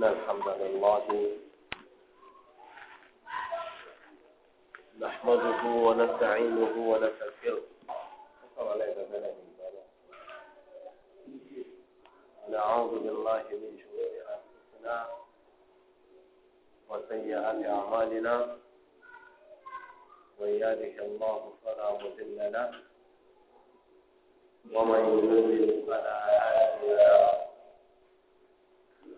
إن الحمد لله نحمده ونستعينه ونستغفره نعوذ بالله من شرور أنفسنا وسيئات أعمالنا من يهده الله فلا مضل له ومن يضلل فلا هادي له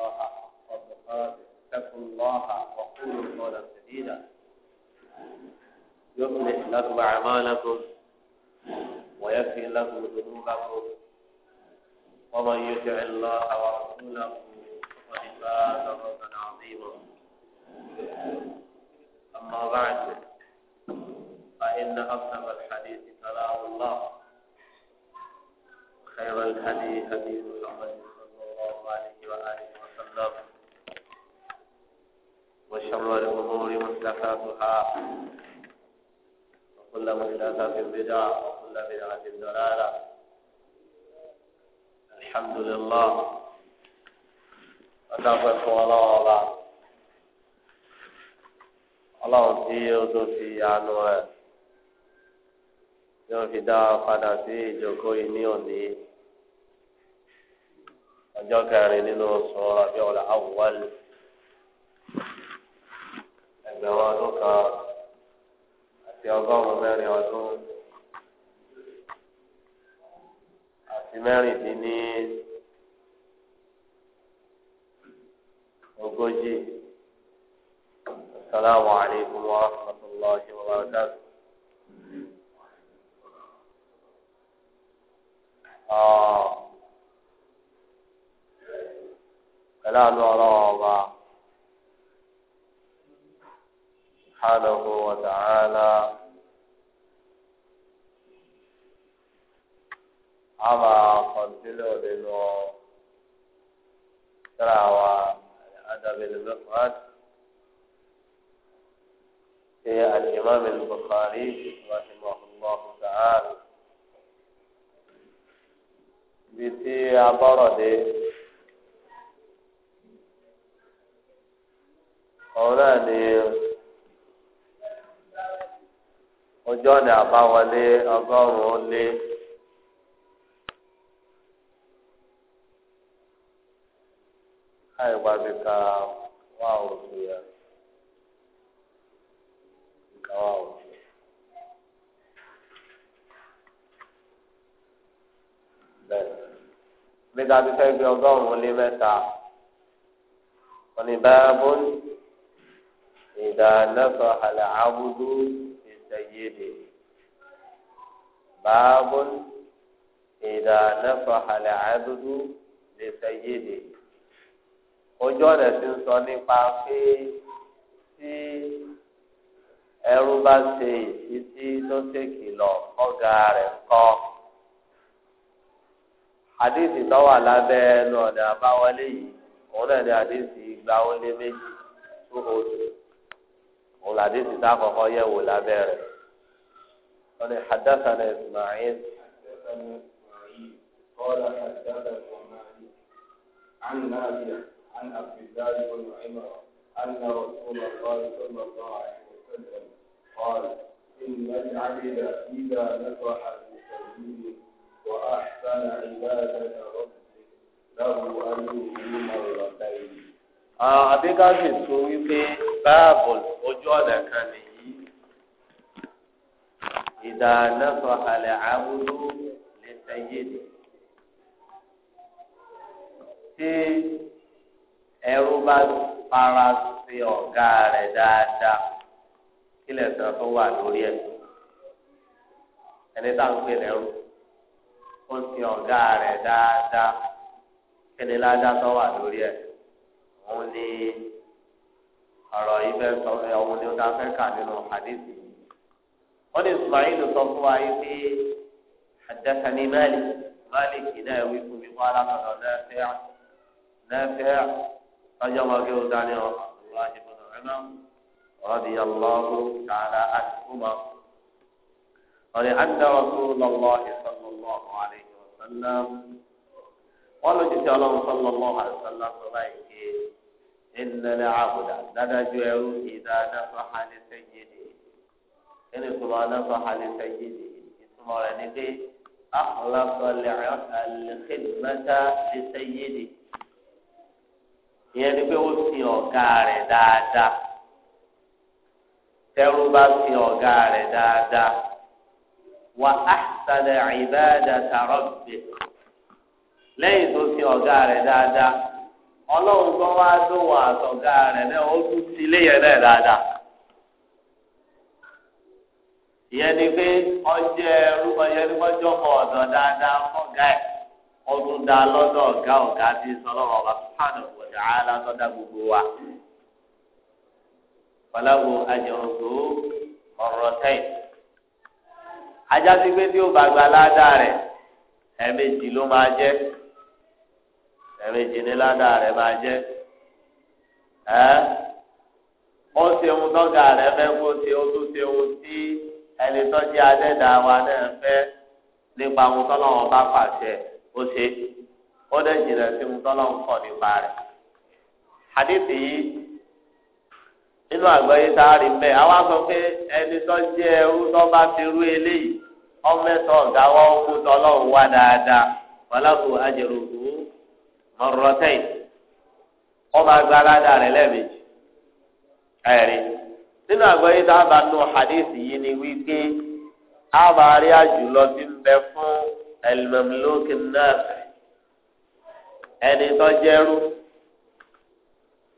الله اتقوا الله وقولوا قولا سديدا يصلح لكم أعمالكم ويكفي لكم ذنوبكم ومن يطع الله ورسوله فقد فاز فوزا عظيما أما بعد فإن أصدق الحديث كلام الله خير الهدي هدي محمد صلى الله عليه وآله وسلم وشر الأمور محدثاتها وكل محدثة بدعة وكل بدعة ضلالة الحمد لله أتابعك الله ọlọ́run tí ó الله fi àánú rẹ̀ tí wọ́n fi dá padà sí ìjókòó yìí ní òní ọjọ́ kẹrin nínú oṣù Rabiul Awwal ẹgbẹ̀rún ọdún kan àti ọgọ́rùn-ún mẹ́rin ọdún àti mẹ́rin dín ní ogójì. السلام عليكم ورحمة الله وبركاته آه كلام نعراض سبحانه وتعالى أما قنتلو دينو تراوى أدب المفرد في الإمام البخاري رحمه الله تعالى بيتي عبارة òun náà ni ojú ọ̀nà àbáwọlé ọgọ́rùn-ún ó lé. àìwá bí ká wá yẹn إذا نصح العبد لسيده باب إذا نصح العبد لسيده ojú ọ̀nà tí ń sọ nípa pé tí ẹrú bá ṣe ìsítí tó ṣe kìlọ̀ ọ̀gá rẹ̀ kọ́ àdìsí tó wà lábẹ́ ẹnu ọ̀nà àbáwọlé yìí òun náà ni àdìsí gba ó lé méjì tó oṣù. Oh ولا حديث تاقه قوية ولا قال حدثنا إسماعيل حدثنا إسماعيل قال حدثنا عن نافع عن ابي ذر بن عمر أن رسول الله صلى الله عليه وسلم قال إن العبد إذا نصح المسلمين وأحسن عبادة ربه له ان أجره مرتين àbíkájì tó wípé báàbò ojú ọ̀nà kan nìyí ìdánáfọ̀ àlẹ́ àbúrò lè tẹ̀yé ni. tí ẹrú bá fara sí ọ̀gá rẹ̀ dáadáa kí lè sọ tó wà lórí ẹ̀ ẹni tá ń pè lẹ́rú ó ń ọ̀gá rẹ̀ dáadáa kí ni ládàá tó wà lórí ẹ̀ òun ni ọ̀rọ̀ yìí fẹ́ sọ òun ni ó dá fẹ́ kà nínú hadithi wọ́n ní Ismail sọ fún wa yìí pé àdàkàní Malik Malik náà wí fún mi wọ́n alákọ̀ọ́ náà fẹ́ náà fẹ́ ọjọ́ mọ́gí ó dání ọ̀ àbúrò àjẹmọ́nà ẹ̀mọ́ rọ́bì yàlọ́ọ̀rù tààlà àti kúmọ̀ wọ́n ní àdàrọ̀ tó lọ́wọ́ ìsọ̀lọ́lọ́ ọ̀hún وسلم قالوا جزي الله صلى الله عليه وسلم ìnana àbùdá dádájú ẹrú ìdá anáfà hali sẹyìdì ẹni kúrò anáfà hali sẹyìdì ìtumọ̀ rẹ̀ ni pé àkọlọ́kọ̀ lẹ́ẹ̀kẹ́dùmẹ́ta lè sẹyìdì ìyẹn ni pé ó fi ọ̀gá rẹ̀ dáadáa tẹ́rú bá fi ọ̀gá rẹ̀ dáadáa wà á sàlẹ̀ ìbáàdà tààrọ̀ bẹ̀ lẹ́yìn tó fi ọ̀gá rẹ̀ dáadáa. ọlọ́run tó wá tó wà àtọ̀gá rẹ̀ náà ó tún ti léyẹ̀ náà dáadáa. ìyẹn ni pé ọjẹ́ ẹrú ọyẹ wọ́n ọ̀dọ̀ dáadáa fọ́gá ẹ̀ ọdún dá lọ́dọ̀ ọ̀gá ọ̀gá tí gbogbo wa. ọ̀rọ̀ ajá tí ó bàgbà ládàá rẹ̀ ló máa jẹ́. ẹ̀mejì ní ládàá rẹ̀ máa jẹ́ ẹ́ ó ṣe ohun tọ́gà rẹ̀ fẹ́ kó ó tún tí ẹni tọ́jú adẹ́dàá wa náà fẹ́ nípa ohun bá pàṣẹ ó ṣe ó dẹ̀ jìnà sí ohun tọ́lọ́wọ́n kọ̀ nípa rẹ̀ yìí nínú àgbáyé tá a rí mbẹ àwa sọ pé ẹni tó mọ̀rọ̀tẹ́yì ọba agbálada rẹ̀ lẹ́ẹ̀mejì ẹ̀rí nínú àgbáyé tá a bá nù hadith yìí ni wípé a máa rí àjùlọ tí ń bẹ fún ẹlẹmọlókè náà ẹni tó jẹrú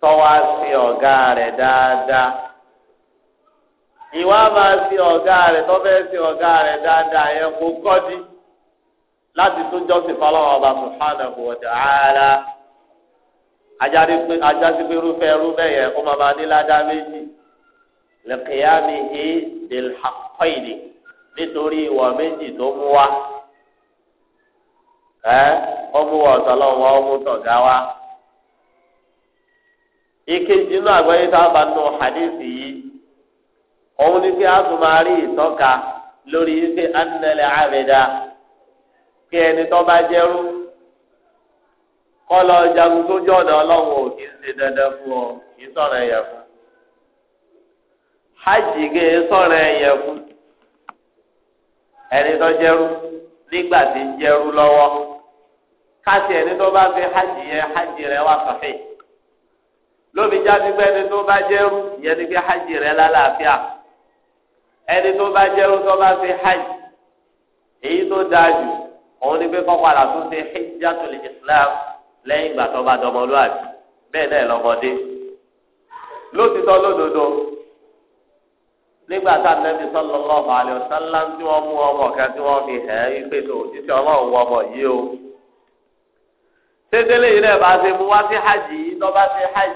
tọ́wá sí ọ̀gá rẹ̀ dáadáa ìwà máa sí ọ̀gá rẹ̀ tọ́fẹ́ sí ọ̀gá rẹ̀ dáadáa yẹn kó kọ́ di. láti tún jọ́sìn fọlọ́wọ́ ọba subhanahu wa ta'ala ajásí pé irúfẹ́ irú bẹ́ẹ̀ kó máa máa ní méjì lẹ́kẹ̀yàmí hí dèlhàkọ́ìdì nítorí ìwà méjì tó mú wá ẹ́ ó mú ọ̀sọ́lọ́wọ́ ó mú tọ̀gá ìkejì àgbáyé tá a bá nù hadithi yìí kí ẹni tó bá jẹ́rú kọ́ lọ jagun tó jọ̀dọ̀ ọlọ́run ò kì í ṣe dandan fún ọ kì í sọ̀rọ̀ ẹ̀yẹ fún. hajj gé sọ̀rọ̀ ẹ̀yẹ fún ẹni tó jẹ́rú nígbà tí ń jẹ́rú lọ́wọ́ káṣí ẹni tó bá fi hajj yẹ hajj rẹ wà sọ̀fẹ́ lóbi jáde pé ẹni tó bá jẹ́rú ìyẹn ni pé hajj rẹ lálàáfíà ẹni tó bá jẹ́rú tó bá fi hajj èyí tó dáa jù òun ni pé kọ́kọ́ àlàtúnṣe hijjatul islam lẹ́yìn ìgbà tó bá dọmọlúwàbí bẹ́ẹ̀ náà lọ́mọdé lótìtọ́ lódodo nígbà tá a nẹ́bi sallallahu alaihi wasallam tí wọ́n mú ọmọ kan tí wọ́n fi hẹ́ ipe tó títí ọlọ́run wọ ọmọ yìí o tẹ́tẹ́lẹ̀ yìí náà bá ṣe mú wá sí hajj yìí tó bá ṣe hajj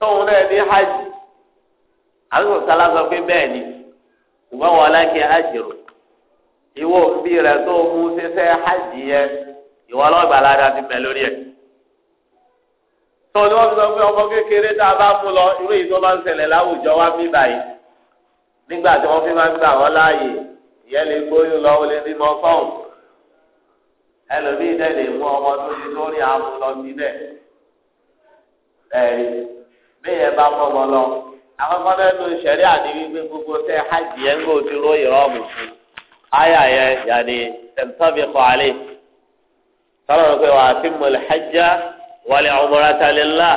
tóun náà ní hajj àbí kò sálá sọ pé bẹ́ẹ̀ ni ṣùgbọ́n wọ́n lákè hajj rò ìwọ òbí rẹ tó mú ṣẹṣẹ hajj yẹn ìwọ ọlọ́gbàládà ti bẹ lórí ẹ̀. tó ní wọ́n fi sọ pé ọmọ kékeré tá a bá mú lọ irú èyí tó máa ń ṣẹlẹ̀ láwùjọ wa mí báyìí nígbà tí wọ́n fi máa ń gbà wọ́n láàyè ìyẹn lè gbóyún lọ ó lè bímọ fọ́ọ̀n ẹlòmíì dẹ́ lè mú ọmọ tó ti lórí àmú lọ síbẹ̀ ẹ̀rí bí yẹn bá mọ́ ọmọ lọ àkọ́kọ́ náà ló ń ṣẹ̀rí àdéhùn gbogbo tẹ́ hajj yẹn ń gbòòtú lóyè rọ́ọ̀mù fún un. aya yẹn yàní tẹ̀síọ́bì kọ́ọ̀lì sọ́nà pé hajjá wàlẹ̀ umrata lillah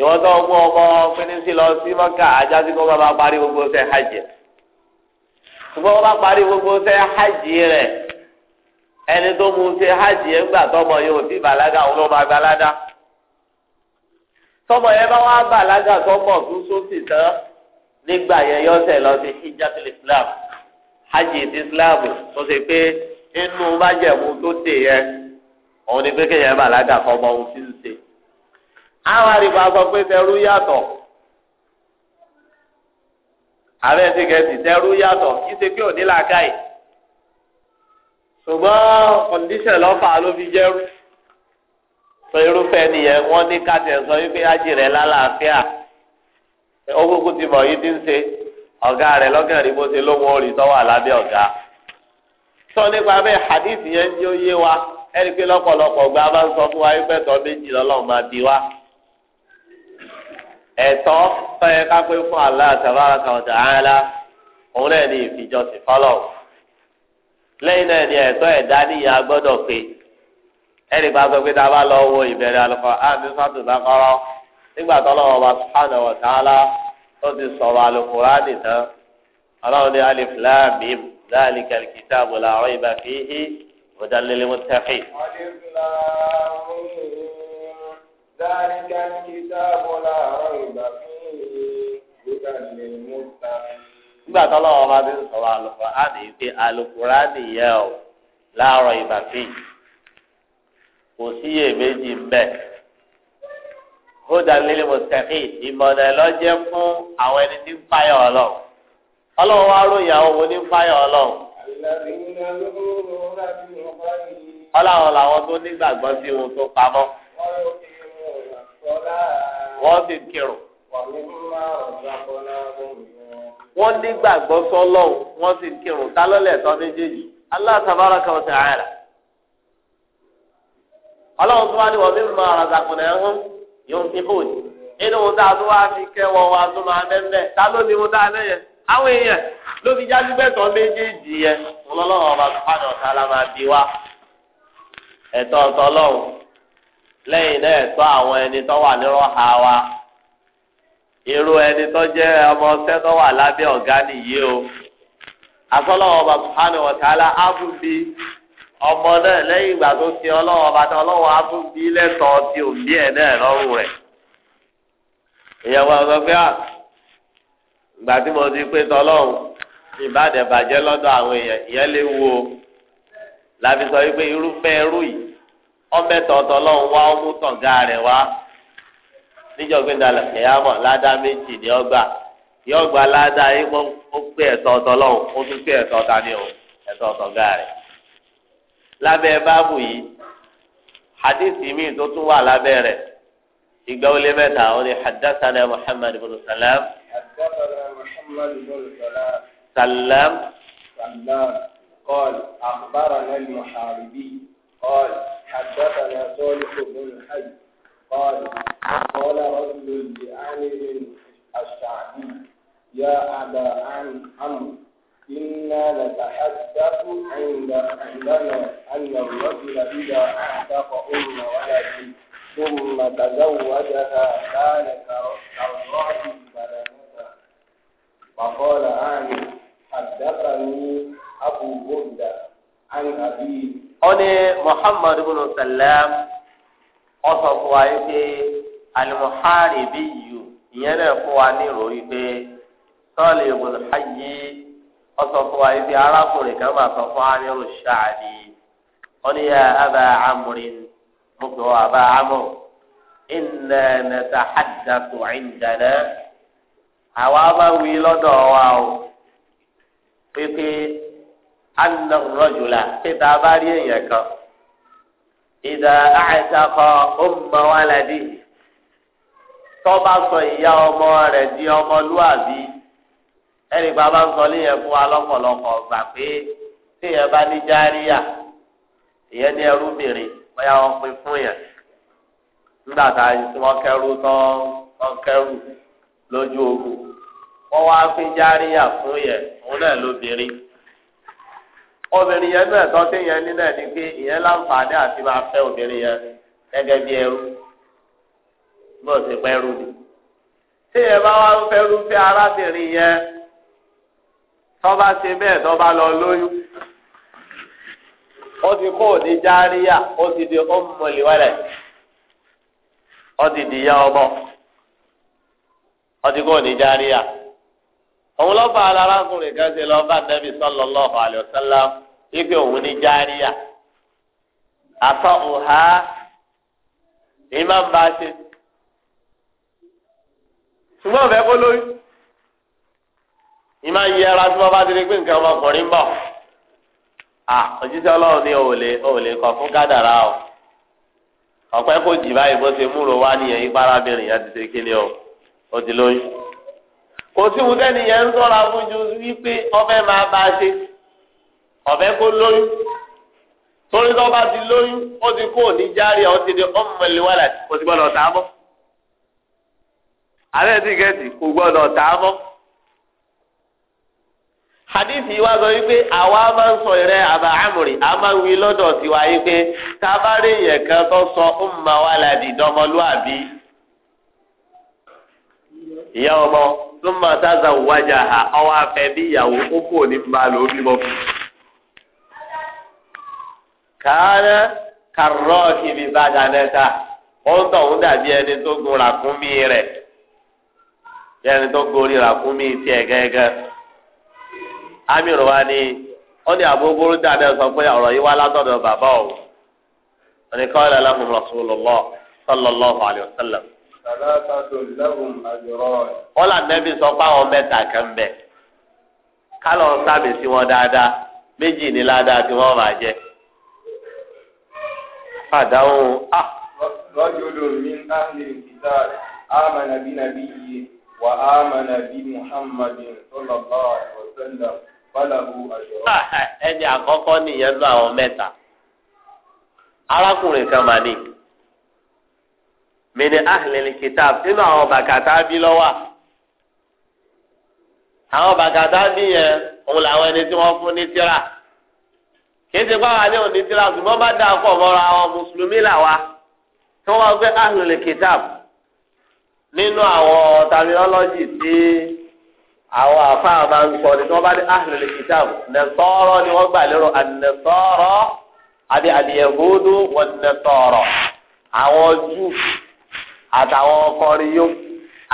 ìwọ́n tó gbọ́ ọmọ fínísì lọ sí mọ́kà ajá sí kó bá parí gbogbo hajj ṣùgbọ́n hajj ẹni tó mú ṣe hajj yẹn gbà tọmọ yóò ti bàlágà hajj ti islam tó ṣe pé inú májẹ̀mú tó tè yẹ òun ni pé kéèyàn bàlágà kọ́ ọmọ ohun tí ń ṣe. àwọn àríwá sọ pé tẹrú yàtọ̀ ààrẹ ti gẹ̀ẹ́sì tẹrú yàtọ̀ kí ṣe pé òní làákàyè ṣùgbọ́n kọ̀ǹdíṣẹ̀ lọ́fà ló fi jẹ́rú sọ irúfẹ́ nìyẹn wọ́n ní ká tẹ̀ sọ wípé hajj rẹ̀ lálàáfíà ó gbógun ti mọ̀ yìí ti ń ṣe. ọ̀gá rẹ̀ lọ́gàn rí bó ṣe ala orí tọ́wọ́ àlábẹ́ ọ̀gá. sọ nípa bẹ́ẹ̀ hadith yẹn ń yóò yé wa ẹni pé lọ́pọ̀lọpọ̀ gba bá ń sọ fún wa wípé ẹ̀tọ́ méjì lọ́lọ́run máa bí wa. ẹ̀tọ́ tọ́yẹ ká pé fún òun náà ní ìfijọ́sìn fọ́lọ̀ lẹ́yìn náà ni ẹ̀tọ́ ẹ̀dá gbọ́dọ̀ pé ẹni sọ pé tá a bá lọ wo ìbẹ̀rẹ̀ nígbà tó ti sọ̀rọ̀ alukurani tán aláwọ̀ ní alif lam mim dhalika alkitabu la rayba fihi hudan lil muttaqin. alif lam mim dhalika alkitabu la rayba fihi nígbà tó lọ́wọ́ ti sọ̀rọ̀ alukurani pé alukurani yẹ o la rayba fihi kò síyè méjì mbẹ́. hudan lil mustaqim ìmọ̀nà lọ́jẹ́ fún àwọn ẹni tí ń fáyọ̀ ọlọ́run ọlọ́run wá ròyìn àwọn wo ní ń fáyọ̀ ọlọ́run. làwọn tó nígbàgbọ́ sí ohun tó pamọ́ wọ́n kírun. wọ́n nígbàgbọ́ wọ́n kírun tálọ́lẹ̀ tán méjèèjì tó wá ní wọ́n mímú ara yóò e fi bò ní. inú wọn tá a tún wá fi kẹwọn ta ló ní wọn tá a àwọn èèyàn ló fi jáde bẹ́tọ̀ méjèèjì ọba sùpàdé ọ̀tá la máa bí wa. ẹ̀tọ́ ọ̀tọ́ lọ́hùn lẹ́yìn náà ẹ̀tọ́ ẹni tó wà ha wa. irú ẹni tó jẹ́ ọmọ tó wà o. àtọ́lọ́wọ́ ọba sùpàdé ọ̀tá la á ọmọ náà lẹ́yìn ìgbà tó fi ọlọ́wọ́ ọba tán ọlọ́wọ́ á lẹ́tọ̀ọ́ ti òbí ẹ̀ náà lọ́rùn rẹ̀ ìyàwó ọ̀sán pé à ìgbà tí mo ti pé tọlọ́hún ìbàdàn bàjẹ́ lọ́dọ̀ àwọn èèyàn ìyẹn lè wo sọ wípé irúfẹ́ ẹrú yìí ọmẹ́tọ̀ tọlọ́hún wá tọ̀gá rẹ̀ wá o ẹ̀tọ́ tọ̀gá lábẹ́ báàbù yìí hadithi mi tó tún wà lábẹ́ rẹ̀ ìgbà ó lé mẹ́ta ó ní hadathana muhammad ibn salam. hadathana muhammad ibn salam. salam. salam. قال أخبرنا المحاربي قال حدثنا صالح بن حي قال قال رجل لعامر الشعبي يا أبا عمرو إنا نتحدث عند عندنا أن الرجل إذا أعتق أم ولد ثم تزوجها كان كالراجل بناتها فقال أعني حدثني أبو بردة عن أبيه أني محمد بن سلام ọsọ fún wa yìí pé alimuhari bí yìí ọsọ fún wa ibi arákùnrin kan máa sọ fún amírù ṣáàdì wọn ni abba amúrin mo pè ọ abba amú ìnà nàta àdàtò ìjànà àwa bá wí lọ́dọ̀ wa o pépé anna rọjùlá pété bá rí èèyàn kan ìdá àìsàkọ ó mọ wàlàdì tọ́ba sọ ìyá ọmọ rẹ̀ di ọmọlúwàbí ẹnì kan bá ń sọ níyẹn fún wa lọ́pọ̀lọpọ̀ gbà pé tíyẹn bá ní járíyà ìyẹn ní ẹrúbìnrin bóyá wọn pin fún yẹn nígbà tá wọn kẹrù tán wọn kẹrù lójú ogun wọn wá pín járíyà fún yẹn òun náà lóbìnrin obìnrin yẹn náà tọ́ sí yẹn ní ni pé ìyẹn láǹfààní àti máa fẹ́ obìnrin yẹn gẹ́gẹ́ bí ẹrú bó ṣe pẹ́ rú ni. tí bá wá ń fẹ́ rúfẹ́ arábìnrin yẹn tọ́ba ṣe bẹ́ẹ̀ tọ́ba lọ lóyún ó ti kó òní járíyà ó ti di ọmọlẹ́wẹ̀rẹ̀ ó ti di ya ọmọ ó ti kó òní járíyà òun lọ́ba alárakùnrin kan ṣe lọ́ba nẹ́bí ike òun ní járíyà òhà ìmọ̀ nbà ṣe ṣùgbọ́n ọ̀fẹ́ kó lóyún. ìmá yẹra tí wọn bá ti rí pé nǹkan ọmọkùnrin bọ à òjíṣẹ́ Ọlọ́run ní òòlè òòlè kọ fún kádàrá o ọpẹ kò jì báyìí bó ṣe múrò wá nìyẹn ìparábìnrin yẹn ti ṣe kíni o ó ti lóyún kò sí wù sẹ́ni yẹn ń sọ́ra fún ju wípé ọbẹ̀ máa bá a ṣe ọbẹ̀ kó lóyún torí tó bá ti lóyún ó ti kó òní járe ó ti di ọmọlẹ́wàlà kò sí gbọ́dọ̀ tà àlẹ́ ti gẹ̀ẹ́sì kò gbọ́dọ̀ tà hadithi wa sọ wípé àwa máa ń sọ ìrẹ àbá àmùrì a máa ń wí lọ́dọ̀ tiwa yìí pé tá bá rí èèyàn kan tó sọ ọmọ wa làdì dọmọlúàbí ìyá ọmọ tó máa tàzà wájà ha ọwọ́ afẹ́ bí ìyàwó ó kò ní bá lò ó bímọ fún. kàánà kàrọ́ kìbí bàdánẹ́ta ó ń tọ̀hún dàbí ẹni tó gun ràkúnmí rẹ̀ bí ẹni tó gorí ràkúnmí amir wa ni ó ní Abu Burda sọ pé ọ̀rọ̀ yìí wá látọ̀dọ̀ bàbá o òní qala lahum rasulullah sallallahu alayhi wa sallam. wọ́n là nẹ́bí sọ pé àwọn mẹ́ta kan kálọ̀ sábì sí wọn dáadáa méjì ní ládàá tí wọ́n máa ah. a. ẹni àkọ́kọ́ nìyẹn lọ àwọn mẹ́ta arákùnrin kan mà ní mini kitab nínú àwọn bàkàtà bí lọ́wọ́ àwọn bàkàtà bí yẹn òun làwọn ẹni tí wọ́n fún ní tíra kìí ṣe báwa ní òní tíra ṣùgbọ́n bá dáa pọ̀ mọ́ra àwọn mùsùlùmí tí wọ́n gbé nínú àwọn tí. Si, àwọn àfáà máa ń sọ ni tí wọn bá ní ahlul kitab nẹsọrọ ni wọn gbà lérò ànẹsọrọ àbí àlìyẹhódù wọn nẹsọrọ àwọn jù àtàwọn ọkọrin yó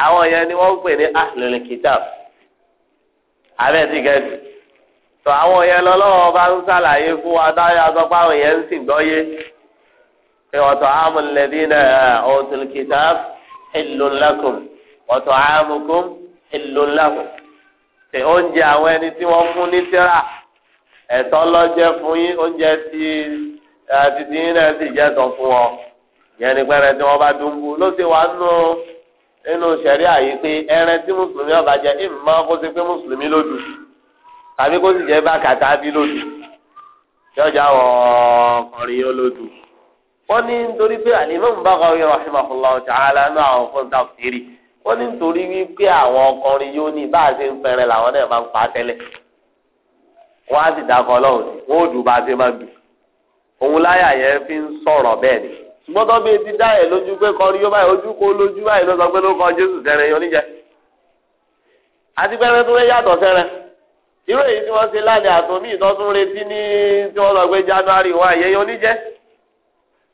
àwọn yẹn ni wọn pè ní ahlul kitab abẹ ti gẹẹsì tó àwọn yẹn lọlọrọ bá ń sàlàyé fún wa táyà sọ pé àwọn yẹn ń sì gbọ́yé pé ọtọ amúlẹdínà ọtún kitab hillun tẹ oúnjẹ àwọn ẹni tí wọ́n fún ní tíra ẹ̀tọ́ lọ́jẹ́ fún yín oúnjẹ ti títí yín náà sì jẹ́ tán fún wọn ìyẹn ní pẹ́rẹ́ tí wọ́n bá dùnkù ló ti wà nù nínú sẹ̀rí àyè pé ẹran tí mùsùlùmí ọba jẹ ìmọ̀ kó ti pé mùsùlùmí lòdù tàbí kó sì jẹ́ bákàtà bí lòdù yọjà wọ ọkùnrin yóò lòdù. wọ́n ní nítorí pé àlìmọ́ ń bá kọ́ ọ́ yẹ wàhálà ọ̀tá àlànà àwọn fún tàkìrì. wọ́n ní nítorí wípé àwọn ọkùnrin yóò ní bá a ṣe ń fẹ́rẹ̀ làwọn náà máa ń pa tẹ́lẹ̀ wọ́n á sì dákọ̀ ọlọ́run sí wọ́n ò dùn bá a ṣe máa dùn òun láyà fi ń sọ̀rọ̀ bẹ́ẹ̀ ni bí etí dá ẹ̀ lójú pé kọrin yóò báyìí ojú kó lójú báyìí ló sọ pé ló kọ Jésù sẹ́rẹ̀ yọ níjẹ́ àti pẹ́rẹ́ tó fẹ́ yàtọ̀ sẹ́rẹ̀ irú èyí tí wọ́n ṣe lánàá àtòmí retí ní tí wọ́n January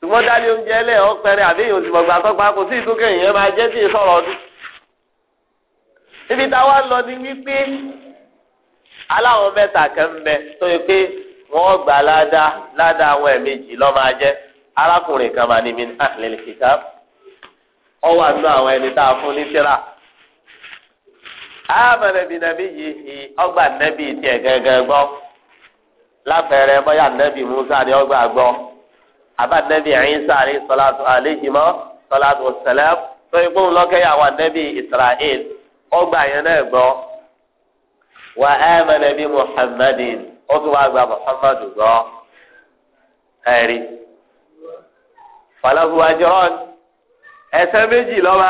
oúnjẹ ọ́ àbí níbi táwa lọ ní wípé aláwọn mẹ́ta kan ń bẹ tó yẹ pé wọ́n gbà ládàá ládàá àwọn ẹ̀mejì lọ́ máa jẹ́ arákùnrin kan máa ní mi ní àlẹ́lẹ́ kíkà ọ wà nínú àwọn ẹni tá a fún ní tíra àmàlẹ́ bí nàbí yìí hi ọgbà nẹ́bí tiẹ̀ gẹ́gẹ́ gbọ́ láfẹ̀rẹ̀ bọ́yá nẹ́bí Musa ni ọgbà gbọ́ àbá nẹ́bí Isa alayhi salatu alayhi mọ́ salatu salam tó igbóhùn lọ́kẹ́yà wà nẹ́bí Israel. ọgbà yẹn náà gbọ́ wà amana bi muhammadin ó tún gba muhammadu gbọ́ ẹ̀rí falahu ajran ẹ̀sẹ̀ méjì lọ́wọ́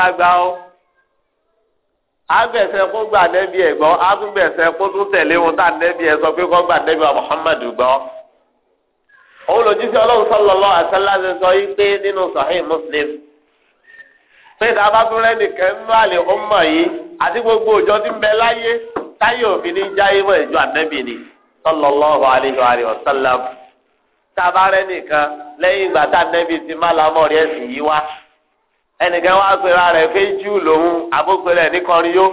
àgbà ó gba nẹ́bí ẹ̀ gbọ́ agbẹ̀sẹ̀ kó tún tẹ̀lé wọn tá nẹ́bí ẹ̀ sọ pé kó gba nẹ́bí wa muhammadu gbọ́ òun lòjíṣẹ́ ọlọ́run sallallahu alaihi sọ yìí pé nínú sahih muslim pé dábàá àti gbogbo òjọ tí ń bẹ láyé táyé òfin ní jáyé mọ́ ìjọ ànábì ni sallallahu alaihi wa sallam tabarẹ́ nìkan lẹ́yìn ìgbà tá ànábì ti má lámọ́ rẹ̀ sì yí wá ẹnìkan wá pera rẹ pé júù lòun àbókùnrin yó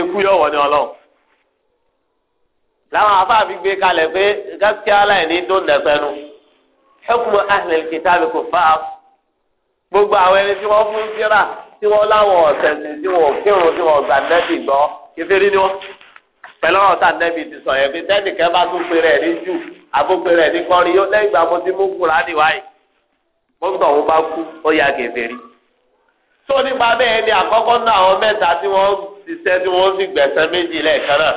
ikú ní làwọn afáàfin gbé pé tó gbogbo àwọn ẹni tí fún tí wọ́n láwọn ọ̀sẹ̀sìn tí wọ́n kírun tí wọ́n gbà nẹ́bì gbọ́ kébéré ni wọ́n pẹ̀lú ọ̀rọ̀ tá nẹ́bì ti sọ yẹn bí tẹ́nìkẹ́ bá tún pe rẹ̀ ní jù àbópe rẹ̀ ní kọrin yóò lẹ́yìn ìgbà mo ti mú kúrò ánìwáyé mọ́tò òun bá kú ó ya kébéré. tó nípa bẹ́ẹ̀ ni àkọ́kọ́ náà àwọn mẹ́ta tí wọ́n ṣiṣẹ́ tí wọ́n sì gbẹ̀sẹ̀ méjì lẹ́ẹ̀kan náà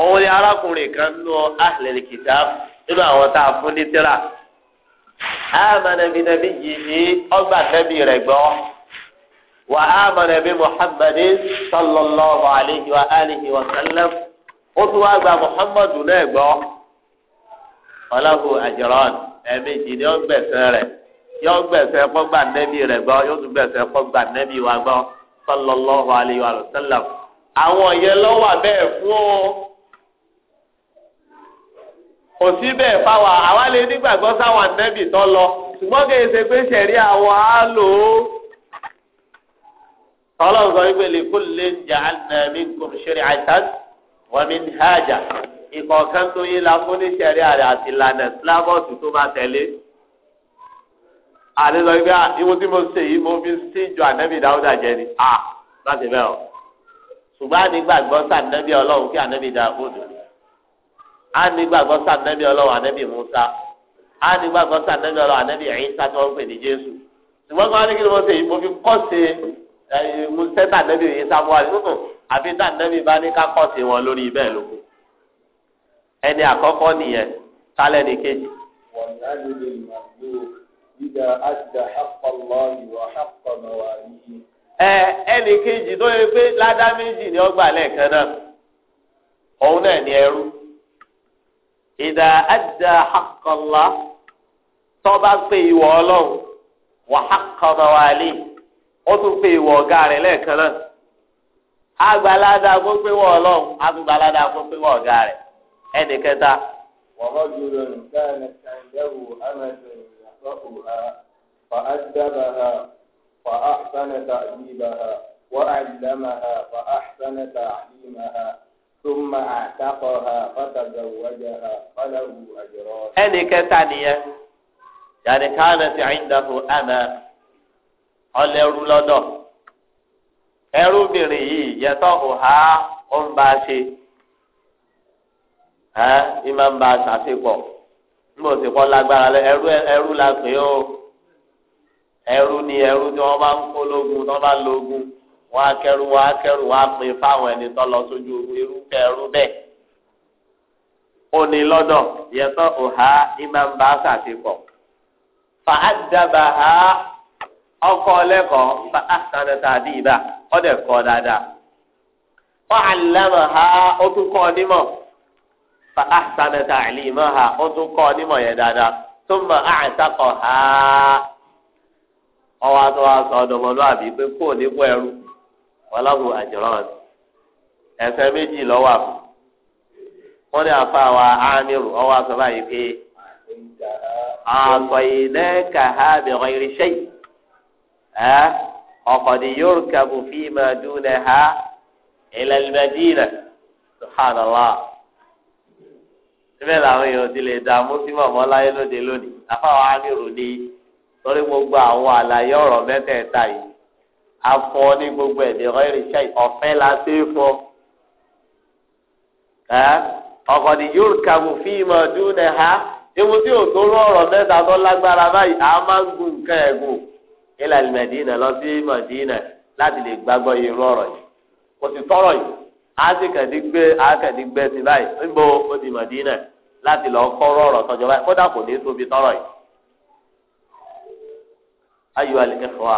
òun ni kan nù ahlẹ̀ kitab nínú àwọn tá a fún ní tíra. àmàlẹ́bí nẹ́bí yìí ọgbà nẹ́bí وآمن بمحمد صلى الله عليه وآله وسلم قلت أبا محمد نيبا وله أجران أمين يوم بسره yóò gbẹ̀sẹ̀ kọ́gbà nẹ́bí rẹ̀ gbọ́ yóò tún gbẹ̀sẹ̀ kọ́gbà nẹ́bí wa gbọ́ sallallahu alayhi wa sallam. àwọn yẹn lọ wà bẹ́ẹ̀ fún o kò sí bẹ́ẹ̀ fáwa àwa lè nígbàgbọ́ sáwọn nẹ́bí tó lọ ṣùgbọ́n kì í ṣe pé ṣẹ̀rí àwọn á lò ó ọlọ́run sọ wípé lèkúlè jàǹdà mi kò ṣeré àìsàn wọ́n mi hájà ìkọ̀ọ̀kan tó yé la fún níṣẹ́rí àrẹ àti ìlànà sílámọ́ọ̀tù tó máa tẹ̀lé. àti sọ wípé ìwọ ah, tí mo ṣe yìí mo fi síjọ ànábì dáúdà jẹ ni à ah, má ti bẹ́ẹ̀ o. ṣùgbọ́n ànígbàgbọ́ sànẹ́bí ọlọ́run kí ànábì dáúdà ànígbàgbọ́ sànẹ́bí ọlọ́run ànábì Mùsá ànígbàgbọ́ sànẹ́bí ọlọ́run ànábì Ìsá tó ní Jésù. ṣùgbọ́n kí wọ́n ní kí Eh, musẹ́tà nẹ́bí yìí sáfọ́ àdúgbò àfi tá nẹ́bí bá ní ká kọ́ sí wọn lórí bẹ́ẹ̀ lóko ẹni àkọ́kọ́ nìyẹn kálẹ̀ ní kejì. wọ́n ní àlejò ẹni kejì tó yẹ pé ládá méjì ni ọgbà lẹ́ẹ̀kan náà òun náà ni ẹrú ìdá àdá àpọ̀lọ́ tọ́ba pé ìwọ ọlọ́run wà àpọ̀lọ́ wà yìí ó tún pé ìwọ ọ̀gá náà agbalada kó pé wọ́n ọlọ́run agbalada kó pé wọ́n ọ̀gá rẹ̀ ẹnì kẹta. wọ́n ju lónìí káàní kàndẹ́wò amẹ́sẹ̀ ìyàtọ̀ ha fa ha fa ahsanata adiba ha wa alama ha fa ahsanata alima ha. ثم اعتقها فتزوجها فله أجران. أني كتانية يعني كانت عنده ọlẹ́rú lọ́dọ̀ ẹrúbìnrin yìí yẹtọ̀ ọ̀há ó ń bá a ṣe ẹ ìmọ̀ ń bá a ṣàṣepọ̀ níbo sì kọ́ lágbára lẹ ẹrú ẹrú la pè ó ẹrú ni ẹrú tí wọ́n bá ń kó lógun tí wọ́n bá lógun wọ́n á kẹ́rù wọ́n á kẹ́rù wọ́n á pín fáwọn ẹni tó lọ sójú irúfẹ́ ẹrú bẹ́ẹ̀ ó lọ́dọ̀ yẹtọ̀ ọ̀há ìmọ̀ ń bá a ṣàṣepọ̀ fàá dábàá ọkọ lẹkọọ fa Asanata Adiba ọ ọdẹ kọ dáadáa ọ ha otu tún kọ mọ, fa Asanata tàbí ha ó tún kọ nímọ̀ yẹn dáadáa tó mọ ha ọwọ àtọwọ àtọ ọdọmọlúwàbí pé kó ní bọ ẹrú wàláwù àjọrán ẹsẹ méjì lọ́wọ́ ní afa wa amiru báyìí pé bẹ̀rẹ̀ ẹ ọkọdì yóò kàbù fí ma ha ìlẹlẹmẹdìínà subhanallah síbẹ̀ ti lè dààmú sí mọ̀mọ́ lóde lónìí afáwọn amírù ni torí gbogbo àwọn àlàyé ọ̀rọ̀ yìí afọ ní gbogbo la ṣe é fọ ẹ yóò ha ewu tí tó rú mẹ́ta tó lágbára báyìí a máa ń gun ilà Mẹdínà lọ sí Mẹdínà láti lè gbàgbọ́ irú ọ̀rọ̀ yìí kò sì tọrọ yìí àákàdé gbé àákàdé gbé sí báyìí níbo ó di Mẹdínà láti lọ kọ́rọ̀ ọ̀rọ̀ tọjọ́ báyìí kódà kò ní tóbi tọrọ yìí. ayò àlìkẹ́fọ́ wa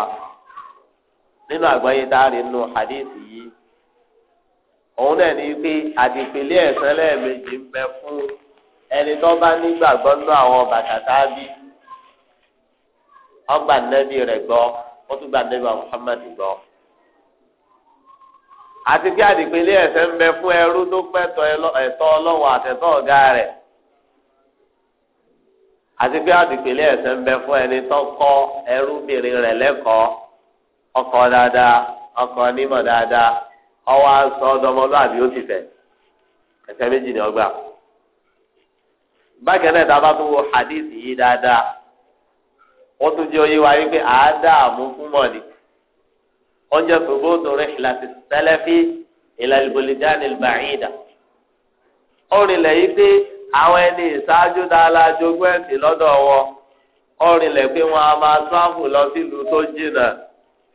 nínú àgbáyé tá a rí nínú hadith yìí òun náà ní pé àdìpẹ̀lẹ́ ẹ̀sán lẹ́ẹ̀mejì ń bẹ fún ẹni tó bá nígbàgbọ́ nínú àwọn bàtà tá a bí. ọgbà nẹbi rẹ gbọ wọ́n tún gbà nẹ́bí Muhammad gbọ́. àti bí àdìpélé ẹ̀sẹ̀ ń bẹ fún ẹrú tó pẹ́tọ́ ẹ̀tọ́ ọlọ́wọ́ àtẹ̀tọ́ ọ̀gá rẹ̀ àti bí àdìpélé ẹ̀sẹ̀ ń bẹ fún ẹni tó ọkọ dáadáa ọkọ onímọ̀ dáadáa ọwọ́ aṣọ ọdọmọlúwàbí ó ti fẹ̀ ẹ̀sẹ̀ méjì ni ọgbà a ó tún jẹ́ oyé wa wípé àádáàmú fún mọ̀ọ́dì ọjọ́ fòbóòtò rẹ̀ láti sẹ́lẹ̀fì ìlàlùbọ̀lìjáde bàyìdà ọ̀rìnlẹ̀ yìí pé àwọn ẹni ìṣáájú dáadáa jogún ẹ̀sìn lọ́dọ̀ wọn ọ̀rìnlẹ̀ pé wọn a máa sáfù lọ sílùú tó jìnnà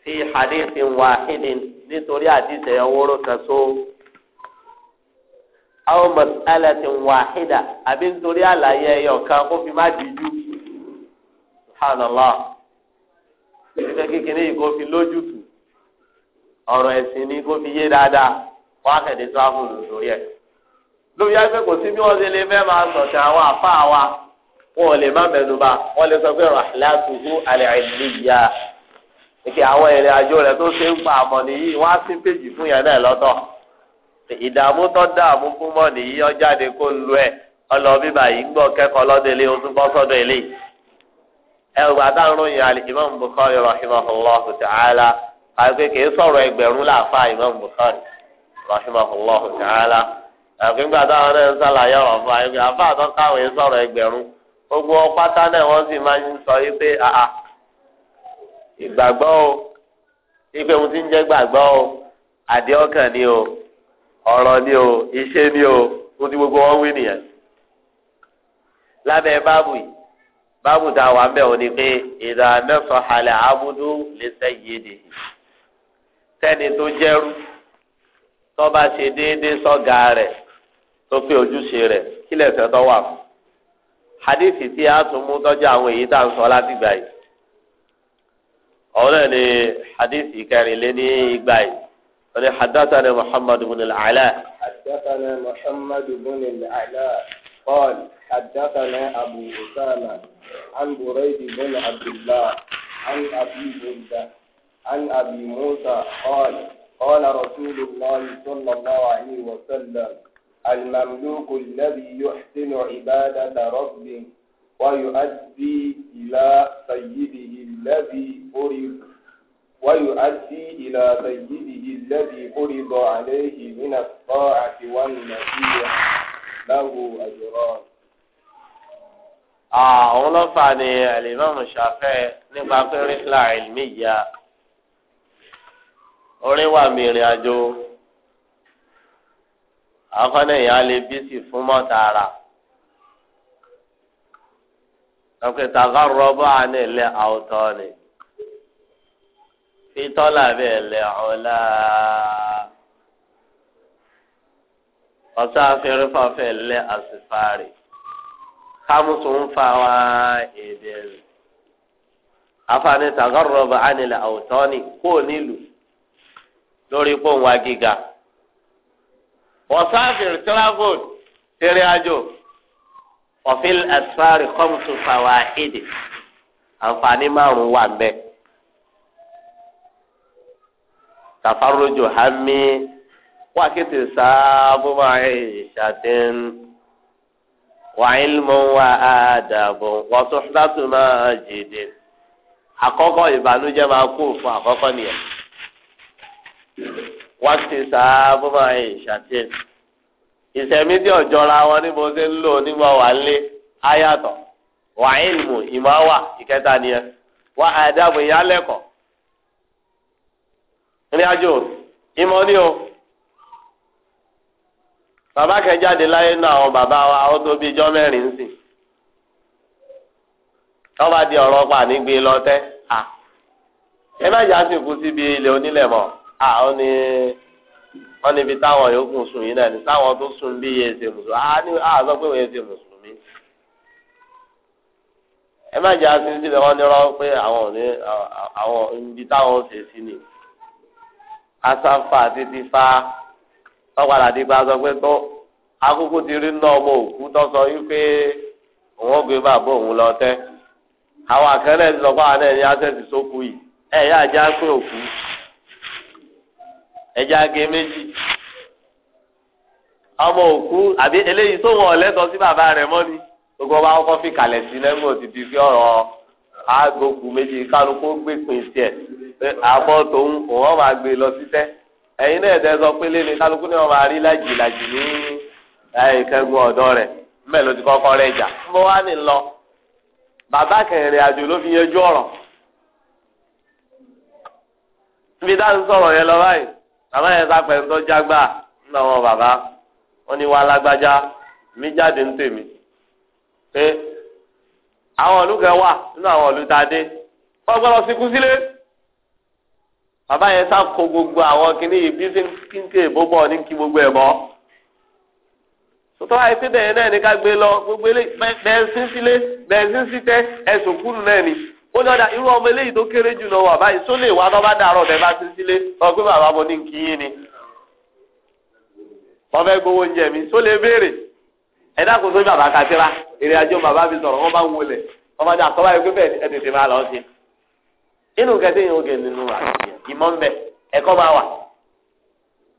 fi hadithi wahidin nítorí àdìsẹ̀ ọwọ́rọ́ kan tó àwọn mas'alatin wahida àbí nítorí àlàyé ẹyọ kan kó fi má dìjú subhanallah ìfẹ́ kékeré yìí kó fi lójútù ọ̀rọ̀ ẹ̀sìn ni kó fi yé dáadáa wọ́n á kẹ̀dé tíráfùlù lórí ẹ̀. lórí afẹ́ kò sí bí wọ́n ṣe lè fẹ́ máa sọ̀tẹ̀ àwọn àfa wa wọn ò lè má mẹ́nu bá wọ́n lè sọ pé ràhìlátùhù alẹ́ àìlèyà ìkẹ́ àwọn ìrìn àjò rẹ̀ tó ṣe ń pa àmọ́ nìyí wọ́n sí péjì fún yẹn náà lọ́tọ̀ ìdààmú tó dààmú fún mọ́ nìyí ọjáde kó lu ẹ̀ ọlọ́ bíbá ń gbọ́ kẹ́kọ̀ọ́ lọ́dọ̀ ilé oṣù bọ́sọ́dọ̀ ilé ẹgbẹ́ adáhùnròyìn àlè imam bukhari rahimahullahu ta'ala àgbẹ̀ kìí sọ̀rọ̀ ẹgbẹ̀rún láàfáà imam bukhari rahimahullahu ta'ala àgbẹ̀ ńgbà táwọn náà ń sàlàyé ọ̀rọ̀ fún àyẹ̀kẹ́ àfa àtọ́n káwọn yìí sọ̀rọ̀ ẹgbẹ̀rún gbogbo pátá náà wọ́n sì máa ń sọ yìí pé àà ìgbàgbọ́ o ipe ohun tí ń jẹ́ gbàgbọ́ o àdéhọ́kàn ni o ọ̀rọ̀ ni o iṣẹ́ ni o ohun tí gbogbo wọn wí nìyẹn lábẹ́ báàbù yìí báàbù tá a wà ń bẹ̀ wọ́n ni pé ìdáná sọ̀hálẹ̀ abudu lè sẹ́yìn èdè tẹ́ni tó jẹ́rú tọ́ba ṣe déédéé sọ́gà rẹ̀ tó pé ojúṣe rẹ̀ kí lẹ́sẹ̀ tó wà fún. hadith tí a tún mú tọ́jú àwọn èyí tá à ń sọ látìgbà yìí ọ̀rẹ́ ni hadith kẹrìnlẹ́ ní igba yìí wọ́n ni muhammadu bin al-ala. hadathana muhammadu bin al-ala. قال حدثنا أبو أسامة عن بريد بن عبد الله عن أبي بردة عن أبي موسى قال قال رسول الله صلى الله عليه وسلم المملوك الذي يحسن عبادة ربه ويؤدي إلى سيده الذي فرض ويؤدي إلى سيده الذي فرض عليه من الطاعة والنصيحة láwù àjọrọ. àwọn ọlọ́fà ni alimami Shafi'i nípa pé rífìlà ìlmíyà orin wà mìíràn àjò akọ́nà èèyàn lè bí sí fún mọ́tàrà ọ̀pẹ̀tà kan rọ́bọ̀ àná ilẹ̀ àwòtọ́ ni fitọ́lá bẹ́ẹ̀ lẹ́ ọ̀la ọ̀sá afẹ́rẹ́ fàfẹ́ lẹ́ àsìfáàrì kámùsùn ń fa wá èdè rẹ̀ afaani tagarọba anilẹ awutọni kó nílu lórí pọ́n wa gíga wọ́sáfìrì tíráfòd tẹ̀rẹ̀ àjò ọ̀fíìl ẹ̀sárì kọ́mùsùn fa wá èdè àǹfààní márùn wà ń bẹ tàfàrójò واكتساب معيشة وعلم وآدب وصحبة ماجد àkọ́kọ́ ìbànújẹ́ máa kú fún àkọ́kọ́ nìyẹn wọ́n ti sáábù máa ń ṣàtìyàn ìsẹ̀mí tí ọ̀jọ́ra wọn ní mo ṣe ń lò nígbà wà lé ayàtọ̀ wà ìlmù ìmọ̀ wà ìkẹta nìyẹn wà àdàbò ìyálẹ̀kọ̀ ìrìn àjò ìmọ̀ ni o. bàbá kan jáde láyé àwọn bàbá wa ó tó bíi ijọ́ mẹ́rin sí di ọ̀rọ̀ pa nígbè lọ́tẹ́ à ẹ má jà sí ìkú síbi ilẹ̀ onílẹ̀ mọ́ à ó ní wọ́n níbi táwọn yòókù sùn yìí náà ní táwọn tó sùn bí iye ṣe mùsùlùmí ní sọ pé òye ṣe mùsùlùmí ẹ má jà ni títí fa. tọ́padà di gba sọ pé tó akókó ti rí náà ọmọ òkú tó sọ wípé òun gbé bàbá òun lọ tẹ́ àwọn àkẹ́lẹ́ ti sọ fún àwọn ẹ̀yìn asẹ́sì sókù yìí ẹ̀ yá ajá pé òkú ẹja ge méjì ọmọ òkú àbí eléyìí tó wọn ọ̀lẹ́tọ̀ sí bàbá rẹ̀ mọ́ ni gbogbo ọba kọ́kọ́ fi kalẹ̀ sí lẹ́gbọ̀n òtítì fi ọ̀rọ̀ aago kù méjì kálukú gbé pin tiẹ̀ àbọ̀ tòun òun ọ̀ máa gbé lọ sí tẹ́ ẹ̀yin náà ẹ̀dẹ́ sọ pé lélẹ̀ kálukú ni wọ́n máa rí lájì lájì ní ìkẹ́gun ọ̀dọ́ rẹ̀ mbẹ́ ló ti kọ́kọ́ rẹ̀ jà mbọ́ wá ní lọ bàbá kẹrìnrìn àjò ló fi yanjú ọ̀rọ̀ níbi dáhùn sọ̀rọ̀ yẹn lọ báyìí bàbá yẹn sápẹ́ ń tọ́jà gbà ńlọ wọn bàbá wọn ni wàá lágbájá mi jáde ń tèmi pé àwọn ọ̀lú wà nínú àwọn ọ̀lú tá a sí kú sílé bàbá yẹn sá kó gbogbo àwọn kìnnì yìí bí ṣe ń kínkè bó bọ̀ ní kí gbogbo ẹ̀ bọ̀. sọtọ́ àìsí bẹ̀rẹ̀ náà ní ká gbé lọ gbogbo eléyìí bẹ́ẹ̀ sí sílé bẹ́ẹ̀ sí síte ẹ̀sùn kúrú náà ni ó ní ọ̀dà irú ọmọ eléyìí tó kéré jù lọ wà báyìí só lè wá tó bá dàrọ̀ bẹ́ẹ̀ bá sí sílé lọ pé bàbá mo ní kí yín ni. wọ́n fẹ́ gbowó oúnjẹ mi só lè béèrè ẹ dákun sójú àbákàtìrá èrè àjọ bàbá mi sọ̀rọ̀ wọ́n bá ń wọlé wọ́n bá ní àkọ́bá yẹn pé bẹ́ẹ̀ ẹ tètè máa lọ sí i inú kẹtẹ yìí ó gẹ nínú àṣìyàn ìmọ̀ ń bẹ ẹ̀kọ́ máa wà.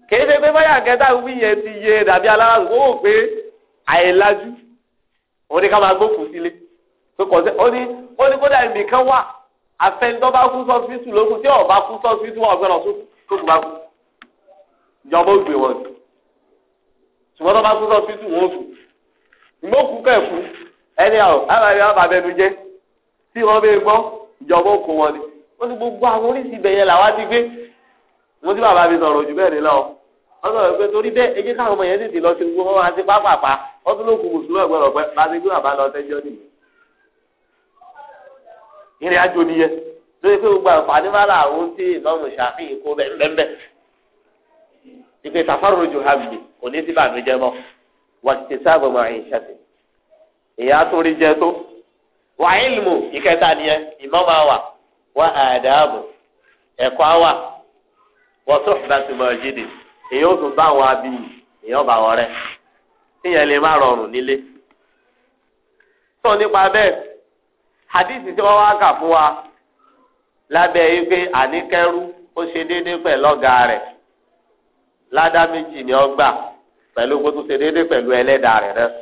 kìí ṣe pé báyà kẹta wí yẹn ti yé dàbí alára kó wò pé àìlájú òun ni ká máa gbókùn sílé pé kò sí ó ní ó ní kódà nìkan wà afẹ́ńtọ́ bá kú sọ́fíìsì lókun tí ọ̀bá kú sọ́fíìsì wọn ọ̀gbẹ́rọ̀ tó kù bá kú ìjọba ó wọn sí ṣùgbọ́n tó bá kú sọ́fíìsì wọn ó fún ìmọ̀kú ẹni àwọn àbàbẹ̀ àbàbẹ̀ tí wọ́n bẹ gbọ́ ìjọba ó wọn ni ó ní gbogbo àwọn oríṣi ibẹ̀ yẹn làwa ti gbé mo ti bàbá mi sọ̀rọ̀ jù bẹ́ẹ̀ ni lọ wọ́n sọ̀rọ̀ pé torí bẹ́ẹ̀ ẹ jẹ́ káwọn ọmọ yẹn tètè lọ sí gbogbo wọn àti pápápá wọ́n tún ló kù mùsùlùmí ọ̀gbọ́n ọ̀gbẹ́ láti gbé bàbá lọ sẹ́jọ́ nìyẹn. ìrìn àjò nìyẹn lórí pé gbogbo àǹfààní bá rà àwọn tí ìlọ́mù ṣàfihàn kó bẹ́ẹ̀ ìpè sàfàrò ju hàbì kò wá àdáàbò ẹ̀kọ́ àwà wọ́tò ìbátìmọ̀jìdì èyí o tún bá àwọn abiyì èyàn bá rẹ̀ tíyẹn lè má nílé. sọ nípa bẹ́ẹ̀ hadithi tí wọ́n wá kà fún wa lábẹ́ ó pẹ̀lú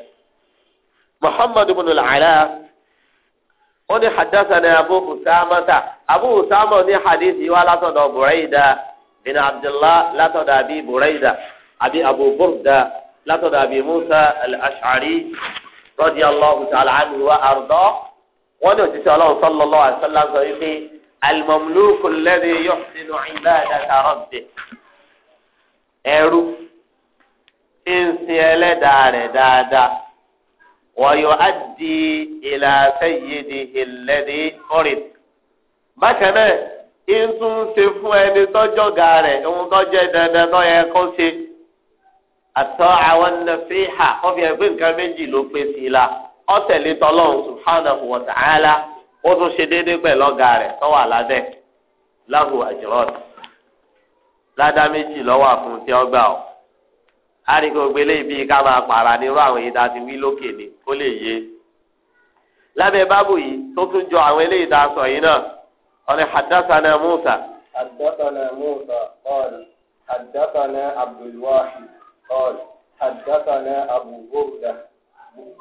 muhammadu bin al-ala ó ní abu abu usama ní hadith yìí wá látọ̀dọ̀ burayda bin abdullah látọ̀dọ̀ abi burayda abi abu burda látọ̀dọ̀ abi musa al-ash'ari radiyallahu ta'ala anhu wa arda wọn ní òtítọ́ ọlọ́run sallallahu alaihi wasallam sọ wípé al-mamluku alladhi yuhsinu ibadata rabbih ẹrú tí ń sin ẹlẹ́dàá rẹ̀ dáadáa wọ́n yóò á di ila sayyidihi alladhi ọ̀rẹ́dì bákan náà ń tún ṣe fún ẹni tọ́jọ́ ga rẹ̀ ohun tó jẹ́ dandan tó yẹ kó ṣe àtọ́ àwọn nàfíhà wọ́n fi ẹgbẹ́ nǹkan méjì ló pé sí i la ọ́ tẹ̀lé tọ́lọ́hún subhanahu wa ta'ala ó tún ṣe déédéé pẹ̀lú ọ̀gá rẹ̀ tó wà lábẹ́ lahu ajrad ládá méjì lọ́wọ́ àfún tí ó gbà ọ́ àríkò gbélé ibi ká máa pààrà nírú àwọn èyí tá ti wí lókè ni kó lè yé lábẹ́ bábù yìí tó tún jọ àwọn eléyìí tá sọ yìí náà. قال حدثنا موسى حدثنا موسى قال حدثنا عبد الواحد قال حدثنا أبو بردة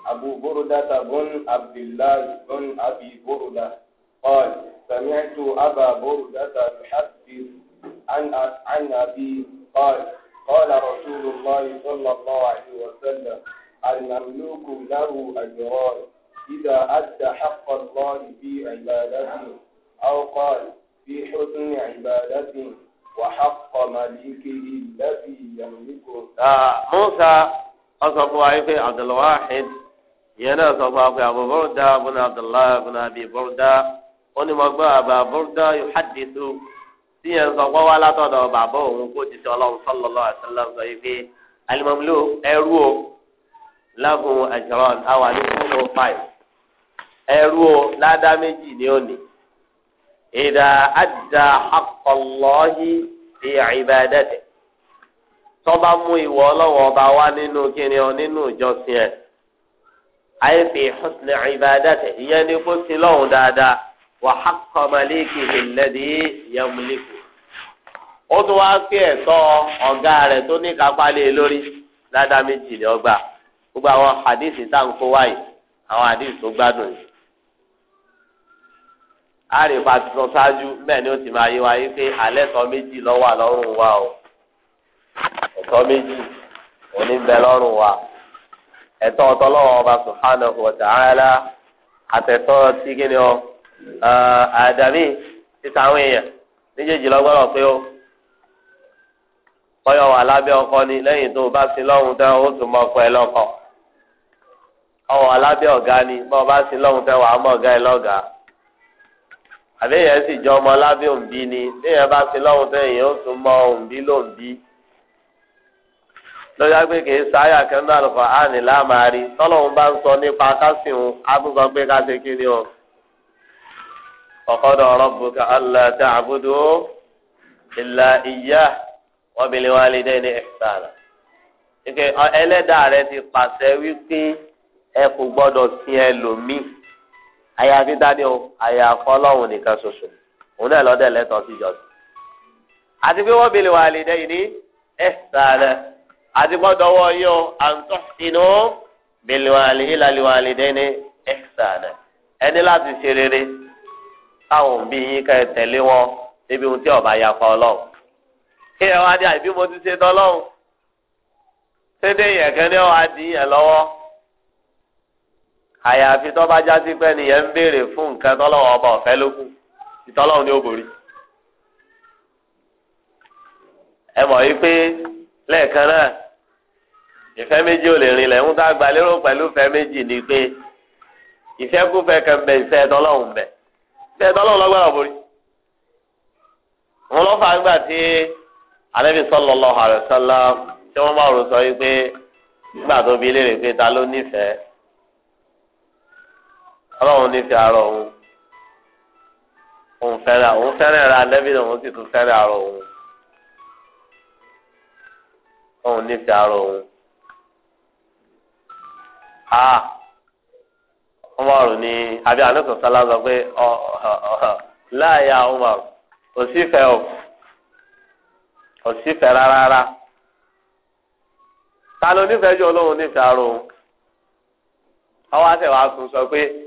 أبو بردة بن عبد الله بن أبي بردة قال سمعت أبا بردة يحدث عن عن أبي قال قال رسول الله صلى الله عليه وسلم المملوك له أجران إذا أدى حق الله في عبادته أو قال في حسن عبادته وحق مليكه الذي يملكه آه موسى أصبوا عيفي عبد الواحد ينا أصبوا في أبو بردة بن عبد الله بن أبي بردة oni mo gbọ́ àbá búrúdá yuhadisu tí yẹn sọ pé wá látọ̀dọ̀ bàbá òun kó ti sọ ọlọ́run sọlọ́lọ́ àṣẹlá sọ yìí pé alimọ́mílò ẹrú o lágùn àjọrọ̀ àwa ní fún o five ẹrú o ládá méjì ní òní ìdá àdá àkọlọ́hì fi ìbádẹ́tẹ̀ tọ́ba mú ìwọ ọlọ́wọ́ ọba wá nínú kíni ọ nínú ìjọsìn ẹ̀ ayé fi husni ìbádẹ́tẹ̀ ìyẹn ní kó sí lọ́hùn dáadáa wà hákọ́ maléèkì ìlẹ́dí yẹmúlẹ́kù ó tún wá pé ẹ̀tọ́ ọ̀gá rẹ̀ tó ní kápá lé e lórí ládàá méjì ni ọgbà gbogbo àwọn hadith tá à ń kó wáyé àwọn tó gbádùn yìí. àrèbá ti sọ ṣáájú bẹ́ẹ̀ ni ó ti máa yé wa yí pé alẹ́ tọ́ méjì lọ́wọ́ wa o ẹ̀tọ́ méjì òní ń bẹ lọ́rùn wa ẹ̀tọ́ ọba subhanahu wa àtẹ̀tọ́ sí kí ni ọ àdàmì títa àwọn èèyàn méjèèjì o wà lábẹ́ ọkọ ni lẹ́yìn tó o bá o tún mọ ọkọ ẹ ni bọ́ọ̀ bá sin lọ́hùn àbí yẹn sì jọ ọmọ lábẹ́ òǹbí ni bí yẹn bá fi lọ́wọ́ tẹ́ yẹn ó tún mọ òǹbí lòǹbí. lọ́jà pé kì í sáyà kẹ́ńdà lọ́kọ̀ áàní láàmárì tọ́lọ́hún bá ń sọ nípa kásìhun ábùsọ pé ká ṣe kí ni o. ọ̀kọ́dọ̀ rabbuka allā ta'budū illā iyyāhu wa bil-wālidayni ihsānā. ẹlẹ́dàá rẹ ti pàṣẹ wípé ẹ kò gbọ́dọ̀ sin ẹlòmíì àyàfi dání o àyàfọ ọlọ́run nìkan ṣoṣo òun náà lọ́dẹ̀ lẹ́tọ̀ọ́ sí ìjọsìn. àti pé wọ́n bèèrè wà lè dẹ́yìn ní ẹ̀sàlẹ̀ àti gbọ́dọ̀wọ́ yín o àǹtọ́ sínú bèèrè wà lè ìlàlẹ̀ wà lè dẹ́yìn ní ẹ̀sàlẹ̀ ẹni láti ṣe rere táwọn òbí yín ká ẹ tẹ̀lé wọn níbi ohun tí ọba àyàfọ ọlọ́run. kí ẹ wá dé àìbí mo ti ṣe tọ́lọ́run ṣé dé yẹ̀kẹ́ ní ọ̀ àyàfi tó bá jásí pé nìyẹn ń béèrè fún nǹkan tọ́lọ́wọ́ ọba ọ̀fẹ́ lókù ìtọ́lọ́wọ́ ni ó borí. ẹ mọ̀ yí pé lẹ́ẹ̀kan náà ìfẹ́ méjì ò lè rinlẹ̀ ń tá gbalérò pẹ̀lú ìfẹ́ méjì ni pé ìfẹ́kúfẹ́ kan bẹ ìfẹ́ tọ́lọ́hún bẹ ìfẹ́ tọ́lọ́hún lọ́gbàrà borí. wọn lọ́fà nígbà tí Ànábì sallallahu alaihi wasallam tí wọ́n máa rò sọ yí pé nígbà tó bi léèrè pé ọlọ́run ní fi àárọ̀ òun òun fẹ́ràn òun fẹ́ràn ra òun sì tún fẹ́ràn àárọ̀ òun òun ní fi àárọ̀ òun a Umaru ní àbí àlùkò sálá sọ pé ọ ọ láàyè Umaru kò sí fẹ́ o kò sí rárá ta ló nífẹ̀ẹ́ ọlọ́run ní àárọ̀ òun ọwọ́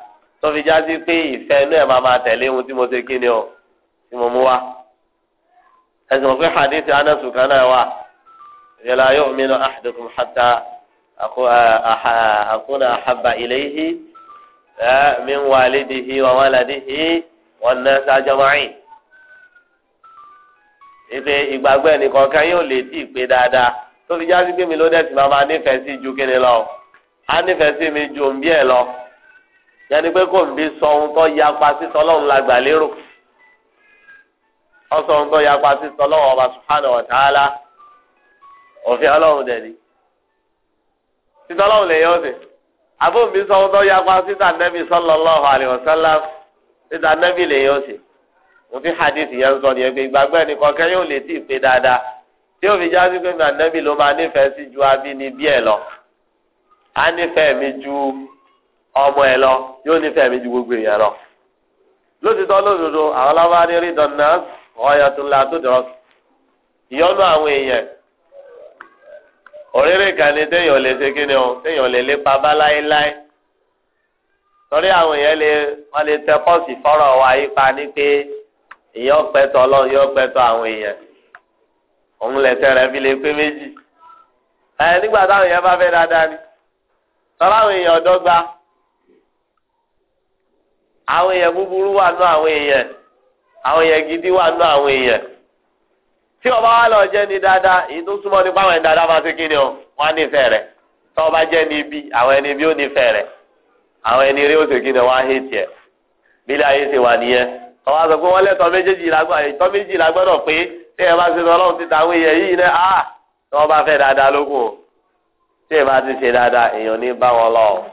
tó fi já sí pé ìfẹ́ inú ẹ̀ máa máa tẹ̀lé ohun tí mo ṣe kí ni o tí mo mú wá. ẹ̀sìn mọ̀ pé hadith anasu kan náà wà ìyẹ́lá yóò mìíràn ahadukum hatta akuna ahaba ilayhi min walidihi wa waladihi wan nas ajma'in. ìpè ìgbàgbọ́ ẹnìkan kan yóò lè tí ì pé dáadáa tó fi pé mi ló dẹ̀ sì máa máa nífẹ̀ẹ́ sí ju kí ni lọ. a nífẹ̀ẹ́ sí mi ju òun bí ẹ̀ lọ. yẹni pé kò ń bí sọ ohun yapa sí tọlọ́run la lérò ó sọ yapa sí tọlọ́run ọba subhanahu wa òfin ọlọ́run dẹ̀ ni títọ́lọ́run lè yọ sí àbóǹbí yapa sí tànẹ́bí sí tànẹ́bí lè yọ ti hadith yẹn sọ ni ẹgbẹ́ ìgbàgbọ́ lè tí ì pé dáadáa tí já sí pé mi ló máa nífẹ̀ẹ́ mi ju ọmọ ẹ lọ yóò nífẹ̀ẹ́ mi ju gbogbo èèyàn lọ. lótìtọ́ lódodo àwọn lábárí rí dọ̀nà ọ̀yàtúnlá tó dọ̀ ìyọ́nú àwọn èèyàn òréré kan téèyàn lè ṣe kí o téèyàn lè lépa bá láéláé torí àwọn èèyàn lè wọ́n lè tẹ pọ́ọ̀sì fọ́rọ̀ yípa ní pé èèyàn pẹ́tọ́ ọlọ́run pẹ́tọ́ àwọn èèyàn òun lẹ̀tẹ̀ rẹ̀ fi lè pé méjì ẹ nígbà bá fẹ́ àwọn èèyàn búburú wà nù àwọn èèyàn àwọn èèyàn gidi wà nù àwọn èèyàn tí ọba wà lọ jẹ́ ni dáadáa èyí tó súnmọ́ nípa kí o wọ́n á nífẹ̀ẹ́ rẹ̀ tọ́ ọba jẹ́ ni ibi àwọn ẹni bí ó àwọn ẹni rí òsè ni wọ́n á hé bílẹ̀ ayé ṣe wà sọ pé wọ́n lẹ́tọ̀ méjèèjì méjì pé tí ẹ bá ṣe ti ta àwọn èèyàn yìí náà ah! á fẹ́ dáadáa tí ẹ bá ti ṣe dáadáa èèyàn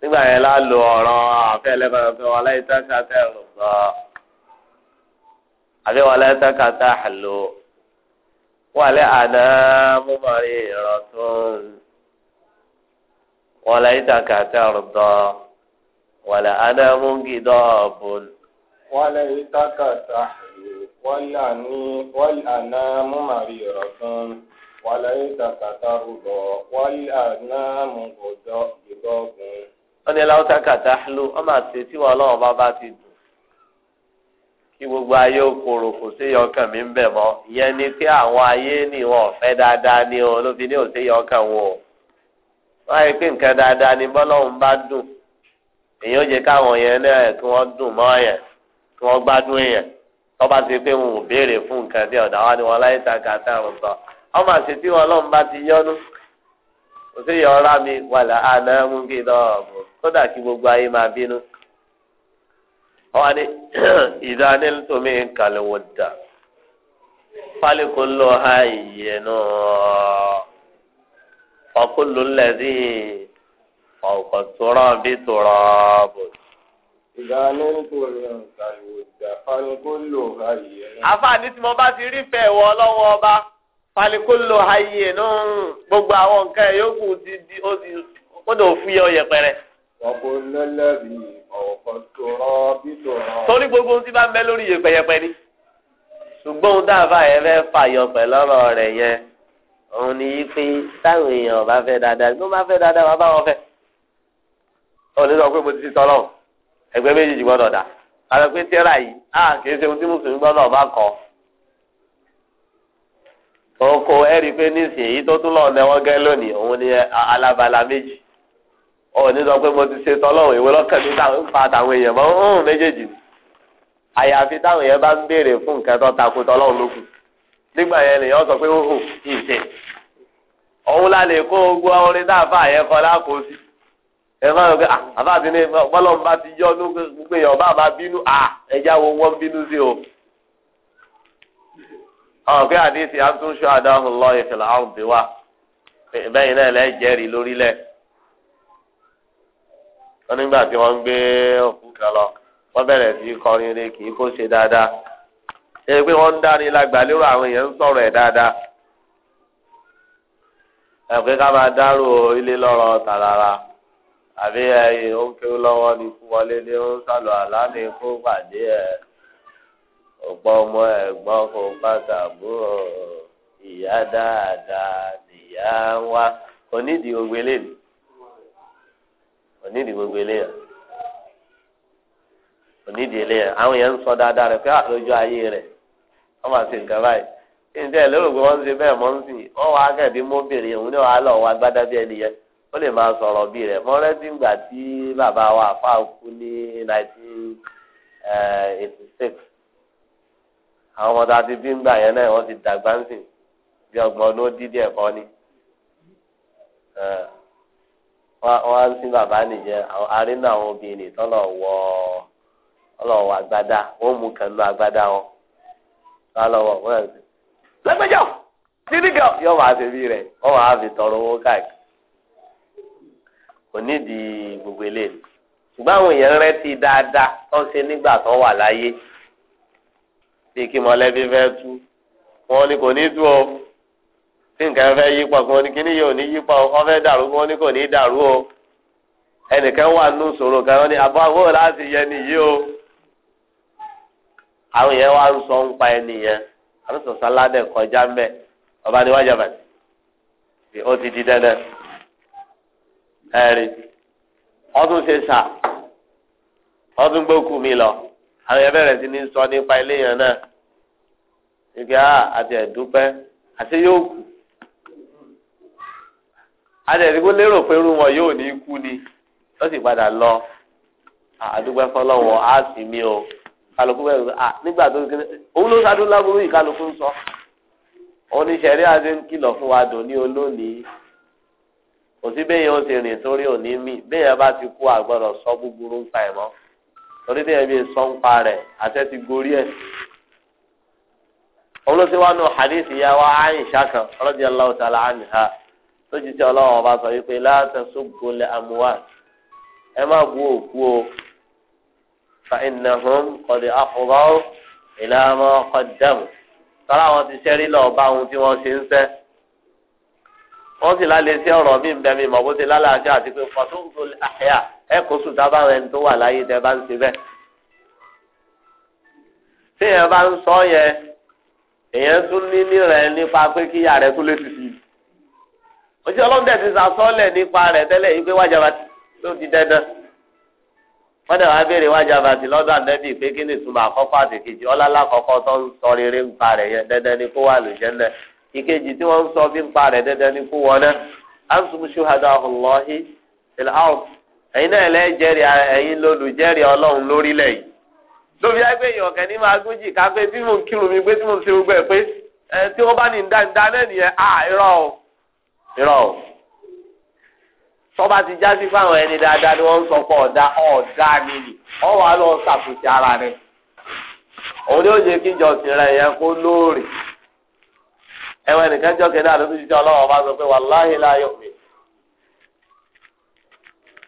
nígbà yẹn la lo ọ̀rọ̀ àfẹ́ lẹ́fẹ̀ẹ́ wà láyé tákàtà ẹ̀rọ gbọ́ àbí wà láyé tákàtà àlò wà lẹ́ àdá múmọ̀rí ìrọ̀ tó wà láyé tákàtà ẹ̀rọ gbọ́ wà lẹ́ àdá múngìdọ́ ọ̀bùn. wà láyé tákàtà àlò wà lẹ́ àná múmọ̀rí ìrọ̀ tó wà láyé tákàtà ẹ̀rọ gbọ́ àná múngìdọ́ ọ̀bùn. ọni ẹlẹ́wọ́n takàtà ló ọmọ àti tí wọn ọlọ́wọ́n bá bá ti dùn kí gbogbo ayé okòrò kò sí yọkàn mi ń bẹ̀ mọ́ ìyẹn ni àwọn ayé ni wọn ọ̀fẹ́ dáadáa ni o ló fi ní òsè yọkàn wọn o wọ́n á pé nǹkan dáadáa ni bá dùn jẹ káwọn yẹn náà kí dùn yẹn kí gbádùn yẹn ti pé wọn ò béèrè fún nǹkan wa ni wọn láyé ti yọnu yọ mi àná mú kí kódà kí gbogbo ayé máa bínú ọwọ́ ni ìdánilítòmí nkàlẹ́wò dà fálikò lọ ha ìyẹnu ọkùnlù lẹ́dí ọkọ̀ tóró bí tóró bò. ìdánilítòmí nkàlẹ́wò dà fálikò lọ ha ìyẹnu. àfààní tí mo bá ti rí fẹ́ wọ ọlọ́wọ́ ọba fálikò lọ ha gbogbo àwọn nǹkan yòókù ti di ó ti ó dò fúyẹ́ ọ̀yẹ̀pẹ̀rẹ̀ torí gbogbo ohun tí bá ń bẹ lórí iye pẹyẹpẹ ni ṣùgbọ́n ohun dáàbà yẹn fẹ́ fàyọ pẹ̀lú ọ̀rọ̀ rẹ̀ yẹn òun ni yí pé táwọn èèyàn bá fẹ́ dáadáa ló bá fẹ́ dáadáa wá bá wọn fẹ́ òun ní sọ pé mo ti tọ́lọ̀ ẹgbẹ́ méjèèjì gbọ́dọ̀ dà àti pé tẹ́ra yìí á kìí ṣe ohun tí mùsùlùmí gbọ́dọ̀ bá kọ́ oko ẹ̀rí pé nísìnyí tó tún lọ́ọ̀ ọ sọ pé mo ti ṣe tọlọ́run ìwé lọ́kàn mi táwọn ń pa àtàwọn èèyàn mọ́ ọ̀hún méjèèjì ni àyàfi táwọn èèyàn bá ń béèrè fún nǹkan tó takò tọlọ́run lókun nígbà yẹn lèèyàn sọ pé ó hò kí ṣe ọ̀hún la lè kó ogun orin tá a fà yẹn kọ lákòó sí ẹ máa ń gbé àbá àti ní bọ́lọ́mù bá ti yọ́ gbogbo èèyàn bá máa bínú à ẹja wo wọ́n bínú sí o. ọ̀hún pé àdéhìí àtúnṣe àdáhùn lọ ìfìlà wọ́n nígbà tí wọ́n gbé òkú lọ wọ́n bẹ̀rẹ̀ sí kọrin rẹ̀ kì í kó ṣe dáadáa ṣe pé wọ́n ń dárin lágbà lérò àwọn èèyàn ń sọ̀rọ̀ ẹ̀ dáadáa ẹ̀pẹ́ ká máa dárò ilé lọ́rọ̀ tààrà àbí ẹ̀yìn ó ń kéwú lọ́wọ́ ní kú wọlé ní ó ń sàlọ̀ àlá ní kó pàdé ẹ̀ ọ̀pọ̀ ọmọ ẹ̀gbọ́n kò pàtàkó ìyá dáadáa nìyá wa onídìí ògbélé ni. onídìí gbogbo eléyà onídìí eléyà àwọn èèyàn ń sọ dáadáa rẹ pé àlójú ah, ayé rẹ wọn máa ṣe nǹkan báyìí kí n tẹ lérò pé wọn ń ṣe bẹ́ẹ̀ mọ ń sìn wọn wá kẹbí mọbìnrin òun ní wàá lọ gbádá bí ẹni yẹn ó lè máa sọ̀rọ̀ bí rẹ mọ rẹsí tí bàbá wa kú ní nineteen eh, eighty six àwọn ọmọ a ti bí ń gbà yẹn náà wọn ti dàgbà ń sìn bí ọgbọ̀n dídí ẹ̀kọ́ ni. Eh. wọ́n á sí bàbá nìyẹn àárín náà àwọn obìnrin tó lọ wọ ọlọ́wọ́ agbádá mú kàn lọ wọn wọ́n lọ wọ wọ́n yẹn sè lẹ́gbẹ́jọ́ yóò máa fi bí rẹ̀ wọ́n máa fi tọrọ owó káàkiri kò nídìí gbogbo eléyìí ṣùgbọ́n àwọn èèyàn rẹ ti dáadáa tó ń ṣe nígbà tó wà láyé bí kí mọ̀lẹ́bí fẹ́ tú wọn ni kò ní tú ọ tí nǹkan fẹ́ yípa kí wọ́n ní yóò ní yípa o wọ́n fẹ́ dàrú kí wọ́n ní kò ní dàrú o ẹnìkan wà nù sọ̀rọ̀ kan ní àbọ̀ láti yẹ nìyí o àwọn yẹn ń sọ ń pa ẹni yẹn àwọn kọjá ń bẹ ọba ni wọ́n jẹ ó ti di ẹ̀rí ọdún ṣe sà ọdún gbókù mi lọ àwọn yẹn bẹ̀rẹ̀ sí ní sọ nípa ilé yẹn náà ìgbà àti ẹ̀dúpẹ́ àti yóò kù. adẹ̀rígbó lérò pé irú wọn yóò ní ikú ni ó sì padà lọ àdúgbò ẹfọlọ́wọ́ á sì mí o kálukú bẹ́ẹ̀ lọ nígbà tó kéde òun ló lágbóró yìí kálukú ń sọ oníṣẹ́rí adé ń kìlọ̀ fún wa olónìí kò torí òní mì bẹ́ẹ̀ bá ti kú àgbọ̀dọ̀ sọ bí sọ ń pa rẹ̀ ti gorí ẹ̀ wá kan lójú tí ọlọ́run ọba sọ wípé látẹ̀só gbolẹ̀ àmúwá ẹ má bu òkú o fa ìnáhùn kọ̀dé àfọ̀gọ́ ìlànà kọ̀dẹ́mù tọ́lá wọn ti ṣẹ́rí lọ́ọ́ bá ohun tí wọ́n ṣe ń sẹ́ wọ́n sì lálẹ́ sí ọ̀rọ̀ mi ń bẹ mi mọ̀ bó ti lálàájá àti pé fọ́túnfò àyà ẹ kó sùn dábàá ẹni tó wà láyé tẹ bá ń ṣe bẹ́ẹ̀. téèyàn bá ń sọ yẹn èèyàn tún ní nírẹ̀ nípa pé kíyà rẹ̀ tún lè sì sí ojú ọlọ́dẹ ti sàsọ́lẹ̀ nípa rẹ̀ tẹ́lẹ̀ yìí pé wájàbàtì ló di dandan wọ́n dẹ̀ wá béèrè wájàbàtì lọ́dọ̀ ànẹ́bí pé kí ni ìtumọ̀ àkọ́kọ́ àti ọlọ́lá tó ń sọ rere ń rẹ̀ yẹn dandan ni kó wà ìkejì tí wọ́n ń sọ bí ń rẹ̀ dandan ni kó shuhada náà yìí ká pé tí ń kírun mi pé tí irọ́ o tọ́ba ti jásí fáwọn ẹni dáadáa ni wọ́n ń sọ pé ọ ọ̀dà mi nì ọ̀wọ́ á lọ ṣàkóso ara òun ni ó yẹ kí ìjọsìn kó jọ kẹ́dá àdókò jíjọ ọlọ́wọ́ bá sọ pé wàláhì láyọ̀ mi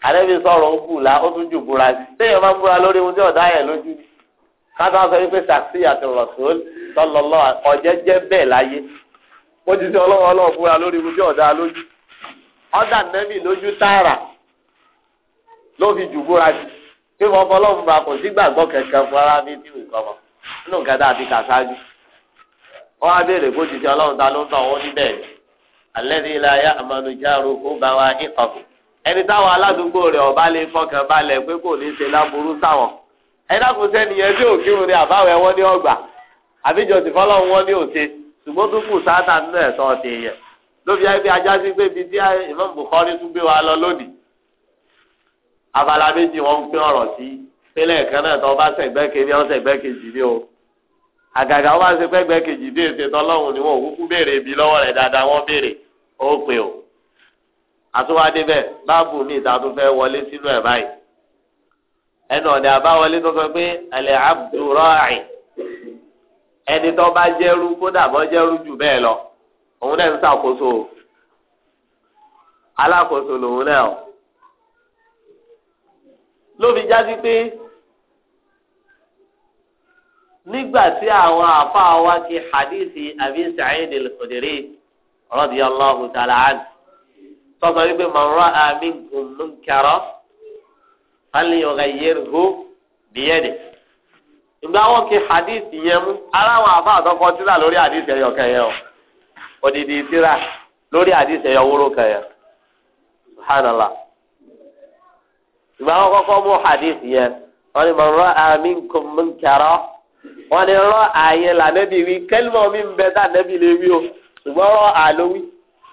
àdébí sọ̀rọ̀ ó bù la ó tún jù búra sí téèyàn máa ń búra lórí ohun tí yẹn lójú ni ká tó sọ rọ̀ wọ́n ti sọ ọlọ́wọ́ ọlọ́wọ́ fúnra lórí Ọ ọ̀dà lójú ọ̀dà nẹ́bì lójú táàrà ló fi jù búra sí pé wọ́n ọlọ́run bá kò sí gbàgbọ́ kẹ̀kẹ́ fún ara mi tí ò nínú béèrè ti ọlọ́run ta ló ń ní bẹ́ẹ̀ ayé ó bá wa ní ẹni táwọn aládùúgbò rẹ̀ ọ̀bá lè fọkàn balẹ̀ ṣùgbọ́n tó kù sáátà nínú ẹ̀sọ́ ọ̀tẹ̀ yẹn lóbi ayé pé ajá sí pé ibi tí Imam Bukhari tún gbé wa lọ lónìí abala méjì wọn ń pín ọ̀rọ̀ sí pínlẹ̀ kan náà tó bá sẹ̀gbẹ́ kejì ọ̀sẹ̀ gbẹ́ kejì ni o àgàgà wọn bá ṣe pẹ́ gbẹ́ kejì dé ètò ìtọ́lọ́hùn ni wọn ò kúkú béèrè ibi lọ́wọ́ rẹ̀ dáadáa wọ́n béèrè ó pè o àtúwádé bẹ́ẹ̀ báàbù mi ìta tó fẹ́ wọlé sínú ẹ̀ báyìí ẹnu ọ̀dẹ̀ àbáwọlé tó sọ pé al-abdu ẹni tó bá jẹ́rú kódà bọ́ jẹ́rú jù bẹ́ẹ̀ lọ òun náà ń ṣàkóso alákòóso lòun náà o ló fi jáde pé nígbà tí àwọn àfa wa kí hadithi Abi Sa'id al-Khudri radiyallahu ta'ala anhu tọ́sọ̀ wípé man ra'a minkum munkaran falyughayyirhu biyadihi ìgbà wọn kí hadith yẹn mú ara wọn àfa àtọkọ tíra lórí hadith ẹyọ kan yẹn o odidi tíra lórí hadith ẹyọ wóró kan yẹn subhanallah ìgbà wọn kọ́kọ́ mú hadith yẹn wọn ni mo rọ àmì nkùnmí nkẹrọ wọn ni rọ àyè lànàbí wí kẹlímọ mi ń bẹ tá nàbí lè wí o ṣùgbọ́n rọ àlówí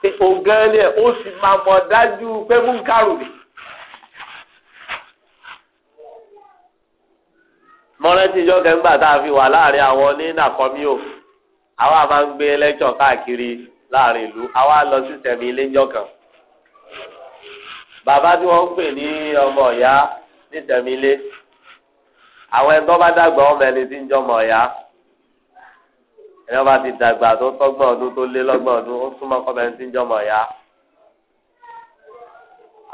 pé ògán ni ó sì máa mọ̀ dájú pé mú nkàrù ni. mọ́rẹ́tì ìjọ kẹ́ńgbà tá a fi wà láàrin àwọn ní nàkọ́míò àwa máa ń gbé lẹ́kṣọ̀ káàkiri láàrin ìlú àwa lọ sí tẹ̀mí ilé kan bàbá tí wọ́n ń pè ní ọmọ ọ̀yá ní tẹ̀mí ilé àwọn bá dàgbà ọmọ ẹni tí ń ọ̀yá ẹni dàgbà tó tọ́gbọ̀n ọdún tó lé lọ́gbọ̀n ọdún ó súnmọ́ ẹni tí ń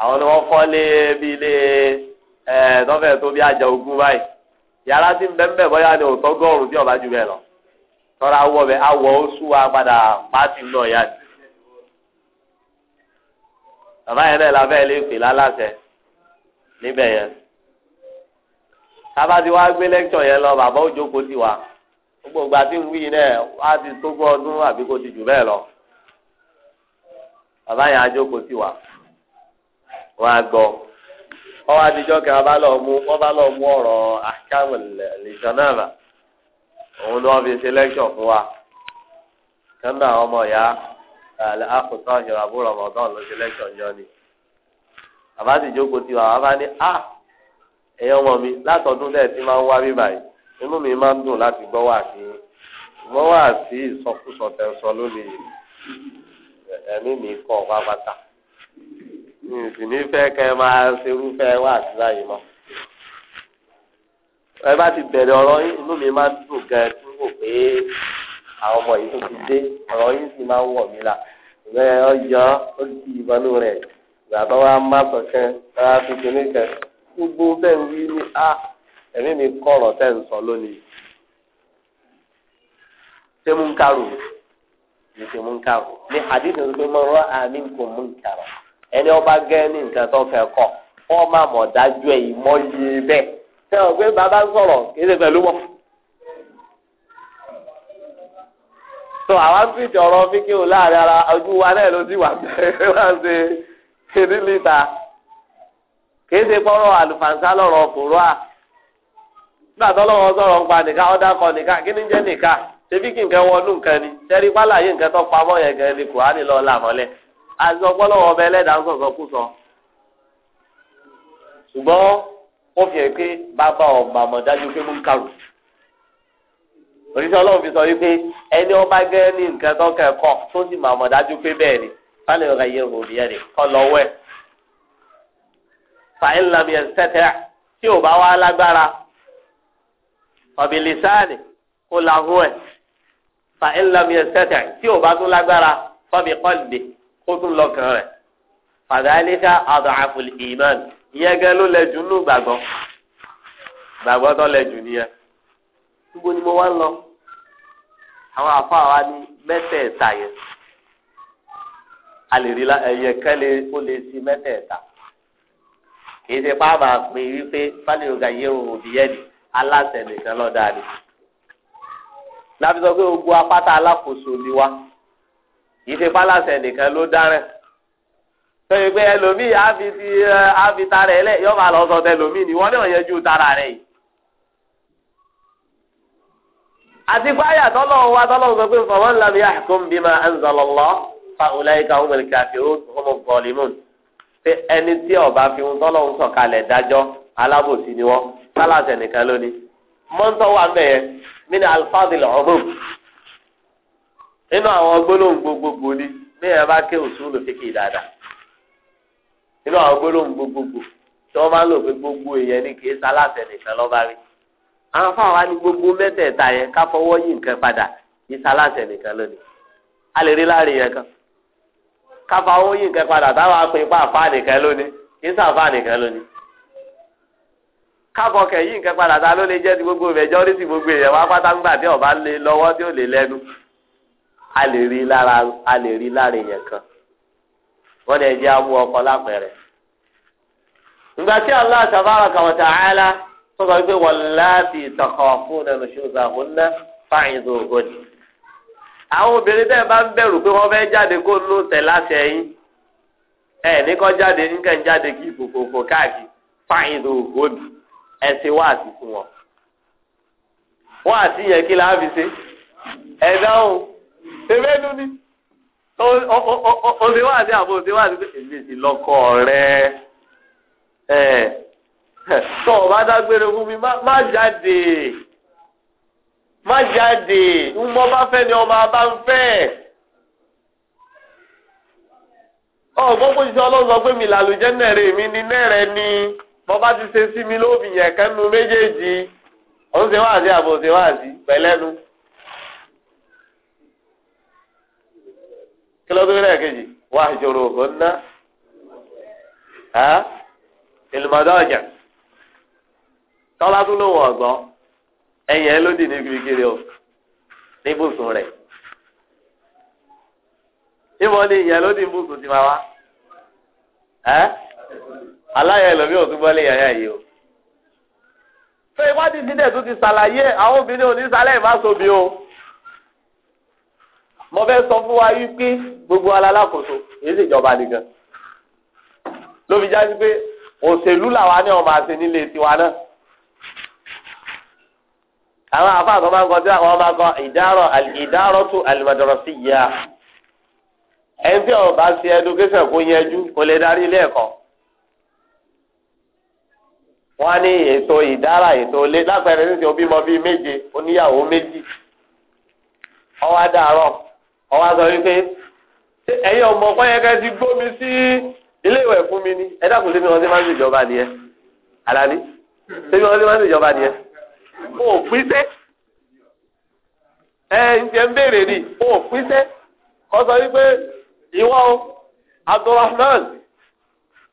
àwọn ni wọ́n fọ́ lé bí ilé yàrá tí ń bẹ ń bẹ bọ́yá ni òótọ́ gọ́ọ̀rùn tí ọba jù bẹ́ẹ̀ lọ tọ́ra awọ bẹ awọ ó sú wa padà pàtì náà yá ni. bàbá yẹn náà la fẹ́ lè pè lálàsẹ̀ níbẹ̀ yẹn. tábà tí wàá gbé lẹ́kítọ̀ yẹn lọ bàbá òjò kò ti wà gbogbo ìgbà tí ń wí náà wá ti tógún ọdún àbí kò ti jù bẹ́ẹ̀ lọ. bàbá yẹn ajó kò ti wà wọ́n á gbọ́ ọwọ adijọ kẹ ọba lọ mú ọba lọ mú ọ̀rọ̀ akamu lìjọnàmà òun ni wọn fi ṣe lẹkṣọ fún wa kẹmbà ọmọ ya àlẹ akutọ ìyọrọ àbúrò ọmọdún ló ṣe lẹkṣọ yọ ni bàbá ti jókòó ti wà bàbá ní a ah, ẹyọ ọmọ mi látọdún lẹẹtí máa ń wá bí báyìí inú mi máa ń dùn láti gbọ́ wà sí gbọ́ wà sí ìsọkúsọ tẹ lónìí ẹ̀mí mi kọ pápátá mi ò sì ní fẹ́ kẹ́ ẹ máa ṣerúfẹ́ wà sí báyìí mọ́. ẹ bá ti bẹ̀rẹ̀ ọ̀rọ̀ yín inú mi máa ń dùn gan tí wò pé àwọn ọmọ yìí tó ti dé ọ̀rọ̀ yín sì máa ń wọ̀ mí là ìgbẹ́ ọjọ́ ó ti ìbọnú rẹ̀ ìgbà tó wá má sọ̀kan rárá fi kíní kan gbogbo bẹ́ẹ̀ ń wí ní a ẹ̀mí mi kọ̀ ọ̀rọ̀ tẹ̀ ń sọ lónìí. ṣé mú ń kárò ní mú ń kárò ní àdéhùn pé mo rọ́ ẹni ọba gẹ́ ní nǹkan tó fẹ́ kọ́ wọ́n máa mọ̀ dájú ẹ̀ ìmọ̀ yé bẹ́ẹ̀ ṣé o pé bàbá sọ̀rọ̀ kéde pẹ̀lú wọn. tó àwa ń fìdí ọ̀rọ̀ fíkì ò láàrin ara ojú wa náà ló sì wà bẹ́ẹ̀ wá ṣe kéde níta kéde pọ́rọ̀ àlùfàǹsá lọ́rọ̀ kòró à nígbà tó lọ́wọ́ sọ̀rọ̀ ń pa nìka ọ̀dà kọ nìka kí ni jẹ́ nìka ṣe fíkì nǹkan wọnú nǹkan ni ṣẹ́rí pálá yìí nǹkan tó pamọ́ yẹn gan ni kùránì lọ́ọ́ làmọ́lẹ̀ azọpọlọwọ ọbẹ ẹlẹdàá sọsọ kú sọ ṣùgbọ́n wọn fi hàn pé bàbá ọmọ àmọdájú pé mú kàrò oníṣẹ́ ọlọ́run fi sọ wípé ẹni ọba gẹ́gẹ́ ní nǹkan tó kẹ́kọ̀ọ́ tó sì mọ àmọ̀dájú pé bẹ́ẹ̀ ni fálẹ̀ ọ̀rẹ́ yẹ wò ní ẹ̀rẹ̀ kọ́ lọ́wọ́ ẹ̀. fàyín lami ẹ̀sítẹ́tẹ́ tí ò bá wá lágbára ọ̀bìlísáàni kó lahùn ẹ̀ fàyín lami ẹ̀sítẹ́tẹ́ tí ò bá tún lágbára fọ́bi kọ́lìdè kó tún fàdálíkà ìmán ìyẹn gan ló tó nìyẹn ni mo wá ń lọ àwọn àfa wa ní mẹ́tẹ̀ẹ̀ta yẹn a lè rí ẹyẹ ó lè sí kì í ṣe yẹ òun òbí yẹn ni aláṣẹ nìkan ni láti sọ pé apáta ìfi pálásẹ̀ nìkan ló dáràn sọyìn pé ẹlòmíì àfi ti àfi tara ẹ lẹ yọ máa lọ sọ tẹlòmíì ni wọn náà yẹjú tara rẹ yìí. àti fáyà tọ́lọ̀ wa tọ́lọ̀ sọ pé faman lam yahkum bima anzalallah fa ulaika humul kafirun humuz zalimun. pé ẹni tí ọba fi ń tọ́lọ̀ ń sọ̀kalẹ̀ dájọ́ alábòsí ni wọ́n pálásẹ̀ nìkan lónìí. mọ́ńtọ́ wà ń bẹ̀yẹ nínú àwọn gbólóhùn gbogbogbò ni bẹ́ẹ̀ bá ké òṣùlù fíkì dáadáa nínú àwọn gbólóhùn gbogbogbò tí wọ́n máa lò pé gbogbo èèyàn ní kì í sálàfẹ nìkan rí àwọn fáwọn gbogbo mẹ́tẹ̀ẹ̀ta yẹn ká yí nǹkan padà kì sálàfẹ nìkan lónìí a lè rí láàrin yẹn kan ká yí nǹkan padà táwọn àfa nìkan lónìí kì í sàfa nìkan lónìí yí nǹkan padà ta ló lè jẹ́ ti gbogbo gbogbo a lè rí lára a lè rí lára èèyàn kan wọ́n lè jẹ́ amú ọkọ lápẹ̀rẹ̀. ìgbà tí Allah tabaraka wa ta'ala tó sọ pé wallati takhafuna nushuzahunna fa'izuhunna. àwọn obìnrin tẹ́ ẹ bá ń bẹ̀rù pé wọ́n fẹ́ jáde kó ló tẹ̀ láti ẹ̀yìn ẹ̀ ní kọ́ jáde ní kàn jáde kí ìfòfòfò káàkiri fa'izuhunna ẹ̀ ṣe wáàsí fún wọn. wáàsí yẹn kí láàbì ṣe ẹ̀ dáhùn. ewédú ni òdìwádìí àbò òdìwádìí èmi rẹ ẹ tọ́ ọ bá dágbére fún mi má jáde má jáde ń mọ́ bá ni ọba bá ń fẹ́ ọgbọ́n kò ṣiṣẹ́ ọlọ́sọ pé mi làlùjẹ́ nẹ̀rẹ̀ mi ni nẹ̀rẹ̀ ni mo bá ti ṣe sí mi lóbìyàn kẹ́nu méjèèjì ọ̀hún àbò pẹ̀lẹ́nu. kí ló tó lẹ́yìn kejì wá ìṣòro ògùn ná ìlùmọ̀dọ́ ọ̀jà tọ́lá tún ló wọ̀ ọ̀gbọ́n ẹ̀yìn ẹ̀ ló dì ní gbìgbìrì o níbùsùn rẹ̀ níbo ni ìyẹn ló dì níbùsùn ti máa wá aláyẹ ẹlòmíì ò tún gbọ́ lé yàrá yìí o tó ìwádìí sílẹ̀ tó ti ṣàlàyé àwọn obìnrin ò ní sálẹ̀ ìbáṣobi o mo fẹ́ sọ fún wa yí pé gbogbo alákòóso èyí sì jọba nìkan ló fi jáde pé òṣèlú làwa ní ọmọ àti nílé tiwa náà àwọn àfáà kan máa ń kọ sí àwọn ọmọ akọ ìdárọ ìdárọtù àlùmọdọrọsíyà ẹni tí ó bá ṣe ẹdúkẹsàn kó yẹjú kó lè darí ilé ẹ̀kọ́ wọ́n ní ètò ìdára ètò ilé lápẹẹrẹ nítorí obìmọ bíi méje oníyàwó méjì ọwọ́ adáàárọ̀ ọwọ́ sọ wípé ẹ̀yin ọmọ kọ́yẹ́kẹ́ ti gbómi sí ilé ìwẹ̀ fún mi ni ẹ dákun lébi wọn ti máa ń ṣèjọba nìyẹn alali lébi wọn ti máa ń ṣèjọba nìyẹn o ò pín sẹ́ ẹ ǹjẹ́ ń béèrè ni o ò pín sẹ́ ọ sọ wípé ìwọ Abdulrahman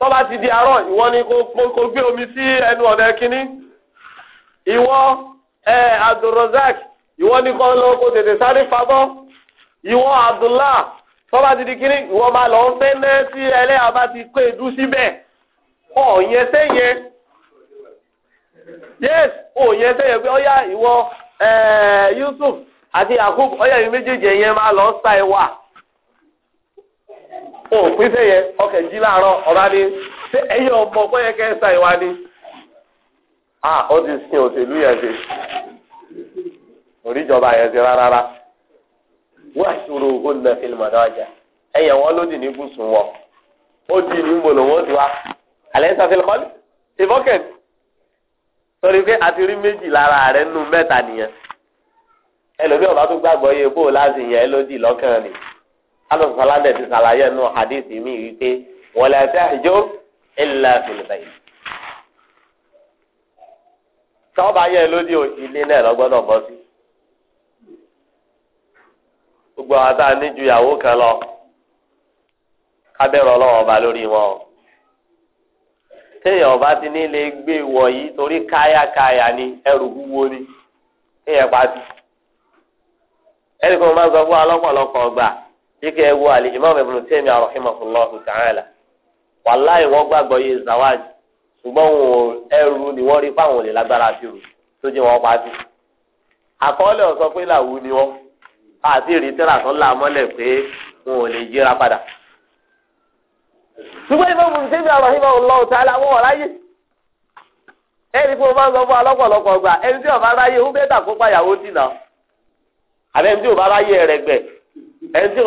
tọ́ba ti di àárọ̀ ìwọ ni kò gbé omi sí ẹnu ọ̀nà kínní ìwọ Abdulrazak ìwọ ni kò lọ kó tètè sáré fa ìwọ Abdullah tọ́ba ti di kiri ìwọ lọ ń fẹ́ sí ẹlẹ́yà ti kó edu síbẹ̀ ọ̀yẹn sẹ́yẹn yes ọ̀yẹn sẹ́yẹn pé ọ̀yà ìwọ Yusuf àti Yakub ọ̀yà yìí méjèèjì máa lọ sa ẹwà òpin sẹ́yẹn ọkẹ̀ jí láàárọ̀ ọ̀rá ni ṣé ọmọ sa ni ah ó ti sin òṣèlú yẹn ṣe oríjọba yẹn ṣe rárá rárá. wọ́n aṣọro òhún náà fi lùmọ̀ náà jà ẹ̀yẹ̀ wọn ló dì ní gúúsù wọn ó dì ní mbòlò wọn ti wá alẹ́ ń sàfihàn kọ́lí ti bọ́kẹ̀t sọrí pé àti rí méjì lára rẹ̀ nù mẹ́ta nìyẹn ẹlòmí ọba tó gbàgbọ́ yẹ bó láti yẹn ló dì lọ́kàn ni alùpùpù aládẹ ti sàlàyé nù hadith mi wípé wọlé ẹsẹ àjò illa fil bayt tọ́ba yẹn ló dì òsì ilé náà lọ́gbọ́dọ̀ bọ́ sí. gbogbo àwọn tá a ní ju ìyàwó kan lọ kábẹ́rọ ọlọ́wọ́ ọba lórí wọn téèyàn ọba ti ní lè gbé wọ̀nyí torí káyàkáyà ni ẹrù wúwo ni téèyàn pa ti ẹnì kan fún wa lọ́pọ̀lọpọ̀ ọgbà kíkẹ́ ẹ wo àlè wàláì wọ́n gbàgbọ́ yé ṣùgbọ́n wọn ẹrù ni wọ́n rí fáwọn lágbára tó jẹ́ wọn pa àti ìrìntẹ́rà tó là mọ́lẹ̀ pé wọn ò lè yíra padà. ṣùgbọ́n ìfẹ́ òfin tẹ́lẹ̀ ọ̀rọ̀ ìfẹ́ òun lọ́wọ́ tààlà wọn ò ẹni tí mo máa ń sọ fún wa lọ́pọ̀lọpọ̀ ẹni tí ọba ráyè ó bẹ́ẹ̀ dàkó pàyàwó tì náà. àbẹ́ ẹni tí ọba ráyè rẹ̀ gbẹ̀ ẹni tí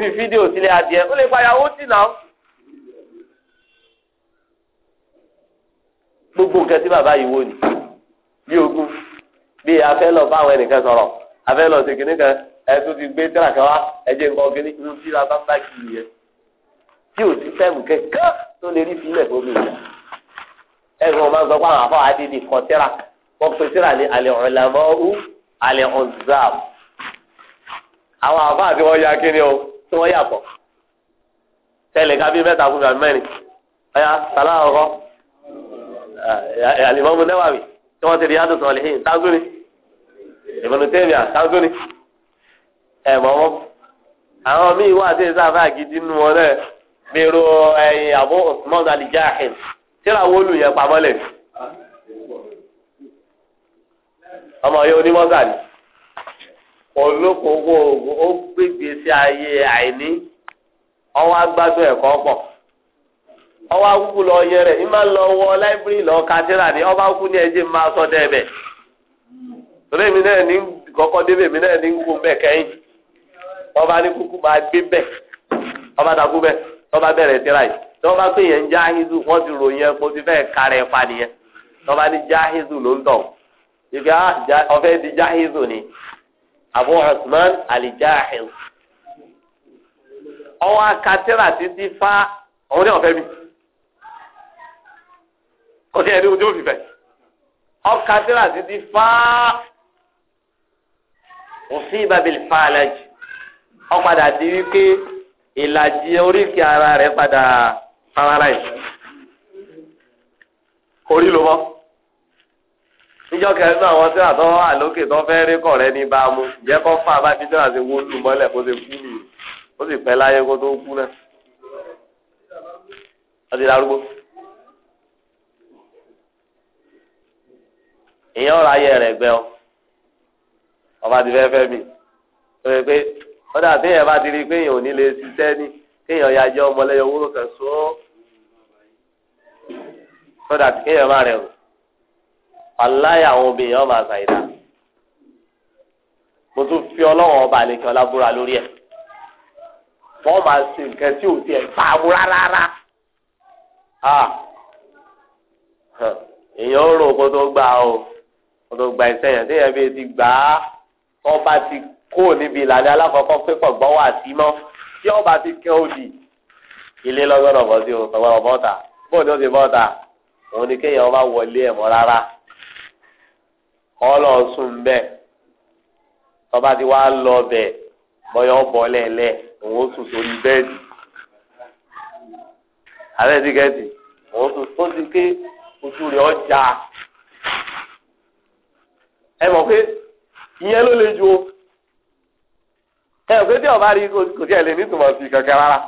fi fídíò sílé adìẹ ó lè pàyàwó tì náà. gbogbo nǹkan tí bàbá bí afẹ́ lọ bá àwọn ẹnìkan sọ̀rọ̀ afẹ́ lọ sí kìnnì kan ẹtú ti gbé tíráàkì wá ẹjẹ nǹkan kìnnì ń fi ra bá bá kì í yẹ tí ò sí fẹ́ẹ̀mù kẹ́kẹ́ tó lè rí sílẹ̀ fún mi ìyá ẹ̀rù wọn máa ń sọ pé àwọn afọ àdídì kan tíra wọn pe tíra ní alẹ́ ọ̀làmọ́ ú alẹ́ ọ̀zàm àwọn afọ àti wọn ya kí ni o tí wọ́n yàtọ̀ tẹ́lẹ̀ ká bí mẹ́ta fún mi àbí mẹ́rin ọ̀ya sàlá ọkọ alimọ́mu nẹ́wàwì tí wọ́n ti rí yàtọ̀ sọ̀lẹ́hìn tágúrin. ìbùnú tẹ́lẹ̀ àtàzóni ẹ̀ mọ̀ wọ́n àwọn míì wà sí gidi nù wọn náà mẹ́rọ ẹ̀yìn àbọ̀ Usman al-Jahil tíra wọ́ọ̀lù yẹn pamọ́lẹ̀ ọmọ yẹn onímọ̀gà ni olókòwò ó gbégbé sí ayé àìní ọwọ́ agbádùn ẹ̀kọ́ pọ̀ ọwọ́ akúkú lọ yẹrẹ ìmọ̀ ni ọba kú ní torí èmi náà ní kọ́kọ́ débè èmi náà ní kú bẹ́ẹ̀ kẹ́yìn ọba ní kúkú máa gbé bẹ́ẹ̀ ọba dàkú bẹ́ẹ̀ tọ́ba bẹ̀rẹ̀ tíra yìí tọ́ba pé yẹn ń jáhìzù wọ́n ti ròyìn ẹ̀kọ́ ti fẹ́ẹ̀ kárẹ̀ fa nìyẹn tọ́ba ní jáhìzù ló ń tọ̀ ìgbé ah, ọ̀fẹ́ di jáhìzù ni Abu Usman alijahiz ọwọ́ akatẹ́rà títí fa ọ̀hún ní ọ̀fẹ́ mi kò sí ẹni ojú òfìfẹ́ ọkatẹ́rà títí fa òsì ìbàbílì fàlàjì ó padà di wípé ìlàjì oríkì ara rẹ̀ padà paralyze orí ló bọ́ níjọ́ kẹrin náà wọ́n ti rà tọ́ àlókè tó fẹ́ rí kọ̀ rẹ ní bámu jẹ́ kó fà bá ti tẹ́lá sí wó lù mọ́lẹ̀ kó ti kú nìyí ó sì pẹ́ láyé kó tó kú náà ó ti darúgbó. èèyàn ọ̀rọ̀ ayé rẹ̀ gbẹ́ ọ ọba ti fẹ́ fẹ́ mi ó yẹ pé kódà téèyàn bá ti rí i pé èèyàn ò ní lè ṣiṣẹ́ ní kéèyàn ya jẹ́ ọmọlẹ́yọ owó kan sọ ọ́ kódà kéèyàn má rẹ̀ o aláya àwọn obìnrin ọmọ àṣà ìdá mo tún fi ọlọ́wọ́n ọba àlekẹ́ ọlábúra lórí ẹ̀ wọ́n máa ṣe nǹkan tí ò tiẹ̀ bá a mú rárá èèyàn ń rò kó tó gbà ó kó tó gbà ìṣẹ̀yàn téèyàn bí ti gbà á ọba ti kó níbi ìlànà alákọ̀ọ́kọ́ pé pọ̀gbọ́n wà sí mọ́ tí ọba ti kẹ́ òdì ilé lọ́gọ́dọ̀ bọ́ sí o tọ́gbà ọ̀bọ́ta bóun ni ó ti bọ́ta òun ni kéèyàn bá wọlé ẹ̀ mọ́ rárá ọlọ́ọ̀sùn bẹ́ẹ̀ tọ́ba ti wá lọ bẹ̀ bọ́yọ̀ bọ́ lẹ́lẹ́ òun ó sùn sórí bẹ́ẹ̀dì alẹ́ ti gẹ̀ẹ́dì òun sùn tó ti ké ojú rẹ̀ ọjà ẹ mọ̀ pé. ìyẹn ló le ju o ẹ pé tí ọba rí kò tí ẹ lè nítumọ̀ sí kankan rárá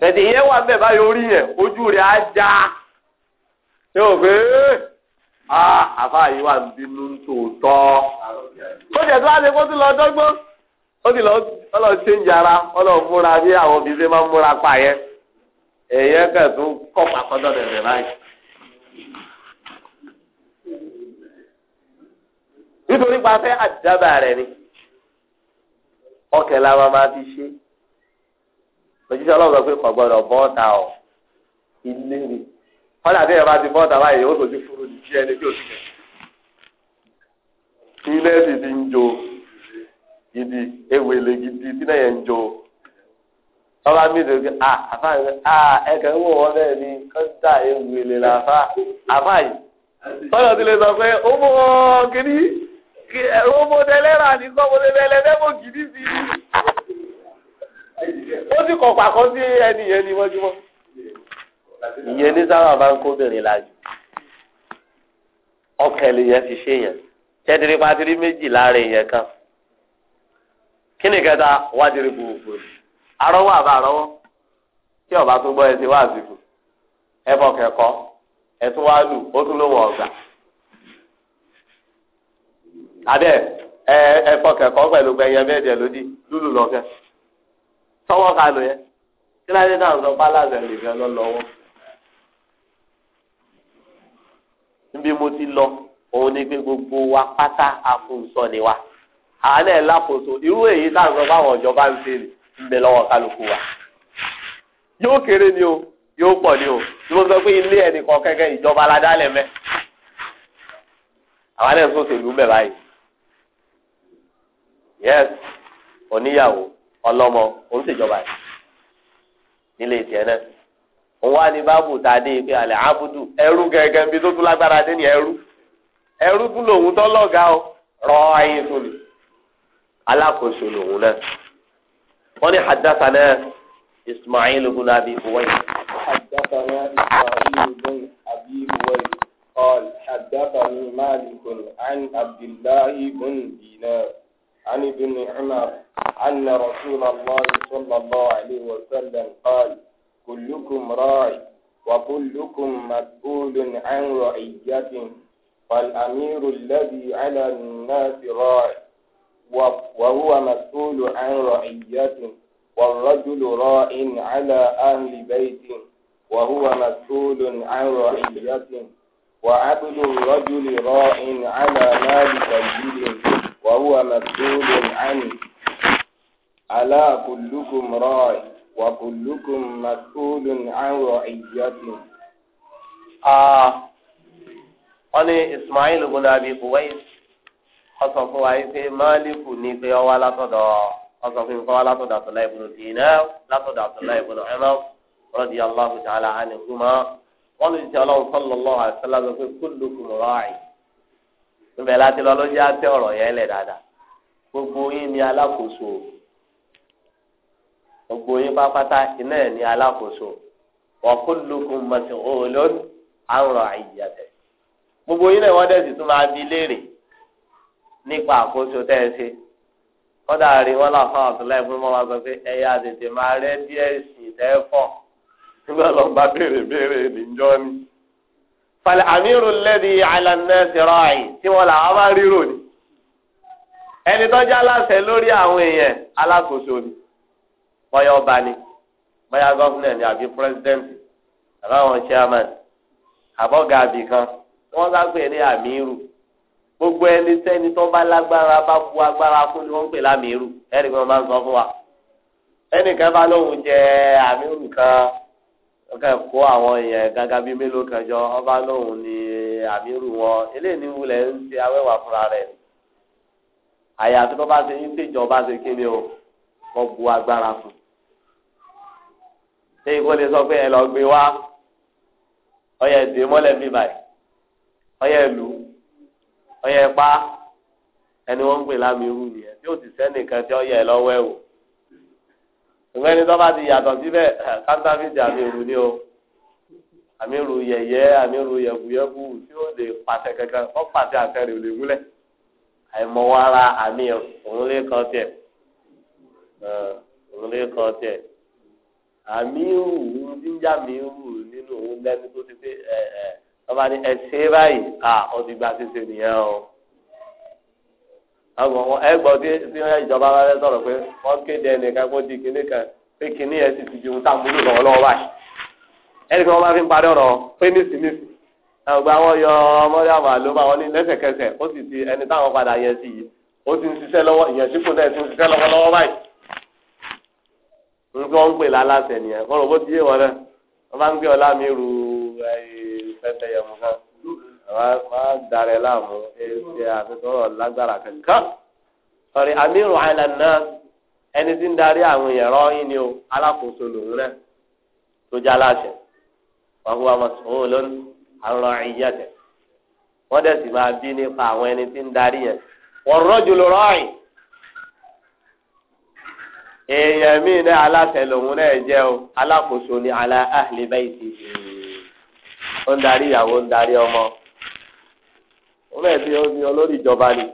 tẹ̀tì ìyẹn wà bẹ́ẹ̀ báyìí orí yẹn ojú rẹ̀ á já yóò pé àfa yìí wà ń bínú ó jẹ̀ tó wá kó tún lọ dọ́gbọ́n ó ti lọ múra bí àwọn òbí ṣe máa ń pa yẹn nítorí pa fẹ́ àdábà rẹ̀ ni ọkẹ́ la máa máa fi ṣe òjíṣẹ́ ọlọ́run sọ pé kò gbọ́dọ̀ bọ́ọ̀tà ọ̀ ilé ni wọ́n dàbí ẹ̀rọ bá ti bọ́ọ̀tà báyìí ó sojú fúru ní kí ẹni tí ò sí kẹ̀. ilé sì ti ń jo gidi ewele gidi tí náà yẹn ń jo tọ́lá ah, mi dèrò pé à àfa yìí à ẹ̀kẹ́ ń wò wọ́n bẹ́ẹ̀ ni kọ́ńtà ewele làfa àfa yìí tọ́lá ti lè sọ pé ó mọ̀ ọ́ kiri. ẹ̀rọ ọmọdé lẹ́rà ní sọ́mọdé lẹ́lẹ́ gidi sí i. ó sì kọ̀ pàkọ́ sí ẹni yẹn ní mọ́júmọ́. ìyẹn ní sábà máa ń kóbìnrin láàyè. fi ṣe yẹn tẹ́tìrì pátìrì méjì láàrin yẹn kan. kí ni kẹta wájú gbogbo arọwọ àbá tí ọba tó ẹ ti wá àsìkò ẹ ẹ tún wá lù ó tún abẹ ẹ ẹ fọkẹ kọ pẹlú gbẹyẹ mẹjẹ lódì lulu kanu yẹ kíláyé náà sọ pálásẹ lọ lọ́wọ́ níbi mo ti lọ òun ni gbogbo wa pátá àfúnsọ ni wa àwọn lákòóso irú èyí tá à ń sọ fáwọn wa yóò kéré ni o yóò ni o tí mo sọ pé ilé ìjọba àwọn yes oníyàwó ọlọ́mọ òun ṣèjọba yìí nílé tiẹ̀ náà òun wá ní báàbù tá a dé pé àlẹ́ àbùdù ẹrú gẹ́gẹ́ bí tó tún lágbára dé ní ẹrú ẹrú tún lòun tó lọ́gàá o rọ ayé tó ni alákòóso lòun náà wọ́n ní hadathana ismail ibn abi buwai. hadathana ismail ibn abi buwai qal hadathani malik an abdullahi ibn dinar. عن ابن عمر أن رسول الله صلى الله عليه وسلم قال كلكم راع وكلكم مسؤول عن رعيته فالأمير الذي على الناس راع وهو مسؤول عن رعيته والرجل راع على أهل بيته وهو مسؤول عن رعيته وعبد الرجل راع على مال سيده وهو مسؤول عنه ألا كلكم راع وكلكم مسؤول عن رعيته آه wọ́n ní Ismail bin Abi Uwais ọsọ fún wa yìí pé Málíkù ní pé ọwọ́ látọ̀dọ̀ ọsọ fún mi kọ́ wá látọ̀dọ̀ Abdullahi ibn Dinar látọ̀dọ̀ Abdullahi ibn Umar radiyallahu ta'ala anhuma wọ́n ní ti ọlọ́run sallallahu alaihi wasallam pé kullukum ra'i níbẹ̀ láti lọ ló jẹ́ àtẹ ọ̀rọ̀ yẹn lẹ̀ dáadáa gbogbo yín ni alákòóso gbogbo yín pápátá iná ẹ̀ ni alákòóso wa kullukum mas'ulun an ra'iyyatihi gbogbo yín náà wọ́n dẹ̀ tún máa bi léèrè nípa àkóso tẹ́ ẹ ṣe kọ́dà rí wọn láfa àtúnlá ìfún mọ́ wọn sọ pé ẹ̀yà tètè máa rẹ́ díẹ̀ sí tẹ́ fọ́ nígbà lọ́ọ́ bá béèrè béèrè níjọ́ ni fàlẹ́ àmírù lẹ́dí àlànà ṣẹ̀rọ àyè tí wọ́n là wọ́n bá ríro ni ẹni tó jẹ́ aláṣẹ lórí àwọn èèyàn alákòóso ni bóyá ọba ni bóyá gọ́fúnà ni àbí pírẹsidẹ́ǹtì àbá àwọn chairman àbọ̀gà àbí kan wọ́n bá pè ní àmírù gbogbo ẹni sẹ́ni tó bá lágbára bá bu agbára fún ni wọ́n pè lámírù ẹnì kan máa ń sọ fún wa ẹnì kan bá lóun jẹ àmírù kan ọkẹ kó àwọn èèyàn gàgà bíi mélòó kan jọ ọba lóhùn ní àmírù wọn eléyìí ní wulẹ̀ ń ṣe awẹ́wà fúnra rẹ̀ àyàfi tó bá ṣe ń ṣèjọba ṣe kíni o kò bu agbára fún ṣé ìkó lè sọ pé ẹ lọ gbé wá ọyẹ dè mọ́lẹ̀ bí báyìí ọyẹ lù ọyẹ pa ẹni wọ́n ń pè lámìírù nìyẹn tí ó sì sẹ́nìkan tí ọyẹ lọ́wọ́ ẹ̀ wò ìwé tó bá ti yàtọ̀ síbẹ̀ kántàfíìsì àmì ìrù ni o àmì ìrù yẹ̀yẹ́ àmì ìrù yẹ̀kuyẹ̀kú tí ó lè pàṣẹ kankan kọ́ pàṣẹ àtẹrè lè múlẹ̀ àìmọ̀wọ́ ara àmì òun lè tiẹ̀ òun lè tiẹ̀ àmì ìrù jíjà mi ìrù nínú òun lẹ́nu tó ti pé ẹ ẹ tó bá ní ẹ ṣe báyìí à ó ti gba ṣíṣe nìyẹn o àwọn ẹgbọ́ tí ìjọba bá fẹ́ sọ̀rọ̀ pé wọ́n kéde ẹnìkan kó di kinní kan pé kinní yẹn sì ti di ohun tá à ń báyìí ẹnì kan wọ́n bá fi ń parí ọ̀rọ̀ pé nísìnyìí àgbà wọn yọ ọmọdé àwọn àlóbá wọn ní lẹ́sẹ̀kẹsẹ̀ ó sì ti ẹni táwọn padà yẹn sí yìí ó ti ń ṣiṣẹ́ lọ́wọ́ ìyẹ̀sípò náà ti ń ṣiṣẹ́ lọ́wọ́ báyìí nǹkan ń pè lálásẹ̀ nìyẹn kọ́ máa darẹ̀ láàmú ṣe àfisọ́rọ̀ lágbára kankan. sọ̀rí amírù àìlànà ẹni tí ń darí àwọn èèyàn rọ́ọ̀yìn ni o alákòóso lòun rẹ̀ tó já láṣẹ. wọ́n fún wa mọ̀ sọ́wọ́ lónìí àwọn ọ̀ràn wọ́n dẹ̀ sì máa bí nípa àwọn ẹni tí ń darí yẹn. wọ́n rọ́jò lọ rọ́ọ̀yìn. èèyàn míì náà aláṣẹ lòun náà jẹ́ o alákòóso ni alá àhlẹ́ bẹ́ẹ̀ ti ń darí ìyàwó ń darí ọmọ wọ́n bẹ̀ bí omi olórí ìjọba ni.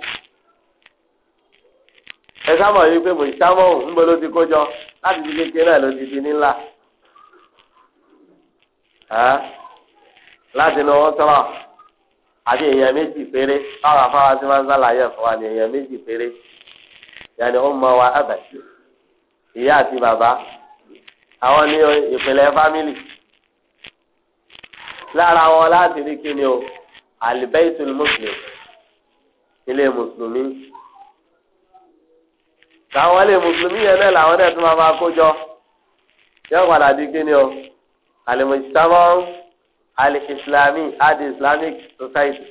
ẹ sábà yí pé mùsàmọ́ ń bọ́ ló ti kó jọ láti fi kékeré náà ló ti di nílà. láti nu wọn sọ̀rọ̀ àti èèyàn méjì péré báwa fáwa tí wọ́n ń sàlàyé fún wa ni èèyàn méjì péré yàní ó mọ wa àbàtì ìyá àti bàbá àwọn ní ìpìlẹ̀ fámìlì lára wọn láti rí kíni o alibaitul muslim ilé mùsùlùmí táwọn ilé mùsùlùmí yẹn náà làwọn náà tún máa máa kójọ yóò padà di kí ni o alimujtama alislami adi islamic society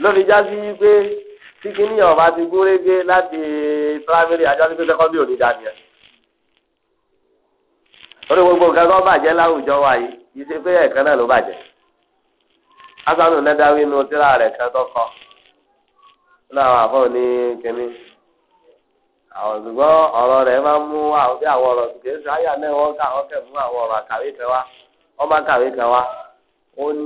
lórí jásí wípé tí kíní yẹn ọba ti gúnrégé láti primary àjọṣe pé sẹkọndì òní dání ẹ orí gbogbo nǹkan kan bàjẹ́ láwùjọ wa yìí yìí ṣe pé ẹ̀ẹ̀kan náà ló bàjẹ́. asanu nadawi nu tírà rẹ̀ kan tó kọ nínú àwọn àfọ ní kínní àwọn ṣùgbọ́n ọ̀rọ̀ rẹ̀ máa ń mú si bí ka ọ̀rọ̀ kìí ṣe àyà náà wọ́n kà wọ́n fẹ́ mú àwọn ọ̀rọ̀ àkàwé kan wá wọ́n máa kàwé kan wá ó ní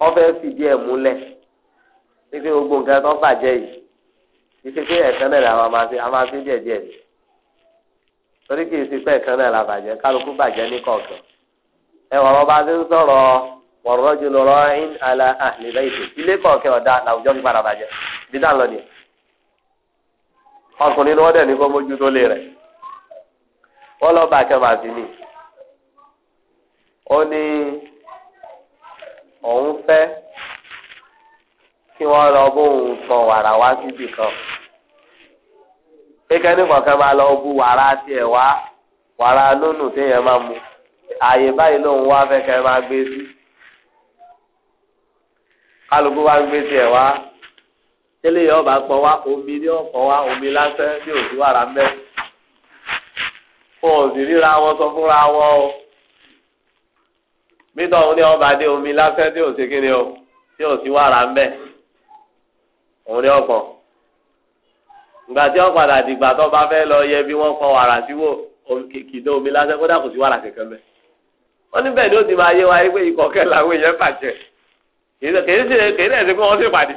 wọ́n fẹ́ fìdí ẹ̀ múlẹ̀ pípé gbogbo nǹkan tó bàjẹ́ yìí fi ẹwà ọba tó ń sọ̀rọ̀ wọ̀rọ̀ jù ala ilé làwùjọ fi padà bàjẹ́ bí lọ ni ọkùnrin ni ní kó mójú tó lé rẹ̀ wọ́n lọ sí ni ó ní òun kí lọ bóun wàrà wá síbì kan kékeré máa lọ bú wàrà wá wàrà ààyè báyìí lòun wá fẹ́ kẹ́ máa gbé sí kálukú wá gbé tiẹ̀ wá tẹ́lẹ̀ yọ bá pọ̀ wá omi ní ọ̀pọ̀ wá omi lásán ní òsì wàrà ń bẹ́ fún òsì ríra wọn sọ fúnra wọn o mítọ̀ òun ní ọba dé omi lásán ní òsì kíni o ní òsì wàrà ń bẹ́ òun ní ọ̀pọ̀ ìgbà tí wọ́n dìgbà tó bá fẹ́ lọ yẹ bí wọ́n kọ wàrà sí kìdó omi lásán kódà kò sí wàrà kankan bẹ́ẹ̀. wọ́n níbẹ̀ ni ó ti máa yé wa pé ikọ̀ làwọn èèyàn bàjẹ́ kèé sì kèé ṣe pé wọ́n ti pàdé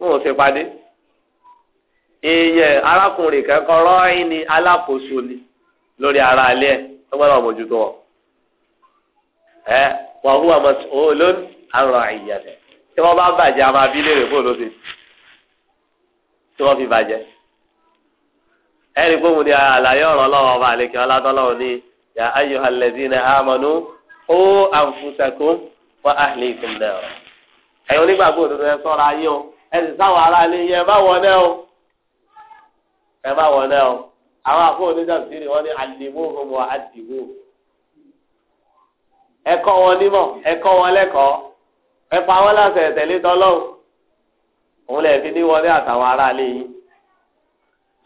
ò ṣe pàdé èèyàn arákùnrin kẹ́kọ̀ọ́ rọ́ọ̀yìn ni alákòóso ni lórí ara alẹ́ ẹ̀ wọ́n gbọ́dọ̀ mójútó wọn. ẹ wọ́n hu àmọ́ olóń àrùn àyà rẹ̀ tí wọ́n bá bàjẹ́ àmọ́ abílẹ̀ rẹ̀ fún olóṣèlú tí wọ́n fi bàjẹ́ ẹ̀rí gbóhùn ni yà ayò alẹ́dínà àmọ́nú ó ànfùsàkùn wà áhìlì ìfúnná o. ẹ̀yin onígbàgbọ́ òdodo ẹ sọ́ra ayé o ẹ sì sáwọn ará ilé yẹn ẹ bá wọlé o ẹ bá wọlé o àwọn àfọ onídàbísírì wọn ní àlìmóhùn wọn àdìmó ẹ kọ́ wọn nímọ̀ ẹ kọ́ wọn lẹ́kọ̀ọ́ ẹ pa wọn láṣẹ tẹ̀lé tọlọ́run òun lè fi ní àtàwọn ará ilé yìí.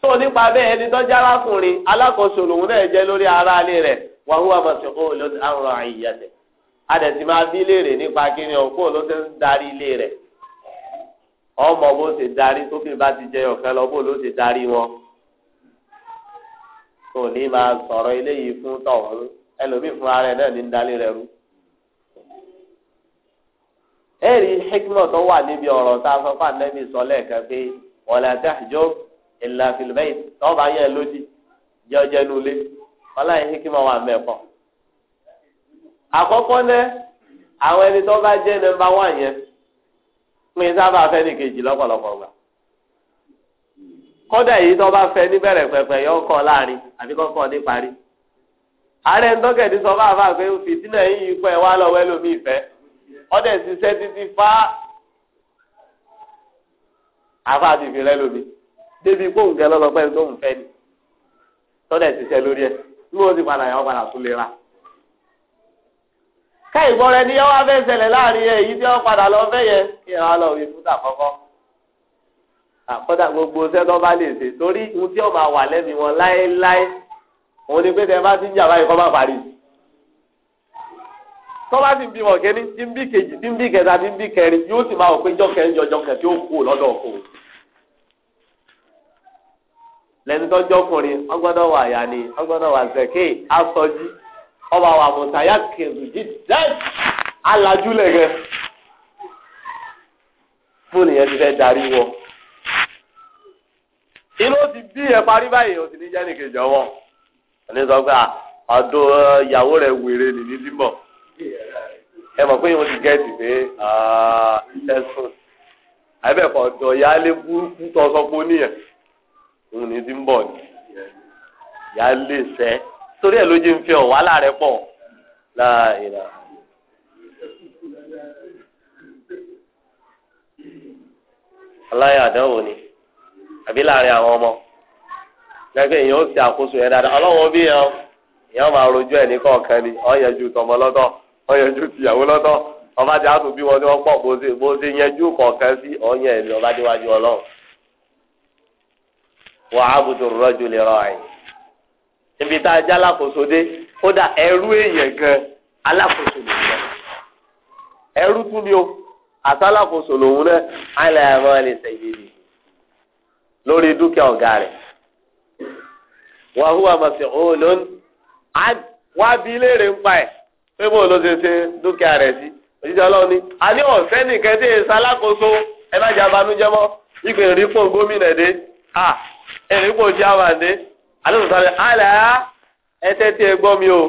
tó nípa bẹ́ẹ̀ ẹni tó jẹ́ arákùnrin alákòóso lòun náà jẹ́ lórí ara alẹ́ rẹ̀ wà hùwà mọ̀síkó ló ti àrùn àyíyá tẹ̀. adẹ̀sí máa bí léèrè nípa kíni ọ̀pọ̀ ló ti ń darí ilé rẹ̀ ọmọ bó ti darí bá ti jẹ ọ̀kan lọ bó ló ti darí wọn. kò ní fún ara ẹ̀ náà ní ń rẹ̀ rú. ẹ̀rí tó wà níbi ọ̀rọ̀ tá a sọ fún sọ lẹ́ẹ̀kan pé ìlà fìlìbẹ́yì tọ́ba yẹn lódì jẹ́ọ́jẹ́ nulẹ̀ ọláyìn hikima wà mẹ́kọ̀. àkọ́kọ́ náà àwọn ẹni tó bá jẹ́ nọ́mbà wán yẹn pín sábà fẹ́ ní kejì lọ́pọ̀lọpọ̀ gbà. kódà èyí tó bá fẹ́ níbẹ̀rẹ̀ pẹ̀pẹ̀ yọ kọ́ láàrin àbí kọ́kọ́ ní parí. ààrẹ ńdọ́kẹ̀dì sọ fún àfáà pé fìtínà yìí yìí pẹ́ wá lọ́wọ́ ẹlòmíì fẹ́ ọdẹ ṣiṣẹ́ títí fá àfáà ti fi lómi débi kó nǹkan lọ́lọ́pẹ́ tó ń fẹ́ ni tọ́lẹ̀ ti ṣe lórí ẹ̀ bí wọ́n ti padà yàn padà tún lè ra. káyì gbọ́ rẹ ní yọ wá fẹ́ ṣẹlẹ̀ láàrin ẹ̀ yìí tí wọ́n padà lọ fẹ́ yẹn kí ẹ̀ wá lọ rí fún tàkọ́kọ́. àkọ́dà gbogbo sẹ́tọ́ bá lè ṣe torí ohun tí ó máa wà lẹ́nu wọn láéláé òun ni pé tẹ bá ti ń jà báyìí kọ́ parí. tọ́ bá ti ń bímọ kẹ́ni tí ń bí kejì tí ń bí kẹta tí ń bí kẹrin yóò sì máa wọ pé jọ́kẹ́ ń jọjọ́ kẹ́ tí ó kú lọ́dọ̀ ọkùnrin. lẹ́ni tó jọkùnrin ọgbọ́dọ̀ wà ni ọgbọ́dọ̀ wà zẹ̀kẹ́ asọ́jú ọba wà mùtáyà kẹ̀zù jíjẹ́ alájú lẹ́gẹ́ fóònù yẹn ti darí wọ. inú ti bí ẹ parí báyìí o ti ní jẹ́ nìkejì ọwọ́ ẹni sọ pé ọdún uh, ìyàwó wèrè ẹ mọ̀ pé ti pé ẹ̀sùn ọ̀dọ̀ burúkú tó òun ní ti ń bọ̀ ni ìyá lè sẹ́ torí ẹ̀ ló jẹ́ ń fi ọ̀ wàhálà rẹ pọ̀ láàyè. aláya ni àbí láàrin àwọn ọmọ gẹ́gẹ́ èèyàn ó ti àkóso yẹn dáadáa ọlọ́wọ́n bí yẹn èèyàn máa rojú ẹ̀ ní kọ̀ọ̀kan ni ju tọmọ lọ́tọ̀ ju tìyàwó lọ́tọ̀ ọba wọn ni pọ̀ bó ṣe bó ṣe kọ̀ọ̀kan sí ọba wa á rọ́jò lè rọ àyìn. níbi tá a jẹ́ alákòóso dé kódà ẹrú èèyàn gan alákòóso lè jẹ́ ẹrú tún ni o àtàlákòóso lòun náà àìlẹ́ àmọ́ ẹ̀ sẹ́yìn lórí dúkìá ọ̀gá rẹ̀ lónìí bí léèrè ń pa ẹ̀ pé bó ló ṣe ṣe dúkìá rẹ̀ sí ọlọ́run ni a ní ọ̀fẹ́ nìkan tí alákòóso ẹ̀rí pọ̀ sí àwàdé alẹ́ sọ̀tàbí àlẹ́ ẹ̀tẹ́ tí ẹ gbọ́ mi o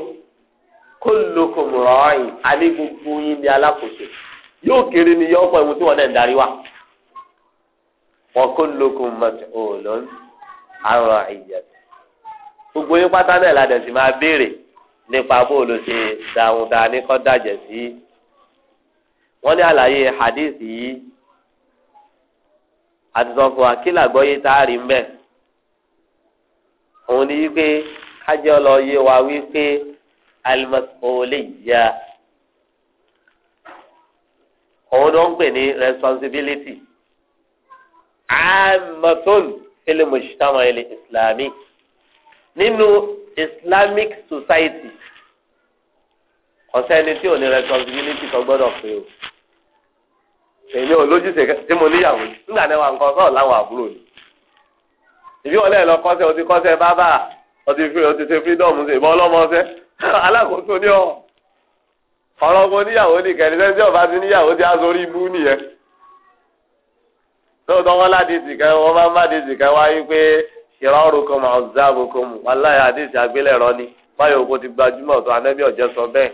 kó lóko mọ̀ọ́yìn alẹ́ gbogbo yín ní alákòóso yóò kéré ni yọ pọ̀ ìwọ̀n tí wọ́n náà ń darí wa. wọn kó lóko mọ̀tò òòlọ́n àrùn àìyẹ gbogbo yín pátá náà la dẹ̀sí máa béèrè nípa bóòlù ṣe dàrún dání kọ́ dàjẹ̀ sí. wọ́n ní àlàyé hadith yìí àti sọ tá a rí ń òun ni wípé kájọ lọ yé wa wípé al-mas'uliyya òun ló ń pè ní responsibility amatun fil mujtama al-islami nínú islamic society ọ̀sẹ́ni tí ò ní responsibility tó gbọ́dọ̀ pé o èmi ò lójúṣe tí mo níyàwó nígbà náà wà nǹkan sọ̀rọ̀ láwọn àbúrò ni ìbí wọn lẹ́yìn lọ kọ́sẹ́ o ti kọ́sẹ́ bábà o ti fi o ti ṣe freedom ṣe ìbọn ọlọ́mọ ọsẹ alákòóso ní ọ ọ̀rọ̀ ọmọ oníyàwó ní kẹ́ni sẹ́ni tí ọba ti níyàwó ti aṣorí ibú nìyẹn lóòótọ́ wọn láti ìsìnkẹ́ wọn bá ń bá di ìsìnkẹ́ wáyé pé ìrọ̀rùn kan máa ń záàbò kan mù aláya àdéhìí àgbélẹ̀rọ ni báyọ̀ oko ti gbajúmọ̀ tó anẹ́bí ọ̀jẹ̀ sọ bẹ́ẹ̀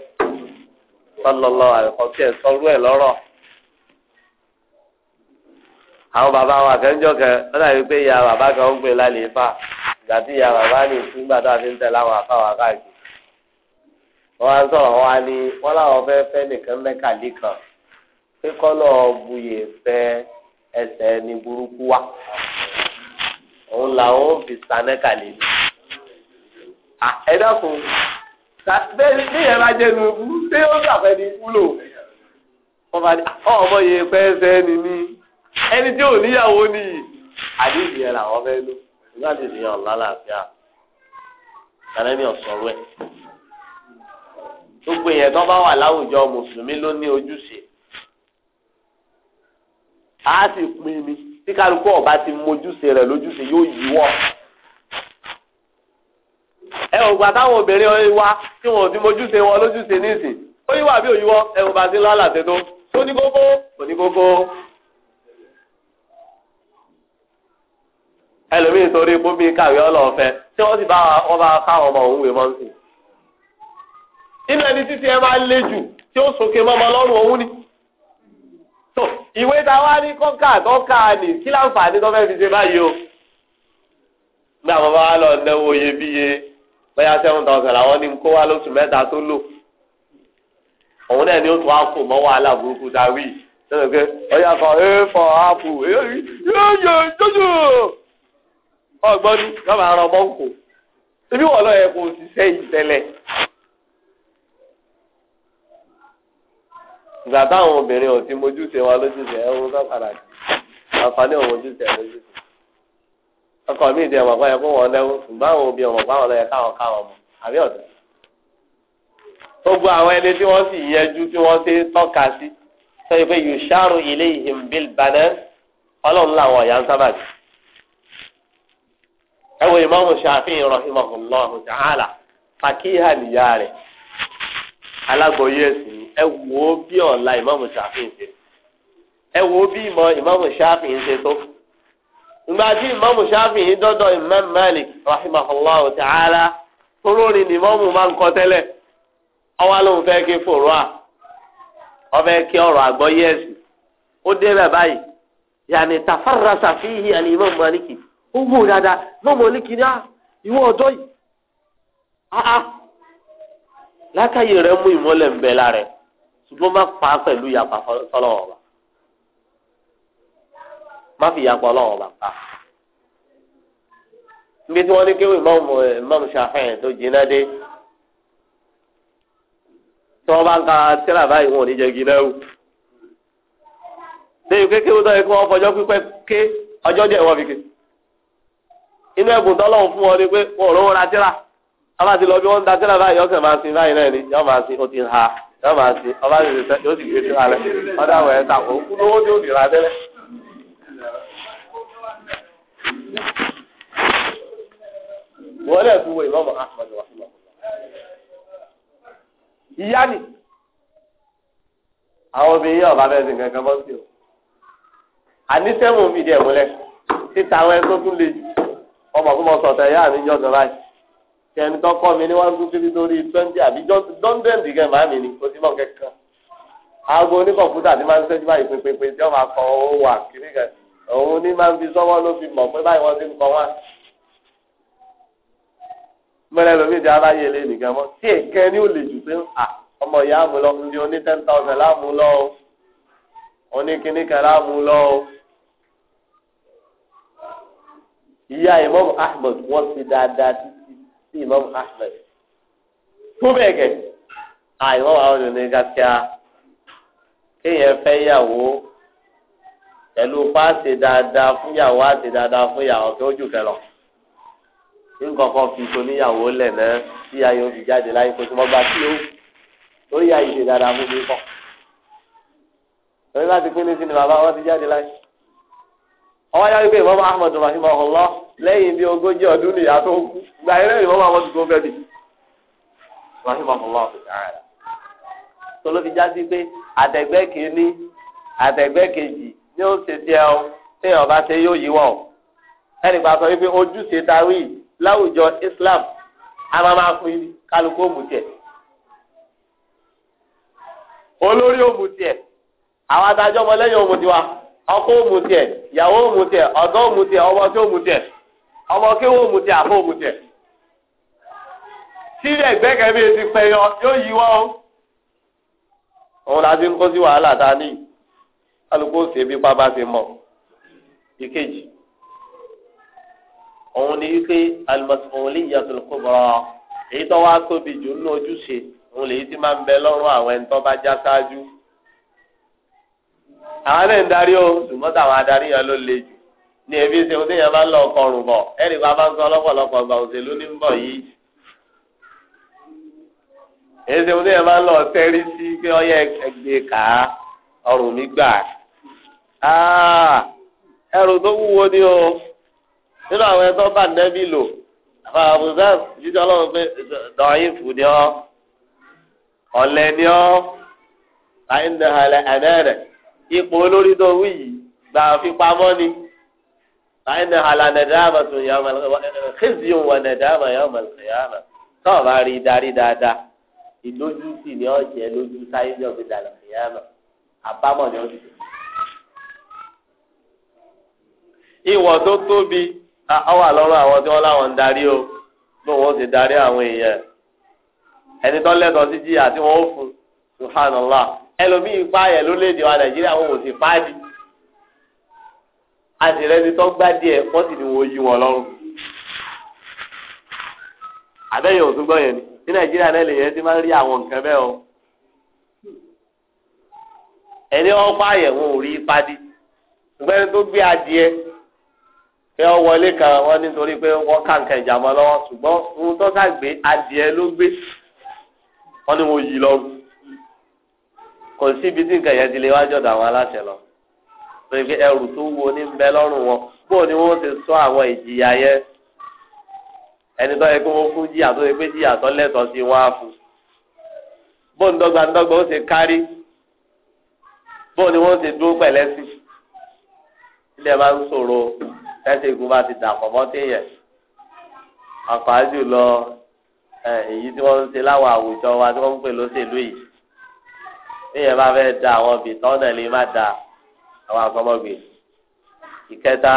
sọlọ́lọ́ àìkọ́sí ẹ̀ sọ́rú ẹ̀ lọ́rọ̀ àwọn bàbá wa kẹjọ kẹ wọn dàbí pé ìyá bàbá kan ń pè lálẹ́ ifá ìgbà tí ìyá bàbá ní ìtúgbà tó a fi ń tẹ̀ láwọn afá wa káàkiri wọn á sọ̀rọ̀ wọn á ní wọn làwọn fẹ́ẹ́ fẹ́ nìkan mẹkàlí kan pé kọlọ buyè fẹ́ ẹsẹ̀ ní burúkú wa òun làwọn fi sa mẹkàlí ni ẹ dákun bẹ́ẹ̀ bí yẹn bá jẹnu ṣé ó gbàgbẹ́ ní wúlò ọmọ yẹn fẹ́ fẹ́ ni mí ẹni tí ò níyàwó ni àdéhùn yẹn làwọn fẹ́ lò nígbà tí ìyẹn ọ̀la làáfíà kàlẹ́ ni ọ̀sọ̀rọ̀ ẹ̀ gbogbo yẹn tó bá wà láwùjọ mùsùlùmí ló ní ojúṣe a sì pin mi tí kálukú ọba ti mójúṣe rẹ̀ lójúṣe yóò yíwọ́ ẹ ò gbà táwọn obìnrin ọ̀rẹ́ wa tí wọn ò ti mójúṣe wọn lójúṣe nísìn ó yíwọ́ àbí òyíwọ́ ẹ ò bá ti lọ́ọ́ àlàtẹ́ tó tó ní gógó kò ní gógó. ẹlòmíì torí kó bí kàwé ọlọ́ọ̀fẹ́ tí wọ́n sì bá wọn bá káwọn ọmọ òun wé mọ́ sí. inú ẹni títí ẹ máa lé jù tí ó sòkè mọ́mọ́ lọ́rùn òun ni. tó ìwé ta wá ní kọ́ńkà kọ́ńkà ni kí láǹfààní tó fẹ́ fi ṣe báyìí o. nígbà wọn bá wá lọ náwó iyebíye bóyá seven thousand làwọn ní kó wá lóṣù mẹ́ta tó lò. òun náà ni ó tún á kò mọ́ wàhálà burúkú ta wí. sọ́dọ̀ pé ọyá kan ẹ fọ àpò ẹ yóò yóò yóò ọgbọ́n ní yọ̀ọ́ máa rán ọmọ ń kò ibi wọ̀ lọ́yẹ̀ kò ṣiṣẹ́ ìtẹ́lẹ̀. ìgbà táwọn obìnrin ò ti mójúṣe wa lójúṣe ẹ wọn sọ́kàdà àǹfààní òun mójúṣe ẹ lójúṣe. ọkọ mi ìdí ọmọ kan yẹ kó wọn lẹ́wọ́ ṣùgbọ́n àwọn òbí ọmọ kan lọ́yẹ káwọn káwọn mọ̀ àbí ọ̀tẹ̀. gbogbo àwọn ẹni tí wọ́n sì yẹjú tí wọ́n ti tọ́ka sí sọ pé yòṣàrò ilé ìhìnbíl bàdẹ́ ọlọ́run làwọn ọ̀yà ń sábàjì. ẹ wo ìmáàmù Ṣàfi'í rahimahullahu ta'ala fàkíhà nìyá rẹ̀ alágbóyè ẹ̀sìn ẹ wo bí ọ̀la ìmáàmù Ṣàfi'í ṣe ẹ wo bí ìmọ̀ ìmáàmù ṣe tó ìgbà tí ìmáàmù Ṣàfi'í dọ́dọ̀ Malik rahimahullahu ta'ala fúróòrì ni ìmáàmù máa ń kọ tẹ́lẹ̀ kí fòrò à ọbẹ̀ kí ọ̀rọ̀ àgbọ́yé ó dé báyìí fihi ó dada dáadáa mọ́mọ́ oníkiri á ìwọ ọ̀dọ́ yìí áá lákàyè rẹ mú ìmọ́lẹ̀ ń bẹ lára ẹ̀ ṣùgbọ́n má pa á pẹ̀lú ìyapa sọ́lọ́wọ́ ọba má fi ìyapa ọlọ́wọ́ ọba pa. níbi tí wọ́n ní kéwì mọ́mù ṣàfihàn tó jiná dé tí wọ́n bá ń ka báyìí wọn ò ní jẹ́ o. tó yẹ kí wọ́n fọjọ́ pípẹ́ ké ọjọ́ díẹ̀ wọ́n inú ẹ̀bùn tọ́lọ́hún fún ọ ni pé wọn ò ra tíra ọba ti lọ da tíra báyìí ọkàn máa sin báyìí náà ni yọ máa sin ó ti ha yọ máa sin ọba ti sẹ yóò sì gbé tíra rẹ ọdọ àwọn ẹ̀ ta òkú lówó tí ó ra tẹ́lẹ̀. kankan bọ́ ọmọ fún mọ sọ̀tẹ̀ ẹ̀yà mi jọ sọ̀rọ̀ àyè kí ẹni mi ní wọ́n gún síbi lórí twenty àbí dọ́ndẹ̀ǹdì kẹ́ màá mi ni kò sí mọ̀ kẹ́kẹ́ aago ní kọ̀ǹpútà ti máa ń sẹ́jú báyìí pínpín tí wọ́n máa kọ owó wà kiri kẹ òun ní máa ń fi sọ́wọ́ ló fi mọ̀ pé báyìí wọ́n ti ń kọ wá. mẹ́rẹ̀ lómi ti aráyé lé nìkan mọ́ tí èké ni ó lè jù pé ọmọ ìyá àmúlọ́ ní oní ten thousand láàmúlọ́ oní kíníkà láàmúlọ́ ìyá imam ahmed wọ́n ti dáadáa títí sí imam ahmed tó bẹ́ẹ̀ gẹ̀ àìmọ́mọ́ àwọn ọ̀nà ní kíákíá kéèyàn fẹ́ yàwó pẹ̀lú páàsì dáadáa fún yàwó àti dáadáa fún yàwó kí ó jù fẹ́ lọ nǹkankan fi tó níyàwó lẹ̀ náà tí ayé òbí jáde láyé kó tó mọ́ gba kí ó lórí ayé ìṣe dáadáa fún mi kọ́ lórí láti pín ní sinimá bá wọ́n ti jáde láyé. ọwọ́ yára pé ìmọ̀mọ́ ahmed rahimahullah lẹ́yìn bí ogójì ọdún nìyà tó kú gba eré ìmọ̀mọ́ ahmed tó fẹ́ bì tó ló fi já sí pé àtẹ̀gbẹ́ kìíní àtẹ̀gbẹ́ kejì ní ó ṣe tiẹ̀ o téèyàn bá ṣe yóò o ẹnì kan sọ wípé ojúṣe darí láwùjọ islam a máa máa kálukú olórí àwọn adájọ́ ọmọlẹ́yìn ọkọ òmù tiẹ̀ ìyàwó òmù tiẹ̀ ọ̀dọ́ òmù tiẹ̀ ọmọ tí òmù tiẹ̀ ọmọ kí òmù tiẹ̀ àfọ òmù tiẹ̀. sílẹ̀ gbẹ́kẹ̀ bí etí pẹ̀yọ yóò yí wá o. òun la fi ń kó sí wàhálà ta ní kálukú ṣe bí pápá ṣe mọ̀ ìkejì. òun ni wípé al-mas'uliyyatul kubra èyí tó wá tóbi jù nínú ojúṣe òun lèyí ti máa ń bẹ lọ́rùn àwọn ẹni tó bá já ṣáájú. àwọn náà ń darí o ṣùgbọ́n táwọn adarí yẹn ló le jù ebi ṣe ohun téèyàn bá ń lọ ọkọrùn bọ̀ ẹ̀rì bá bá ń sọ lọ́pọ̀lọpọ̀ gba òṣèlú ní ń bọ̀ yìí. èyí ṣe bá ń lọ tẹ́rí sí pé ọyẹ ẹgbẹ́ ká ọrùn mi gbà. ẹrù tó wúwo o nínú àwọn ẹ̀tọ́ bá nẹ́bí lò àbùdá jíjọ́ ọlọ́run pé dọ̀yìn fún ni ọ́ ọ̀lẹ ni àdẹ́rẹ̀. ipò olórí tó wí yìí gbà fi pamọ́ ni àyìnbó àlà nàdàmà tó yà ọmọ kézì òun wà nàdàmà yà ọmọ kéyàmà tó o bá rí i darí dáadáa ìlójú sì ni ọ jẹ lójú sáyé ní ọgbẹ dàlẹ kéyàmà àbámọ̀ ni ó ti dùn. ìwọ tó tóbi ọ wà lọ́rùn àwọn tí wọ́n láwọn ń darí o bí wọ́n ti darí àwọn èèyàn ẹni tó lẹ́tọ̀ọ́ sí jìyà tí wọ́n ó fún subhanallah ẹlòmíì pààyàn lórílẹ̀‐èdè wa nàìjíríà wọn ò sì pààdì àtìrẹ́ni tó gbá díẹ̀ wọ́n sì ni wọ́n yí wọn lọ́rùn àbẹ́yẹn ò tún gbọ́ yẹn ni ní nàìjíríà náà lèyẹn ti máa ń rí àwọn nǹkan bẹ́ẹ̀ o ẹni wọn pààyàn wọn ò rí pàdí ìgbẹ́ni tó gbé adìẹ pé ọ wọlé kan wọn nítorí pé wọn kà nǹkan ìjàmọ́ lọ́wọ́ ṣùgbọ́n ohun tó kà gbé adìẹ ló gbé wọn ni wọn yí lọ́rùn kò síbi tí nǹkan yẹn ti lè wájọ dà wọn aláṣẹ lọ pé ẹrù tó wo ní bẹ lọ́rùn wọn bó ni wọ́n ti sọ àwọn ìjìyà yẹn ẹni tó yẹ kó wọ́n fún jìyà tó yẹ pé jìyà tó lẹ́tọ̀ọ́ sí wọn á fún bó ń dọ́gba ń dọ́gba ó ṣe kárí bó ni wọ́n ti dúró pẹ̀lẹ́ sí ilé bá ń sọ̀rọ̀ tẹ́sí ikú bá ti dàpọ̀ mọ́ téèyàn àpájù lọ èyí tí wọ́n ń ṣe láwọn àwùjọ wa tí wọ́n ń pè lóṣèlú yìí téèyàn bá fẹ́ da àwọn ibi tọ́nà lè má da àwọn àfọmọ́gbè. ìkẹta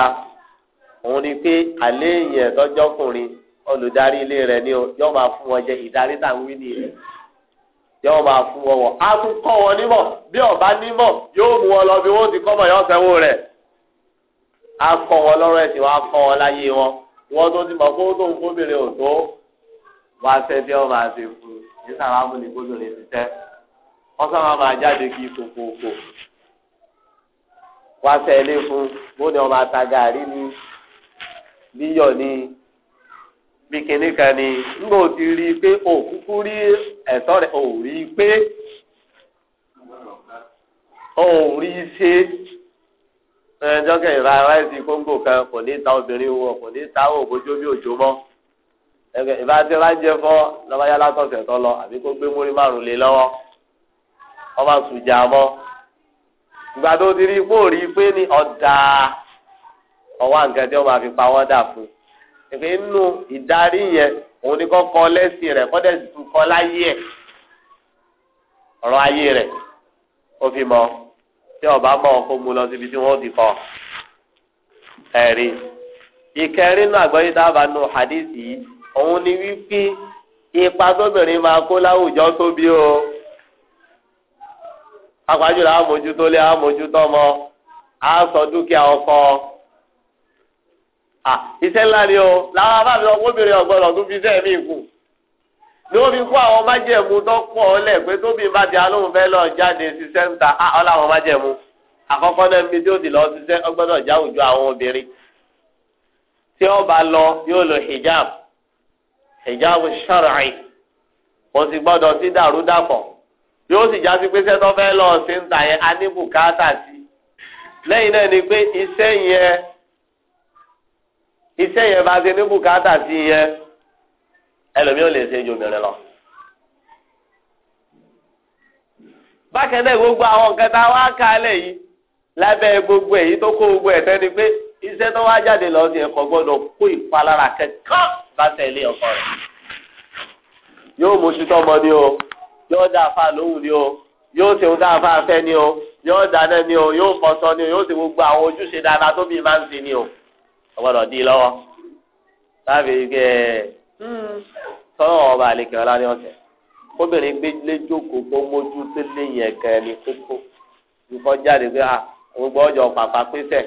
òun ni pé àlẹ́ èèyàn tọ́jọ́kùnrin olùdarí ilé rẹ̀ ni yóò máa fún wọn jẹ ìdarí táwọn wí nìyẹn yóò máa fún wọn wọ̀ á tún kọ́ wọn nímọ̀ bí ọ̀bá nímọ̀ yóò mú wọn lọ bí wọ́n ti kọ́mọ̀ yóò fẹ́wọ́ rẹ̀ á kọ́ wọn lọ́rọ̀ ẹ̀sìn wọn á kọ́ wọn láyé wọn wọ́n tó ti mọ̀ kó tó ń kóbìnrin ò tó wá fẹ́ bí wọ́n máa ṣe fún un ní sàrámù ní kóbìnrin ti tẹ́ wọ́n sábà máa jáde kí kòkòkò wá sẹ́lé fún bóni ọmọ ata gàrí ni bíyọ̀ ni bí kinní kan ni nígbà ó ti rí i pé òkúkú rí ẹ̀tọ́ rẹ̀ ò rí i pé ò rí i ṣe ẹjọ́ kẹyìn ra ráìsì kóńgò kan kò ní ta obìnrin wọ kò ní ta owó bójú bí òjò mọ́ ìbá tí wọ́n á jẹ fọ́ lọ àbí kó gbé múrí márùn lé lọ́wọ́. ọba sùjà mọ́ ìgbà tó ti rí ipò rí pé ní ọ̀dà ọwọ́ nǹkan tí wọ́n máa fi pa dà fún un pé nínú ìdarí yẹn òun ni kọ́ kọ lẹ́sìn rẹ̀ kọ́dẹ̀ tún kọ́ láyé ẹ̀ ọ̀rọ̀ ayé rẹ̀ ó fi mọ tí ọba mọ kó mu lọ síbi tí wọ́n ti kọ́ ẹ̀rí ìkẹrin náà àgbọ̀yé dábàá nù hadith yìí òun ni wípé o pàpàjùlọ àmójútó lé àmójútó ọmọ àásọ dúkìá ọkọ iṣẹ́ ńlá ni o làwọn abáàbí ọgbọ́nbìnrin ọ̀gbọ́nọ̀ tó fi iṣẹ́ mi kù ni wọ́n fi àwọn májẹ̀mú tó pọ̀ ọ́lẹ̀ pé tóbi bá di alóhùn fẹ́ lọ jáde ṣiṣẹ́ ń ta ọláwọn májẹ̀mú àkọ́kọ́ náà níbi tí ó ti lọ ṣiṣẹ́ ọgbọ́dọ̀ já òjò àwọn obìnrin tí ó bá lọ yóò lo hijab hijab shar'i kò sì gbọ́dọ̀ sí dàrúdàpọ̀. yóò sì já sí pé sẹ́tọ́ fẹ́ lọ sí ta yẹn a ní bùkátà sí lẹ́yìn náà ni pé iṣẹ́ yẹn iṣẹ́ yẹn bá ti ní bùkátà sí yẹn ẹlòmíì ò lè ṣe ju obìnrin lọ. gbogbo àwọn nǹkan tá a wá kálẹ̀ yìí gbogbo èyí tó kó gbogbo ẹ̀ tẹ́ni pé iṣẹ́ tó wá jáde lọ sí ẹ̀kọ́ gbọ́dọ̀ kó ìpalára kẹ̀kọ́ bá tẹ̀lé ọkọ rẹ̀ yóò mú ṣùtọ́ o. yóò dá àfa lóhùn ni o yóò ṣe ohun tá a fa fẹ́ ni o yóò dáná ni o yóò fọṣọ ni o yóò ṣe gbogbo àwọn ojúṣe dáadáa tó bí máa ń ṣe ni o ọgbọ́dọ̀ dí lọ́wọ́ láàbí kẹ sọ́wọ́n ọba àlekè ọlá ní ọ̀sẹ̀ obìnrin gbélé jókòó kó mójú tó lé yẹn kẹ ní kókó ìfọ́ jáde pé à ah, gbogbo ọjọ́ pàpà pésẹ̀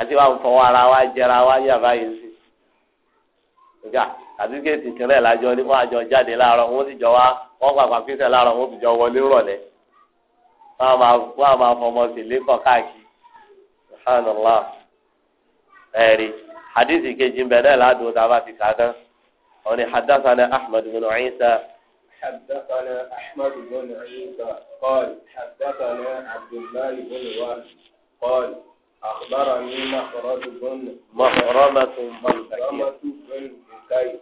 àti wàá fọwọ́ ara wa jẹra wa yà báyìí sí ìgbà àti kéètì kẹrẹ́ làjọ ní wọ́n àjọ jáde láàárọ̀ wọ́n sì jọ wá wọ́n pàpà fífẹ́ lára wọn òbíjọ wọlé rọ̀lẹ́ wọ́n á máa fọmọ sí lẹ́kọ̀ọ́ káàkiri subhanallah ẹ̀rí hadithi kejì bẹ̀rẹ̀ ládùn tá a bá ti kà á tán wọ́n ahmed bin isa. حدثنا أحمد بن عيسى قال حدثنا عبد الله بن وهب قال أخبرني مخرمة بن مخرمة بن بكير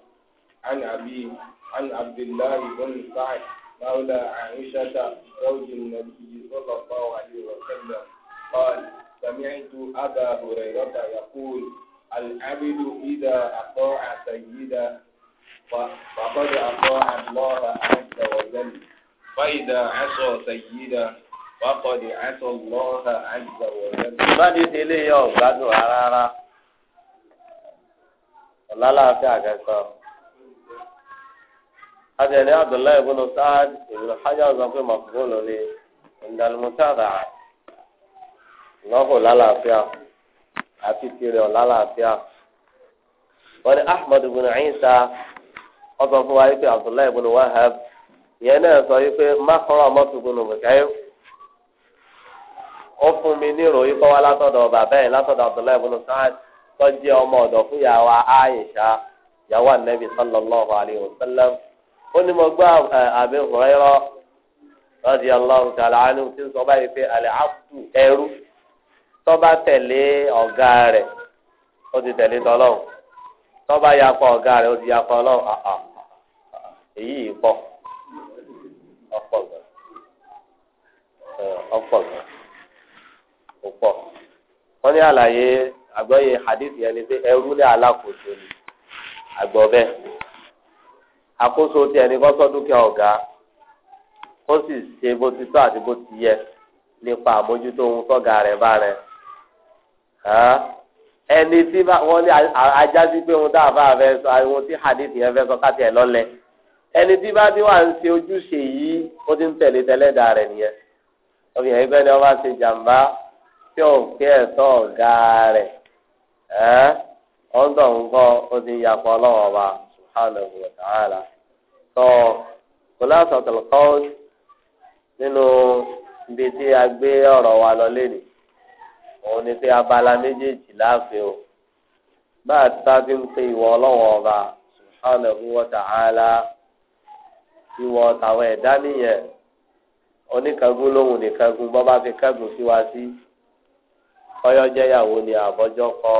عن أبي عن عبد الله بن سعد مولى عائشة زوج النبي صلى الله عليه وسلم قال سمعت أبا هريرة يقول العبد إذا أطاع سيدا فقد أطاع الله عز وجل فإذا عصى سيدا فقد عصى الله عز وجل. bá ní délé yọ ọ̀gbádùn rárá لا kẹsàn adìyẹ abdullahi ibùdó sáad ibùdó hajj azọfẹ mọfúnbọlù ni ndàlmùtàdà lọkọ lálàáfíà àti tirẹ lálàáfíà wọn ni ahmed ibùn Isa ọsọ fún wa yìí pé abdullahi ibùn wahab yẹn náà sọ yìí pé makoro amọtòkùnú bùkẹ́yì ó fún mi ní ìròyìn kọ́ wá látọ̀dọ̀ bàbá yìí látọ̀dọ̀ abdullahi ibùn sáad tó jẹ́ ọmọ ọ̀dọ̀ fún yàrá Aisha yàwó anabi sallallahu alayhi wa sallam. ó ní mo gbọ́ àbí Hurairah radiyallahu ọ anhu tí ń sọ báyìí pé àlẹ́ àbùtù ẹrú tọ́ba tẹ̀lé ọ̀gá rẹ̀ ó ti tẹ̀lé tọ́lọ́hùn tọ́ba yakọ ọ̀gá rẹ̀ ó ti yakọ ọlọ́hùn ah, ah, ah, èyí yìí pọ̀ àkóso tiẹ̀ ní kọ́sọ́ dúkìá ọ̀gá ó sì ṣe bó ti tọ́ àti bó ti yẹ nípa àmójútó ohun tọ́gà rẹ̀ bá rẹ̀ ẹni tí wọ́n ní ajásí pé ohun tá a bá fẹ́ sọ ohun tí hadith yẹn fẹ́ sọ káti ẹ̀ lọ́lẹ̀ ẹni tí bá ti wà ń ṣe ojúṣe yìí ó ti ń tẹ̀lé tẹ́lẹ̀dà rẹ̀ nìyẹn ọbẹ̀ yẹn gbẹ́ni ọba ṣe jàǹbá tí ò kí ẹ̀tọ́ ọ̀gá rẹ̀ ẹ̀ ọ́n dọ̀ ń kọ́ ó ti ń yapọ̀ ọlọ́wọ́ ọba. subhanahu wa ta'ala tó khulasatul qawl nínú ibi tí a gbé ọ̀rọ̀ wa lọ lẹ́nu òun ni pé abala méjèèjì láàfin o bá a ti sáfi ń pe ìwọ ọlọ́wọ́ ọba subhanahu wa ta'ala ìwọ tàwọn ẹ̀dá nìyẹn oníkẹ́gun lóhùn nìkẹ́gun bọ́ bá fi kẹ́gun sí wa sí ni àbọ́jọ́ kọ́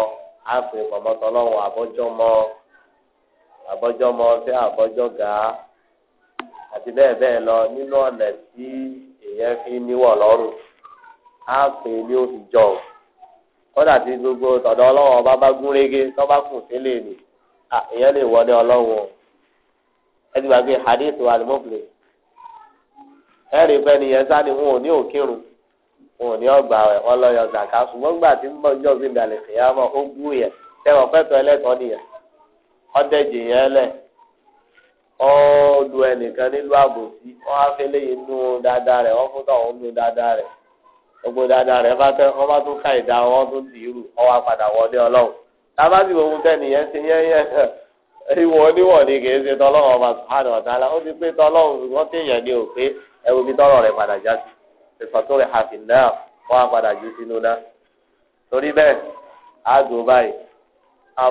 àfin àbọ́jọ́ mọ́ọ́fẹ́ àbọ́jọ́ gàá àti bẹ́ẹ̀ bẹ́ẹ̀ lọ nínú ọ̀nà tí èèyàn fi níwọ̀ lọ́rùn á pè ní òfin jọ o kódà tí gbogbo tọ̀dọ̀ ọlọ́run ọba bá gún régé tó bá kù sílé ni èèyàn lè wọlé ọlọ́run o ẹ ti gbàgbé hadith wa alimọ́fìlẹ̀ ẹ rí pé nìyẹn sáni wọn ò ní òkírun wọn ò ní ọgbà rẹ wọn lọ yọ zàkà ṣùgbọ́n gbà tí ń bọ̀ ọjọ́ bí ìdàlẹ̀ fìyà mọ́ ó gún yẹn tẹ́wọ̀n pẹ́tọ́ ẹlẹ́tọ́ nìyẹn. ọdẹjì yẹn lẹ ẹnìkan nílùú àbòsí wọn á fi nù dáadáa rẹ wọn fún tọhún nù dáadáa rẹ gbogbo dáadáa rẹ bá tẹ tó ká ìdá wọn tó tì í rù wọn wá Ọlọ́run tábàtì gbogbo yẹn yẹn ìwọ oníwọ ni kì í ṣe tọlọ́run ọba sùhánù ọtá la ó ti pé ni ò pé ẹwọ bí tọrọ rẹ padà já sí rẹ hàfi náà wọn á padà jù sínú torí a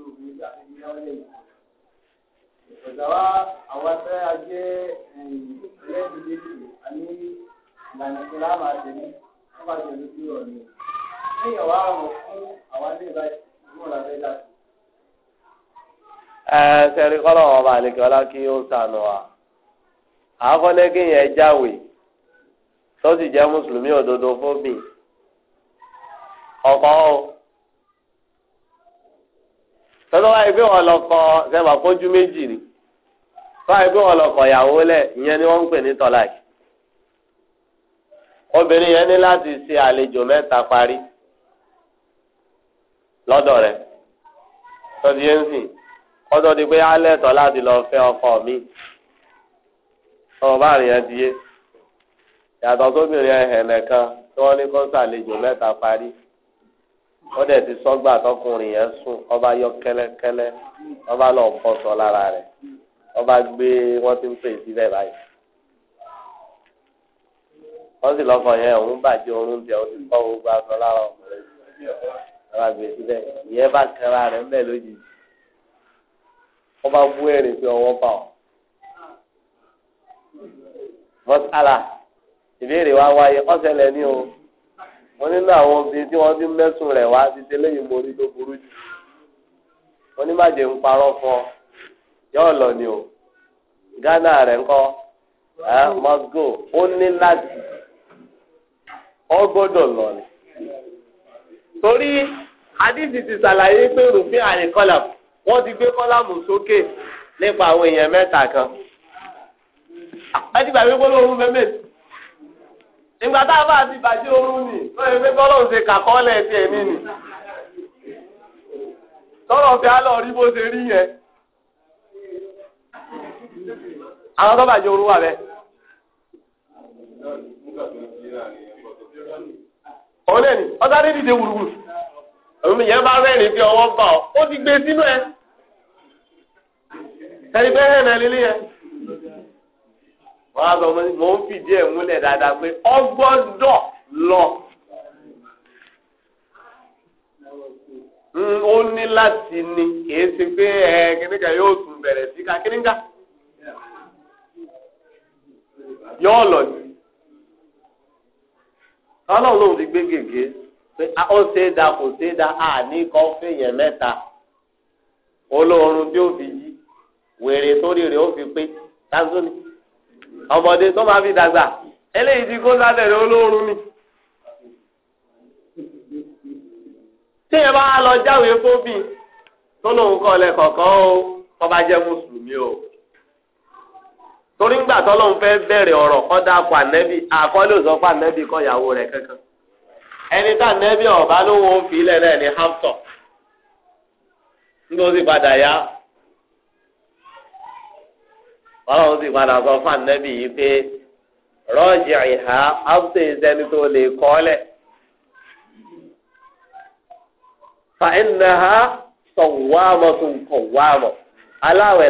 láàmà tèmi sẹ́rí kọ́lọ̀ wọn bá lè kí ọlá kí ó sànù wa. kí yẹn jẹ́ mùsùlùmí òdodo ọ̀kọ́ o lọ kọ sẹ́wà méjì ni lọ kọ ìyàwó lẹ̀ ìyẹn ni wọ́n obìnrin yẹn ní láti ṣe àlejò mẹ́ta parí lọ́dọ̀ rẹ̀ tọ́jú yẹn ń sìn ọdọ di pé alẹ́ tọ́ láti lọ fẹ́ ọkọ mi ọmọ bá rìn yẹn ti yé yàtọ̀ sóbìnrin ẹ̀hẹ̀nẹ̀ kan tí wọ́n ní kó ṣàlejò mẹ́ta parí ó dẹ̀ ti sọ́gbà tọkùnrin yẹn sùn ọba yọ kẹ́lẹ́kẹ́lẹ́ ọba lọ bọ́ sọ lára rẹ̀ ọba gbé wọ́n ti ń pè síbẹ̀ báyìí wọ́n sì lọ́kọ̀ yẹn òun bàjẹ́ òun tẹ òun ti kọ́ gbogbo aṣọ lára ọkùnrin ara gbé síbẹ̀ ìyẹn bá kẹra rẹ̀ ńbẹ̀ lójijì wọ́n bá bú ẹ̀rìn pé ọwọ́ bá ọ. mọ́sálà ìbéèrè wa wáyé ọ̀sẹ̀lẹ̀ ní o mo nínú àwọn obìnrin tí wọ́n ti ń mẹ́sùn rẹ̀ wá ti ṣe léyìn mo tó burú jù mo ní má ń parọ́ fún ọ yóò lọ ni o Ghana rẹ̀ ńkọ́ must go ó ní láti. ọ lọ ni. torí hadith ti ṣàlàyé pé rufin àlè wọ́n ti gbé kọlàmù sókè nípa àwọn mẹ́ta kan. àti gbàgbé gbọ́dọ̀ orun mẹ́mẹ́ ìgbà tá a bá ti bàjẹ́ orun nì lóye pé ṣe tọ́lọ̀ fi á lọ rí bó ṣe rí yẹn. àwọn tó bàjẹ́ òun náà ni ọ̀sá ní dìde wùrùwùrù òun yẹn bá rẹ́rìn bí ọwọ́ bá ọ ó ti gbé sínú ẹ ẹni pé hẹ́n náà yẹn wọ́n á sọ mo ń fìdí dada múlẹ̀ dáadáa pé lọ. Hmm, ó ní láti ní kìí ṣe pé ẹ kíníkà yóò tún bẹ̀rẹ̀ sí ká ọlọ́run lòun ti gbé gègé pé ó ṣe é da kò ṣe é da àní kan fèèyàn mẹ́ta olóorun tí ó fi yí wèrè torí rẹ̀ ó fi pé tazoni ọmọdé tó máa fi dàgbà eléyìí ti kó sábẹ̀rẹ̀ olóorun ni. tí ẹ bá lọ jáwèé fóbì tó lóun kọ́ ọ lẹ́kọ̀ọ́kan ó kọ́ bá jẹ́ mùsùlùmí o. torí ńgbà tọ́lọ́hún fẹ́ bẹ̀rẹ̀ ọ̀rọ̀ kọ́ dà kó ànẹ́bí àkọ́lé òsọ fún ànẹ́bí kọ́ ìyàwó rẹ̀ kankan ẹni tá ànẹ́bí ọ̀bá ló wọ́n fi ilẹ̀ náà ní hampton nígbà ó sì padà yá ọlọ́run sì padà sọ fún ànẹ́bí yìí pé rọ́ọ̀jì ìhà hampton tó lè kọ́ lẹ̀ fa ìnáha sọ̀wámọ̀ tó ń kọ̀ wámọ̀ aláwẹ̀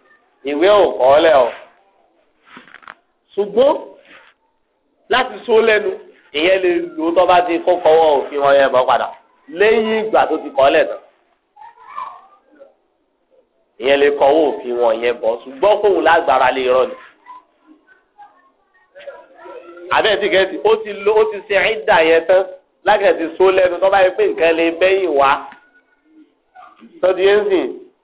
ìwé ò kọ́ lẹ̀ o ṣùgbọ́n láti sọ lẹ́nu ìyẹn lè lò tó bá ti kó kọ́wọ́ òfin wọn yẹn bọ́ padà lẹ́yìn ìgbà tó ti kọ́ lẹ̀ tán ìyẹn lè kọ́wọ́ òfin wọn yẹn bọ́ ṣùgbọ́n kóhun lágbára lè rọ ni àbẹ́ẹ̀ tí kẹ́ẹ̀tì ó ti lo ó ti ṣe ẹ̀dà yẹn tán lágẹ̀ẹ́tì sọ lẹ́nu tó bá yẹ pé nǹkan lè bẹ́yìn wá tọ́dí ẹ̀ ń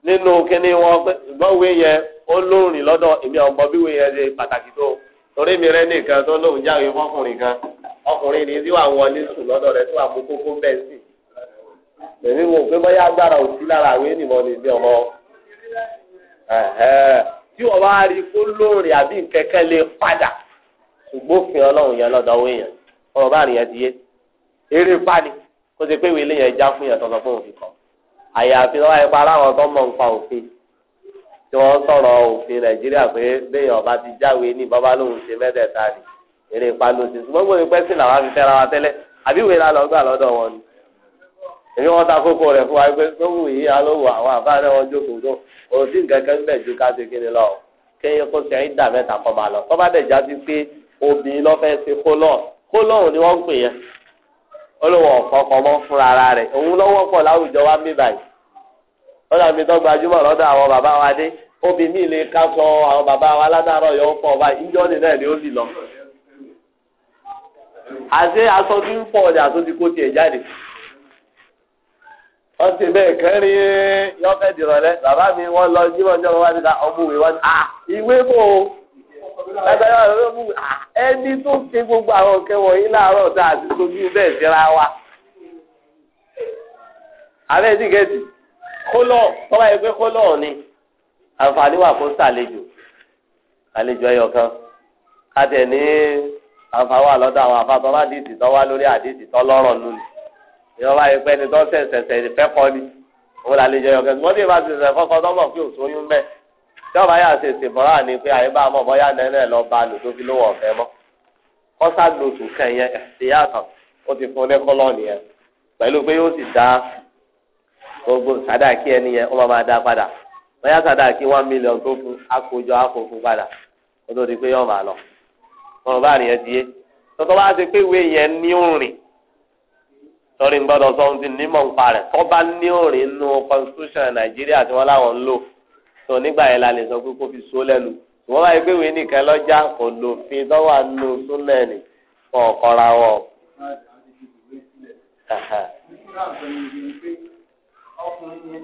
nínú kíní wọn gbọ́wé yẹn ó lóorin lọ́dọ̀ èmi ọmọ bí wo yẹn ṣe pàtàkì tó torí mi rẹ nìkan tó lóun jáwé fọkùnrin kan ọkùnrin ni tí wà wọ ní sùn lọ́dọ̀ rẹ tí wà mú kókó bẹ́ẹ̀ sí èmi wò pé bóyá agbára òsì lára àwọn ènìyàn ní ìdí ọmọ tí wọ́n bá rí kó lóorin àbí nkẹ́kẹ́ lè padà ṣùgbọ́n fi ọlọ́run yẹn lọ́dọ̀ owó èèyàn ọ̀rọ̀ bá rìn yẹn ti yé eré pani kó ti pé ìwé yẹn já fún yẹn tọ́sọ tí wọ́n sọ̀rọ̀ òfin nàìjíríà pé bẹ́ẹ̀ ọba ti jáwé ní bàbá lòun ṣe mẹ́tẹ̀ẹ̀ta ni èrè ìpanu sí ṣùgbọ́n gbòòrò pẹ́ sí làwọn fi fẹ́ra wa tẹ́lẹ̀ àbí ìwé la lọ gbà lọ́dọ̀ wọn ni èmi wọn ta kókó rẹ̀ fún wa pé sóhùn yìí alówó àwọn àbáyọ wọn jókòó tó òsì nǹkankan ń bẹ̀ ju ká ṣe kíni lọ kéye kó ṣe ìdá mẹ́ta kọ́ máa lọ tọ́ba dẹ̀ já pé obìnrin lọ́ fẹ́ ṣe kó lọ́ọ̀ kó lọ́ọ̀ ni wọ́n pè yẹn ó lóun ọ̀kọ́ kọ́ fúnra rẹ̀ òun lọ́wọ́ pọ̀ láwùjọ wa mí báyìí lọ́dọ̀ àmì lọ́dọ̀ àwọn bàbá wa dé obì mí lè ká sọ àwọn bàbá wa ládàárọ̀ yọ fọ ọba ìjọ́ni náà ni ó sì lọ. àti aṣọ tí ń tó ti kó tiẹ̀ jáde. wọ́n ti bẹ́ẹ̀ kẹ́rin yọ fẹ́ bàbá mi kólọ̀ tọ́wá yẹ pé kólọ̀ ni àǹfààní wà fún sàlejò àlejò ẹyọ kan kàtẹ ní àǹfààní wà lọ́dọ̀ àwọn àfàtọ́ bá dìtì tọ́ wá lórí àdìtì tọ́ lọ́rọ̀ nù ni ìyọ́ bá yẹ pé ẹni tó sẹ̀sẹ̀sẹ̀ fẹ́ kọ́ ni òun làlejò ẹyọ kan ṣùgbọ́n tí ìbá sẹ̀sẹ̀ kọ́kọ́ tọ́mọ̀ fi òṣòyún bẹ́ẹ̀ tí ọba yà ṣe ṣèbọ̀rà ni pé àyè bá mọ̀ bọ́yá nẹ́nẹ́ lọ bá lò tó fi lówó ọ̀fẹ́ mọ́ kọ́sà lòtù kẹ̀yẹ ẹ̀ṣẹ̀ yàtọ̀ ó ti fún ní kọ́lọ́ọ̀nì yẹn pẹ̀lú pé yóò sì dá gbogbo sadaki ẹni yẹn wọ́n máa dá padà bóyá sadaki one million tó fún akójọ akófún padà kó pé yọ̀ọ̀ lọ ọ̀rọ̀ bá rìn yẹn yé tọ́tọ́ bá ti pé ìwé yẹn ní òrìn sọ́rí gbọ́dọ̀ sọ nímọ̀ ń parẹ̀ ní òrìn nínú constitution nàìjíríà tí wọ́n láwọn ń lò tó nígbà yẹn la lè sọ pé kó fi so lẹ́nu bá yẹ pé ìwé nìkan Ọkụ ihe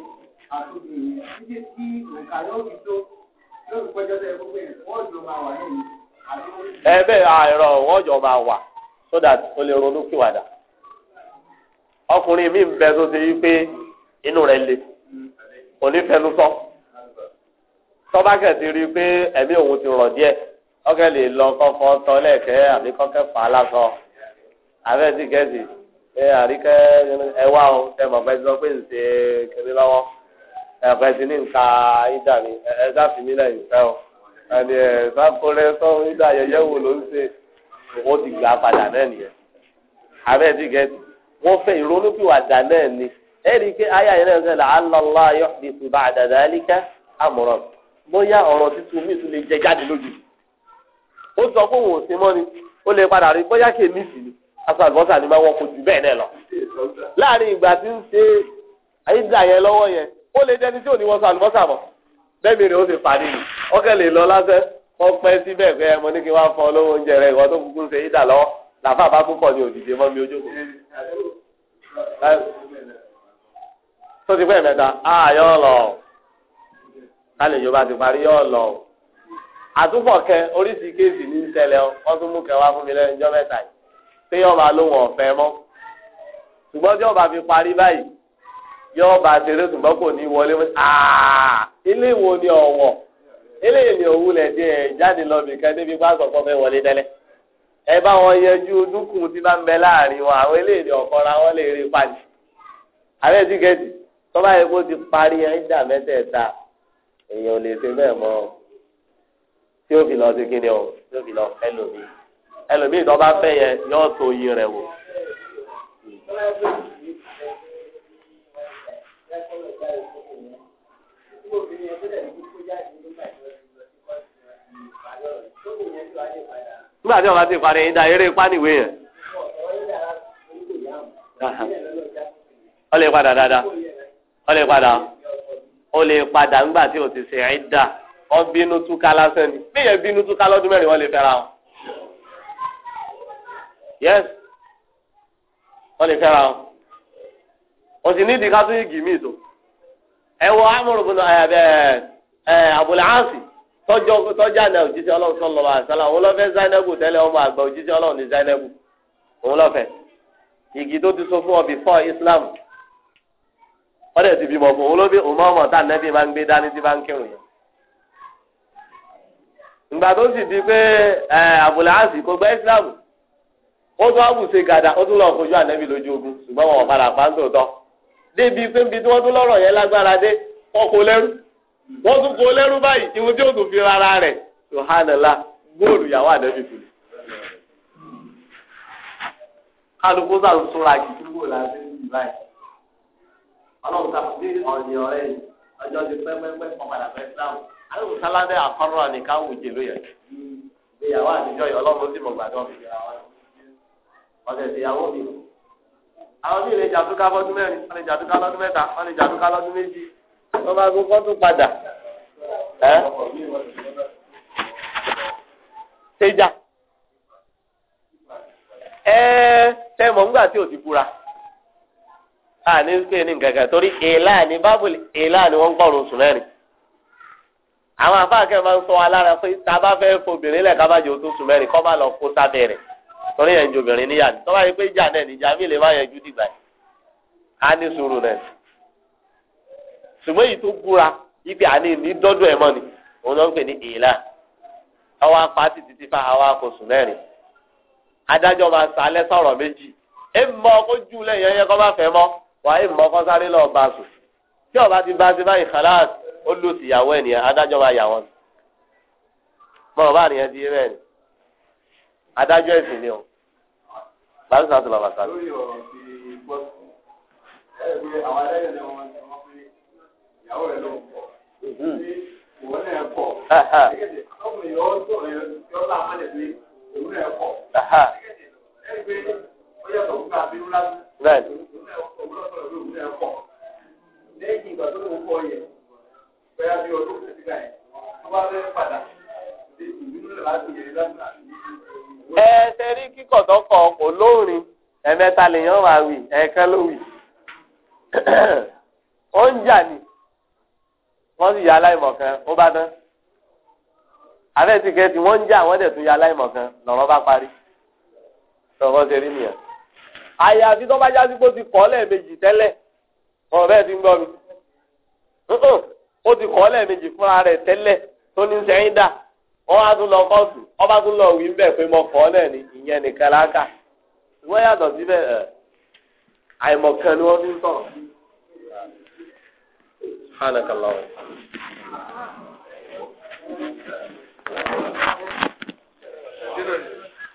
àtúntò ihe ndị tí nǹkan yóò fi tó yóò fi pẹ́jọ́ sẹ́yìn gbogbo ma wọ́n jọ máa wà lẹ́yìn. ẹ ma wa so that o le ronú kíwàdà ọkùnrin mi ń bẹ tó ṣe wípé inú rẹ̀ le onífẹnusọ tọ́ba kẹ̀sì rí i pé ẹ̀mí òun ti rọ̀ díẹ̀ ọkẹ́ lè lọ kọ́kọ́ tọ́ àbí kọ́kẹ́ fà á lásọ abẹ́ẹ̀sì kẹ́sì. ẹ àríkẹ́ ẹ wá o ẹ mọ̀ pẹ́ sọ pé kiri lọ́wọ́ ẹ ti ní nǹka ìdá mi ẹ sáfì mí lẹ́yìn fẹ́ o ẹ sọ ìdá wo ló ń ṣe ti gbà padà náà nìyẹn ti gẹ wọ́n fẹ́ náà ni ẹ rí i pé ayé alọ́lá ní àdàdà àmọ̀ràn bóyá ọ̀rọ̀ mi tún lè jẹ jáde lójú ó sọ pé òun ò ó lè padà rí bóyá ni. aṣọ àgbọ̀nsà ni máa wọ́n kò bẹ́ẹ̀ náà lọ. láàrin ìgbà tí ń ṣe àyíjà yẹn lọ́wọ́ yẹn ó lè jẹ́ni tí ò ní wọ́n sọ àlùbọ́sà mọ̀ bẹ́ẹ̀ mi rè ó sì parí ni ọkẹ́ lè lọ lásẹ̀ wọ́n pẹ́ síbẹ̀ pé ẹ mọ ní kí wọ́n á fọ́ lówó oúnjẹ rẹ ìwọ́n tó kúkú ń ṣe yídà lọ́wọ́ làfà bá kúkọ̀ ní òdìdí mọ́ mi ojú tó ti pẹ́ mẹ́ta á yọ pé yọba lóhùn ọ̀fẹ́ mọ́ ṣùgbọ́n tí ọba fi parí báyìí yọba ṣeré ṣùgbọ́n kò ní wọlé wọn ilé wo ni ọ̀wọ̀ ilé ni òwúlẹ̀ díẹ̀ jáde lọ bìkan débi pásọ̀ kan fẹ́ wọlé tẹ́lẹ̀ ẹ bá wọn yẹjú dúkùn tí bá ń bẹ láàrin wọn àwọn ilé ni ọ̀kọ́ra wọn lè rí pàdé àbẹ́ tíkẹ́ẹ̀tì tọ́ba yẹ kó ti parí ẹ̀ńdà mẹ́tẹ̀ẹ̀ta èèyàn ò lè ṣe bẹ́ẹ̀ mọ́ tí ó fi lọ sí kíni o tí ó fi lọ ẹlòmíì. ẹlòmíì tó bá fẹ́ yẹ yóò tó yí rẹ wò. nígbà tí wọn bá ti parí yín dá eré pánìwé yẹn Ọ lè padà dáadáa Ọ lè padà ó lè padà nígbà tí o ti ṣe ẹ̀dá ọ bínú túká lásán ni bí yẹn bínú túká lè yes wọ́n lè fẹ́ra wọn wọ́n sì ní ìdíkà tó yìí gìmí tó ẹ wọ amúrùbùnú ẹ ẹ abùlàánsì tọjọ tọjá òjíṣẹ́ Ọlọ́run sọlọ bá àṣàlà òun lọfẹ zainabu tẹ́lẹ̀ ọmọ àgbà òjíṣẹ́ Ọlọ́run ní zainabu òun lọfẹ igi tó ti so fún ọ before Islam wọ́n dẹ̀ ti bímọ fún òun ló bí òun tá nẹ́bí máa ń gbé dání tí Islam. wọ́n tún àbùsè gàdà ó tún lọ fojú ànẹ́bí lójú ogun ṣùgbọ́n wọn ò pa ń tòótọ́ débi pé nbí tí wọ́n tún lọ́rọ̀ yẹn lágbára dé wọ́n lẹ́rú wọ́n tún lẹ́rú báyìí tí fi rárá rẹ̀ sùhánàlá góòlù yàwó ànẹ́bí kù kálukú súnra láti ọlọ́run fún ọ̀rẹ́ ọjọ́ ti pẹ́pẹ́pẹ́ ọ̀sẹ̀ ìyàwó mi. àwọn míì lè jàdúkà lọ́dún mẹ́rin wọ́n lè jàdúkà lọ́dún mẹ́ta wọ́n lè jàdúkà lọ́dún méjì wọ́n bá padà. ṣèjà ẹ ṣe mọ̀ nígbà tí ti búra àní pé ní nǹkan torí èèlà ni bábùlì èèlà ni wọ́n ń gbọ́rọ̀ oṣù mẹ́rin àwọn àfáàkẹ́ máa ń sọ pé tá a bá fẹ́ fobìnrin torí yẹn ju obìnrin níyà ni tọ́ba yìí pé ìjà náà níjà mí lè má yẹn ju dìgbà yìí á ní sùúrù náà ṣùgbọ́n èyí tó búra ibi àní ní dọ́dọ̀ ẹ̀ mọ́ ni òun náà ń pè ní ìlà àwọn apáti títí fa àwọn akọ̀sù mẹ́rin adájọ́ máa sa alẹ́ sọ̀rọ̀ méjì ẹ mọ kó jù lẹ́yìn ẹyẹ kọ́ bá fẹ́ mọ́ wàá ẹ mọ kó sáré lọ́ọ́ bá sùn tí ọba ti bá sí báyìí kàláàsì ó lù síyàwó ẹ̀ nìyẹn adájọ́ máa yà wọ́n mọ̀ bá nìyẹn ti yé bẹ́ẹ̀ ni adájọ́ ẹ̀sìn ni o bàbá sàtò bàbá sàtò. lórí ọ̀rọ̀ ti gbọ́ wọ́n ti wọ́n pé mm-hmm. sí ìwọ náà pọ̀ yẹ kó kó náà ẹ rí kíkọ̀ tọkọ̀ kò lóorin ẹ̀mẹ́ta lèèyàn máa wì ẹ̀ẹ̀kan ló wì ó ń jà ní wọ́n sì ya aláìmọ̀ kan ó bá tán àbẹ́ ti kẹ́ wọ́n ń jà wọ́n dẹ̀ tún ya aláìmọ̀ kan lọ́rọ́ bá parí ṣe rí nìyẹn já tẹ́lẹ̀ bẹ́ẹ̀ ti ń gbọ́ mi ti kọ́ lẹ́ẹ̀mejì fúnra rẹ̀ tẹ́lẹ̀ tó ní sẹ́yìn wọ́n wá tún lọ kóòtù ọba tún lọ wí bẹ́ẹ̀ pé mo kọ́ ọ náà ni ìyẹn nìkan láka wọ́n yàtọ̀ síbẹ̀ àìmọ̀kan ni wọ́n fi ń sọ̀rọ̀. سبحانك Thank you.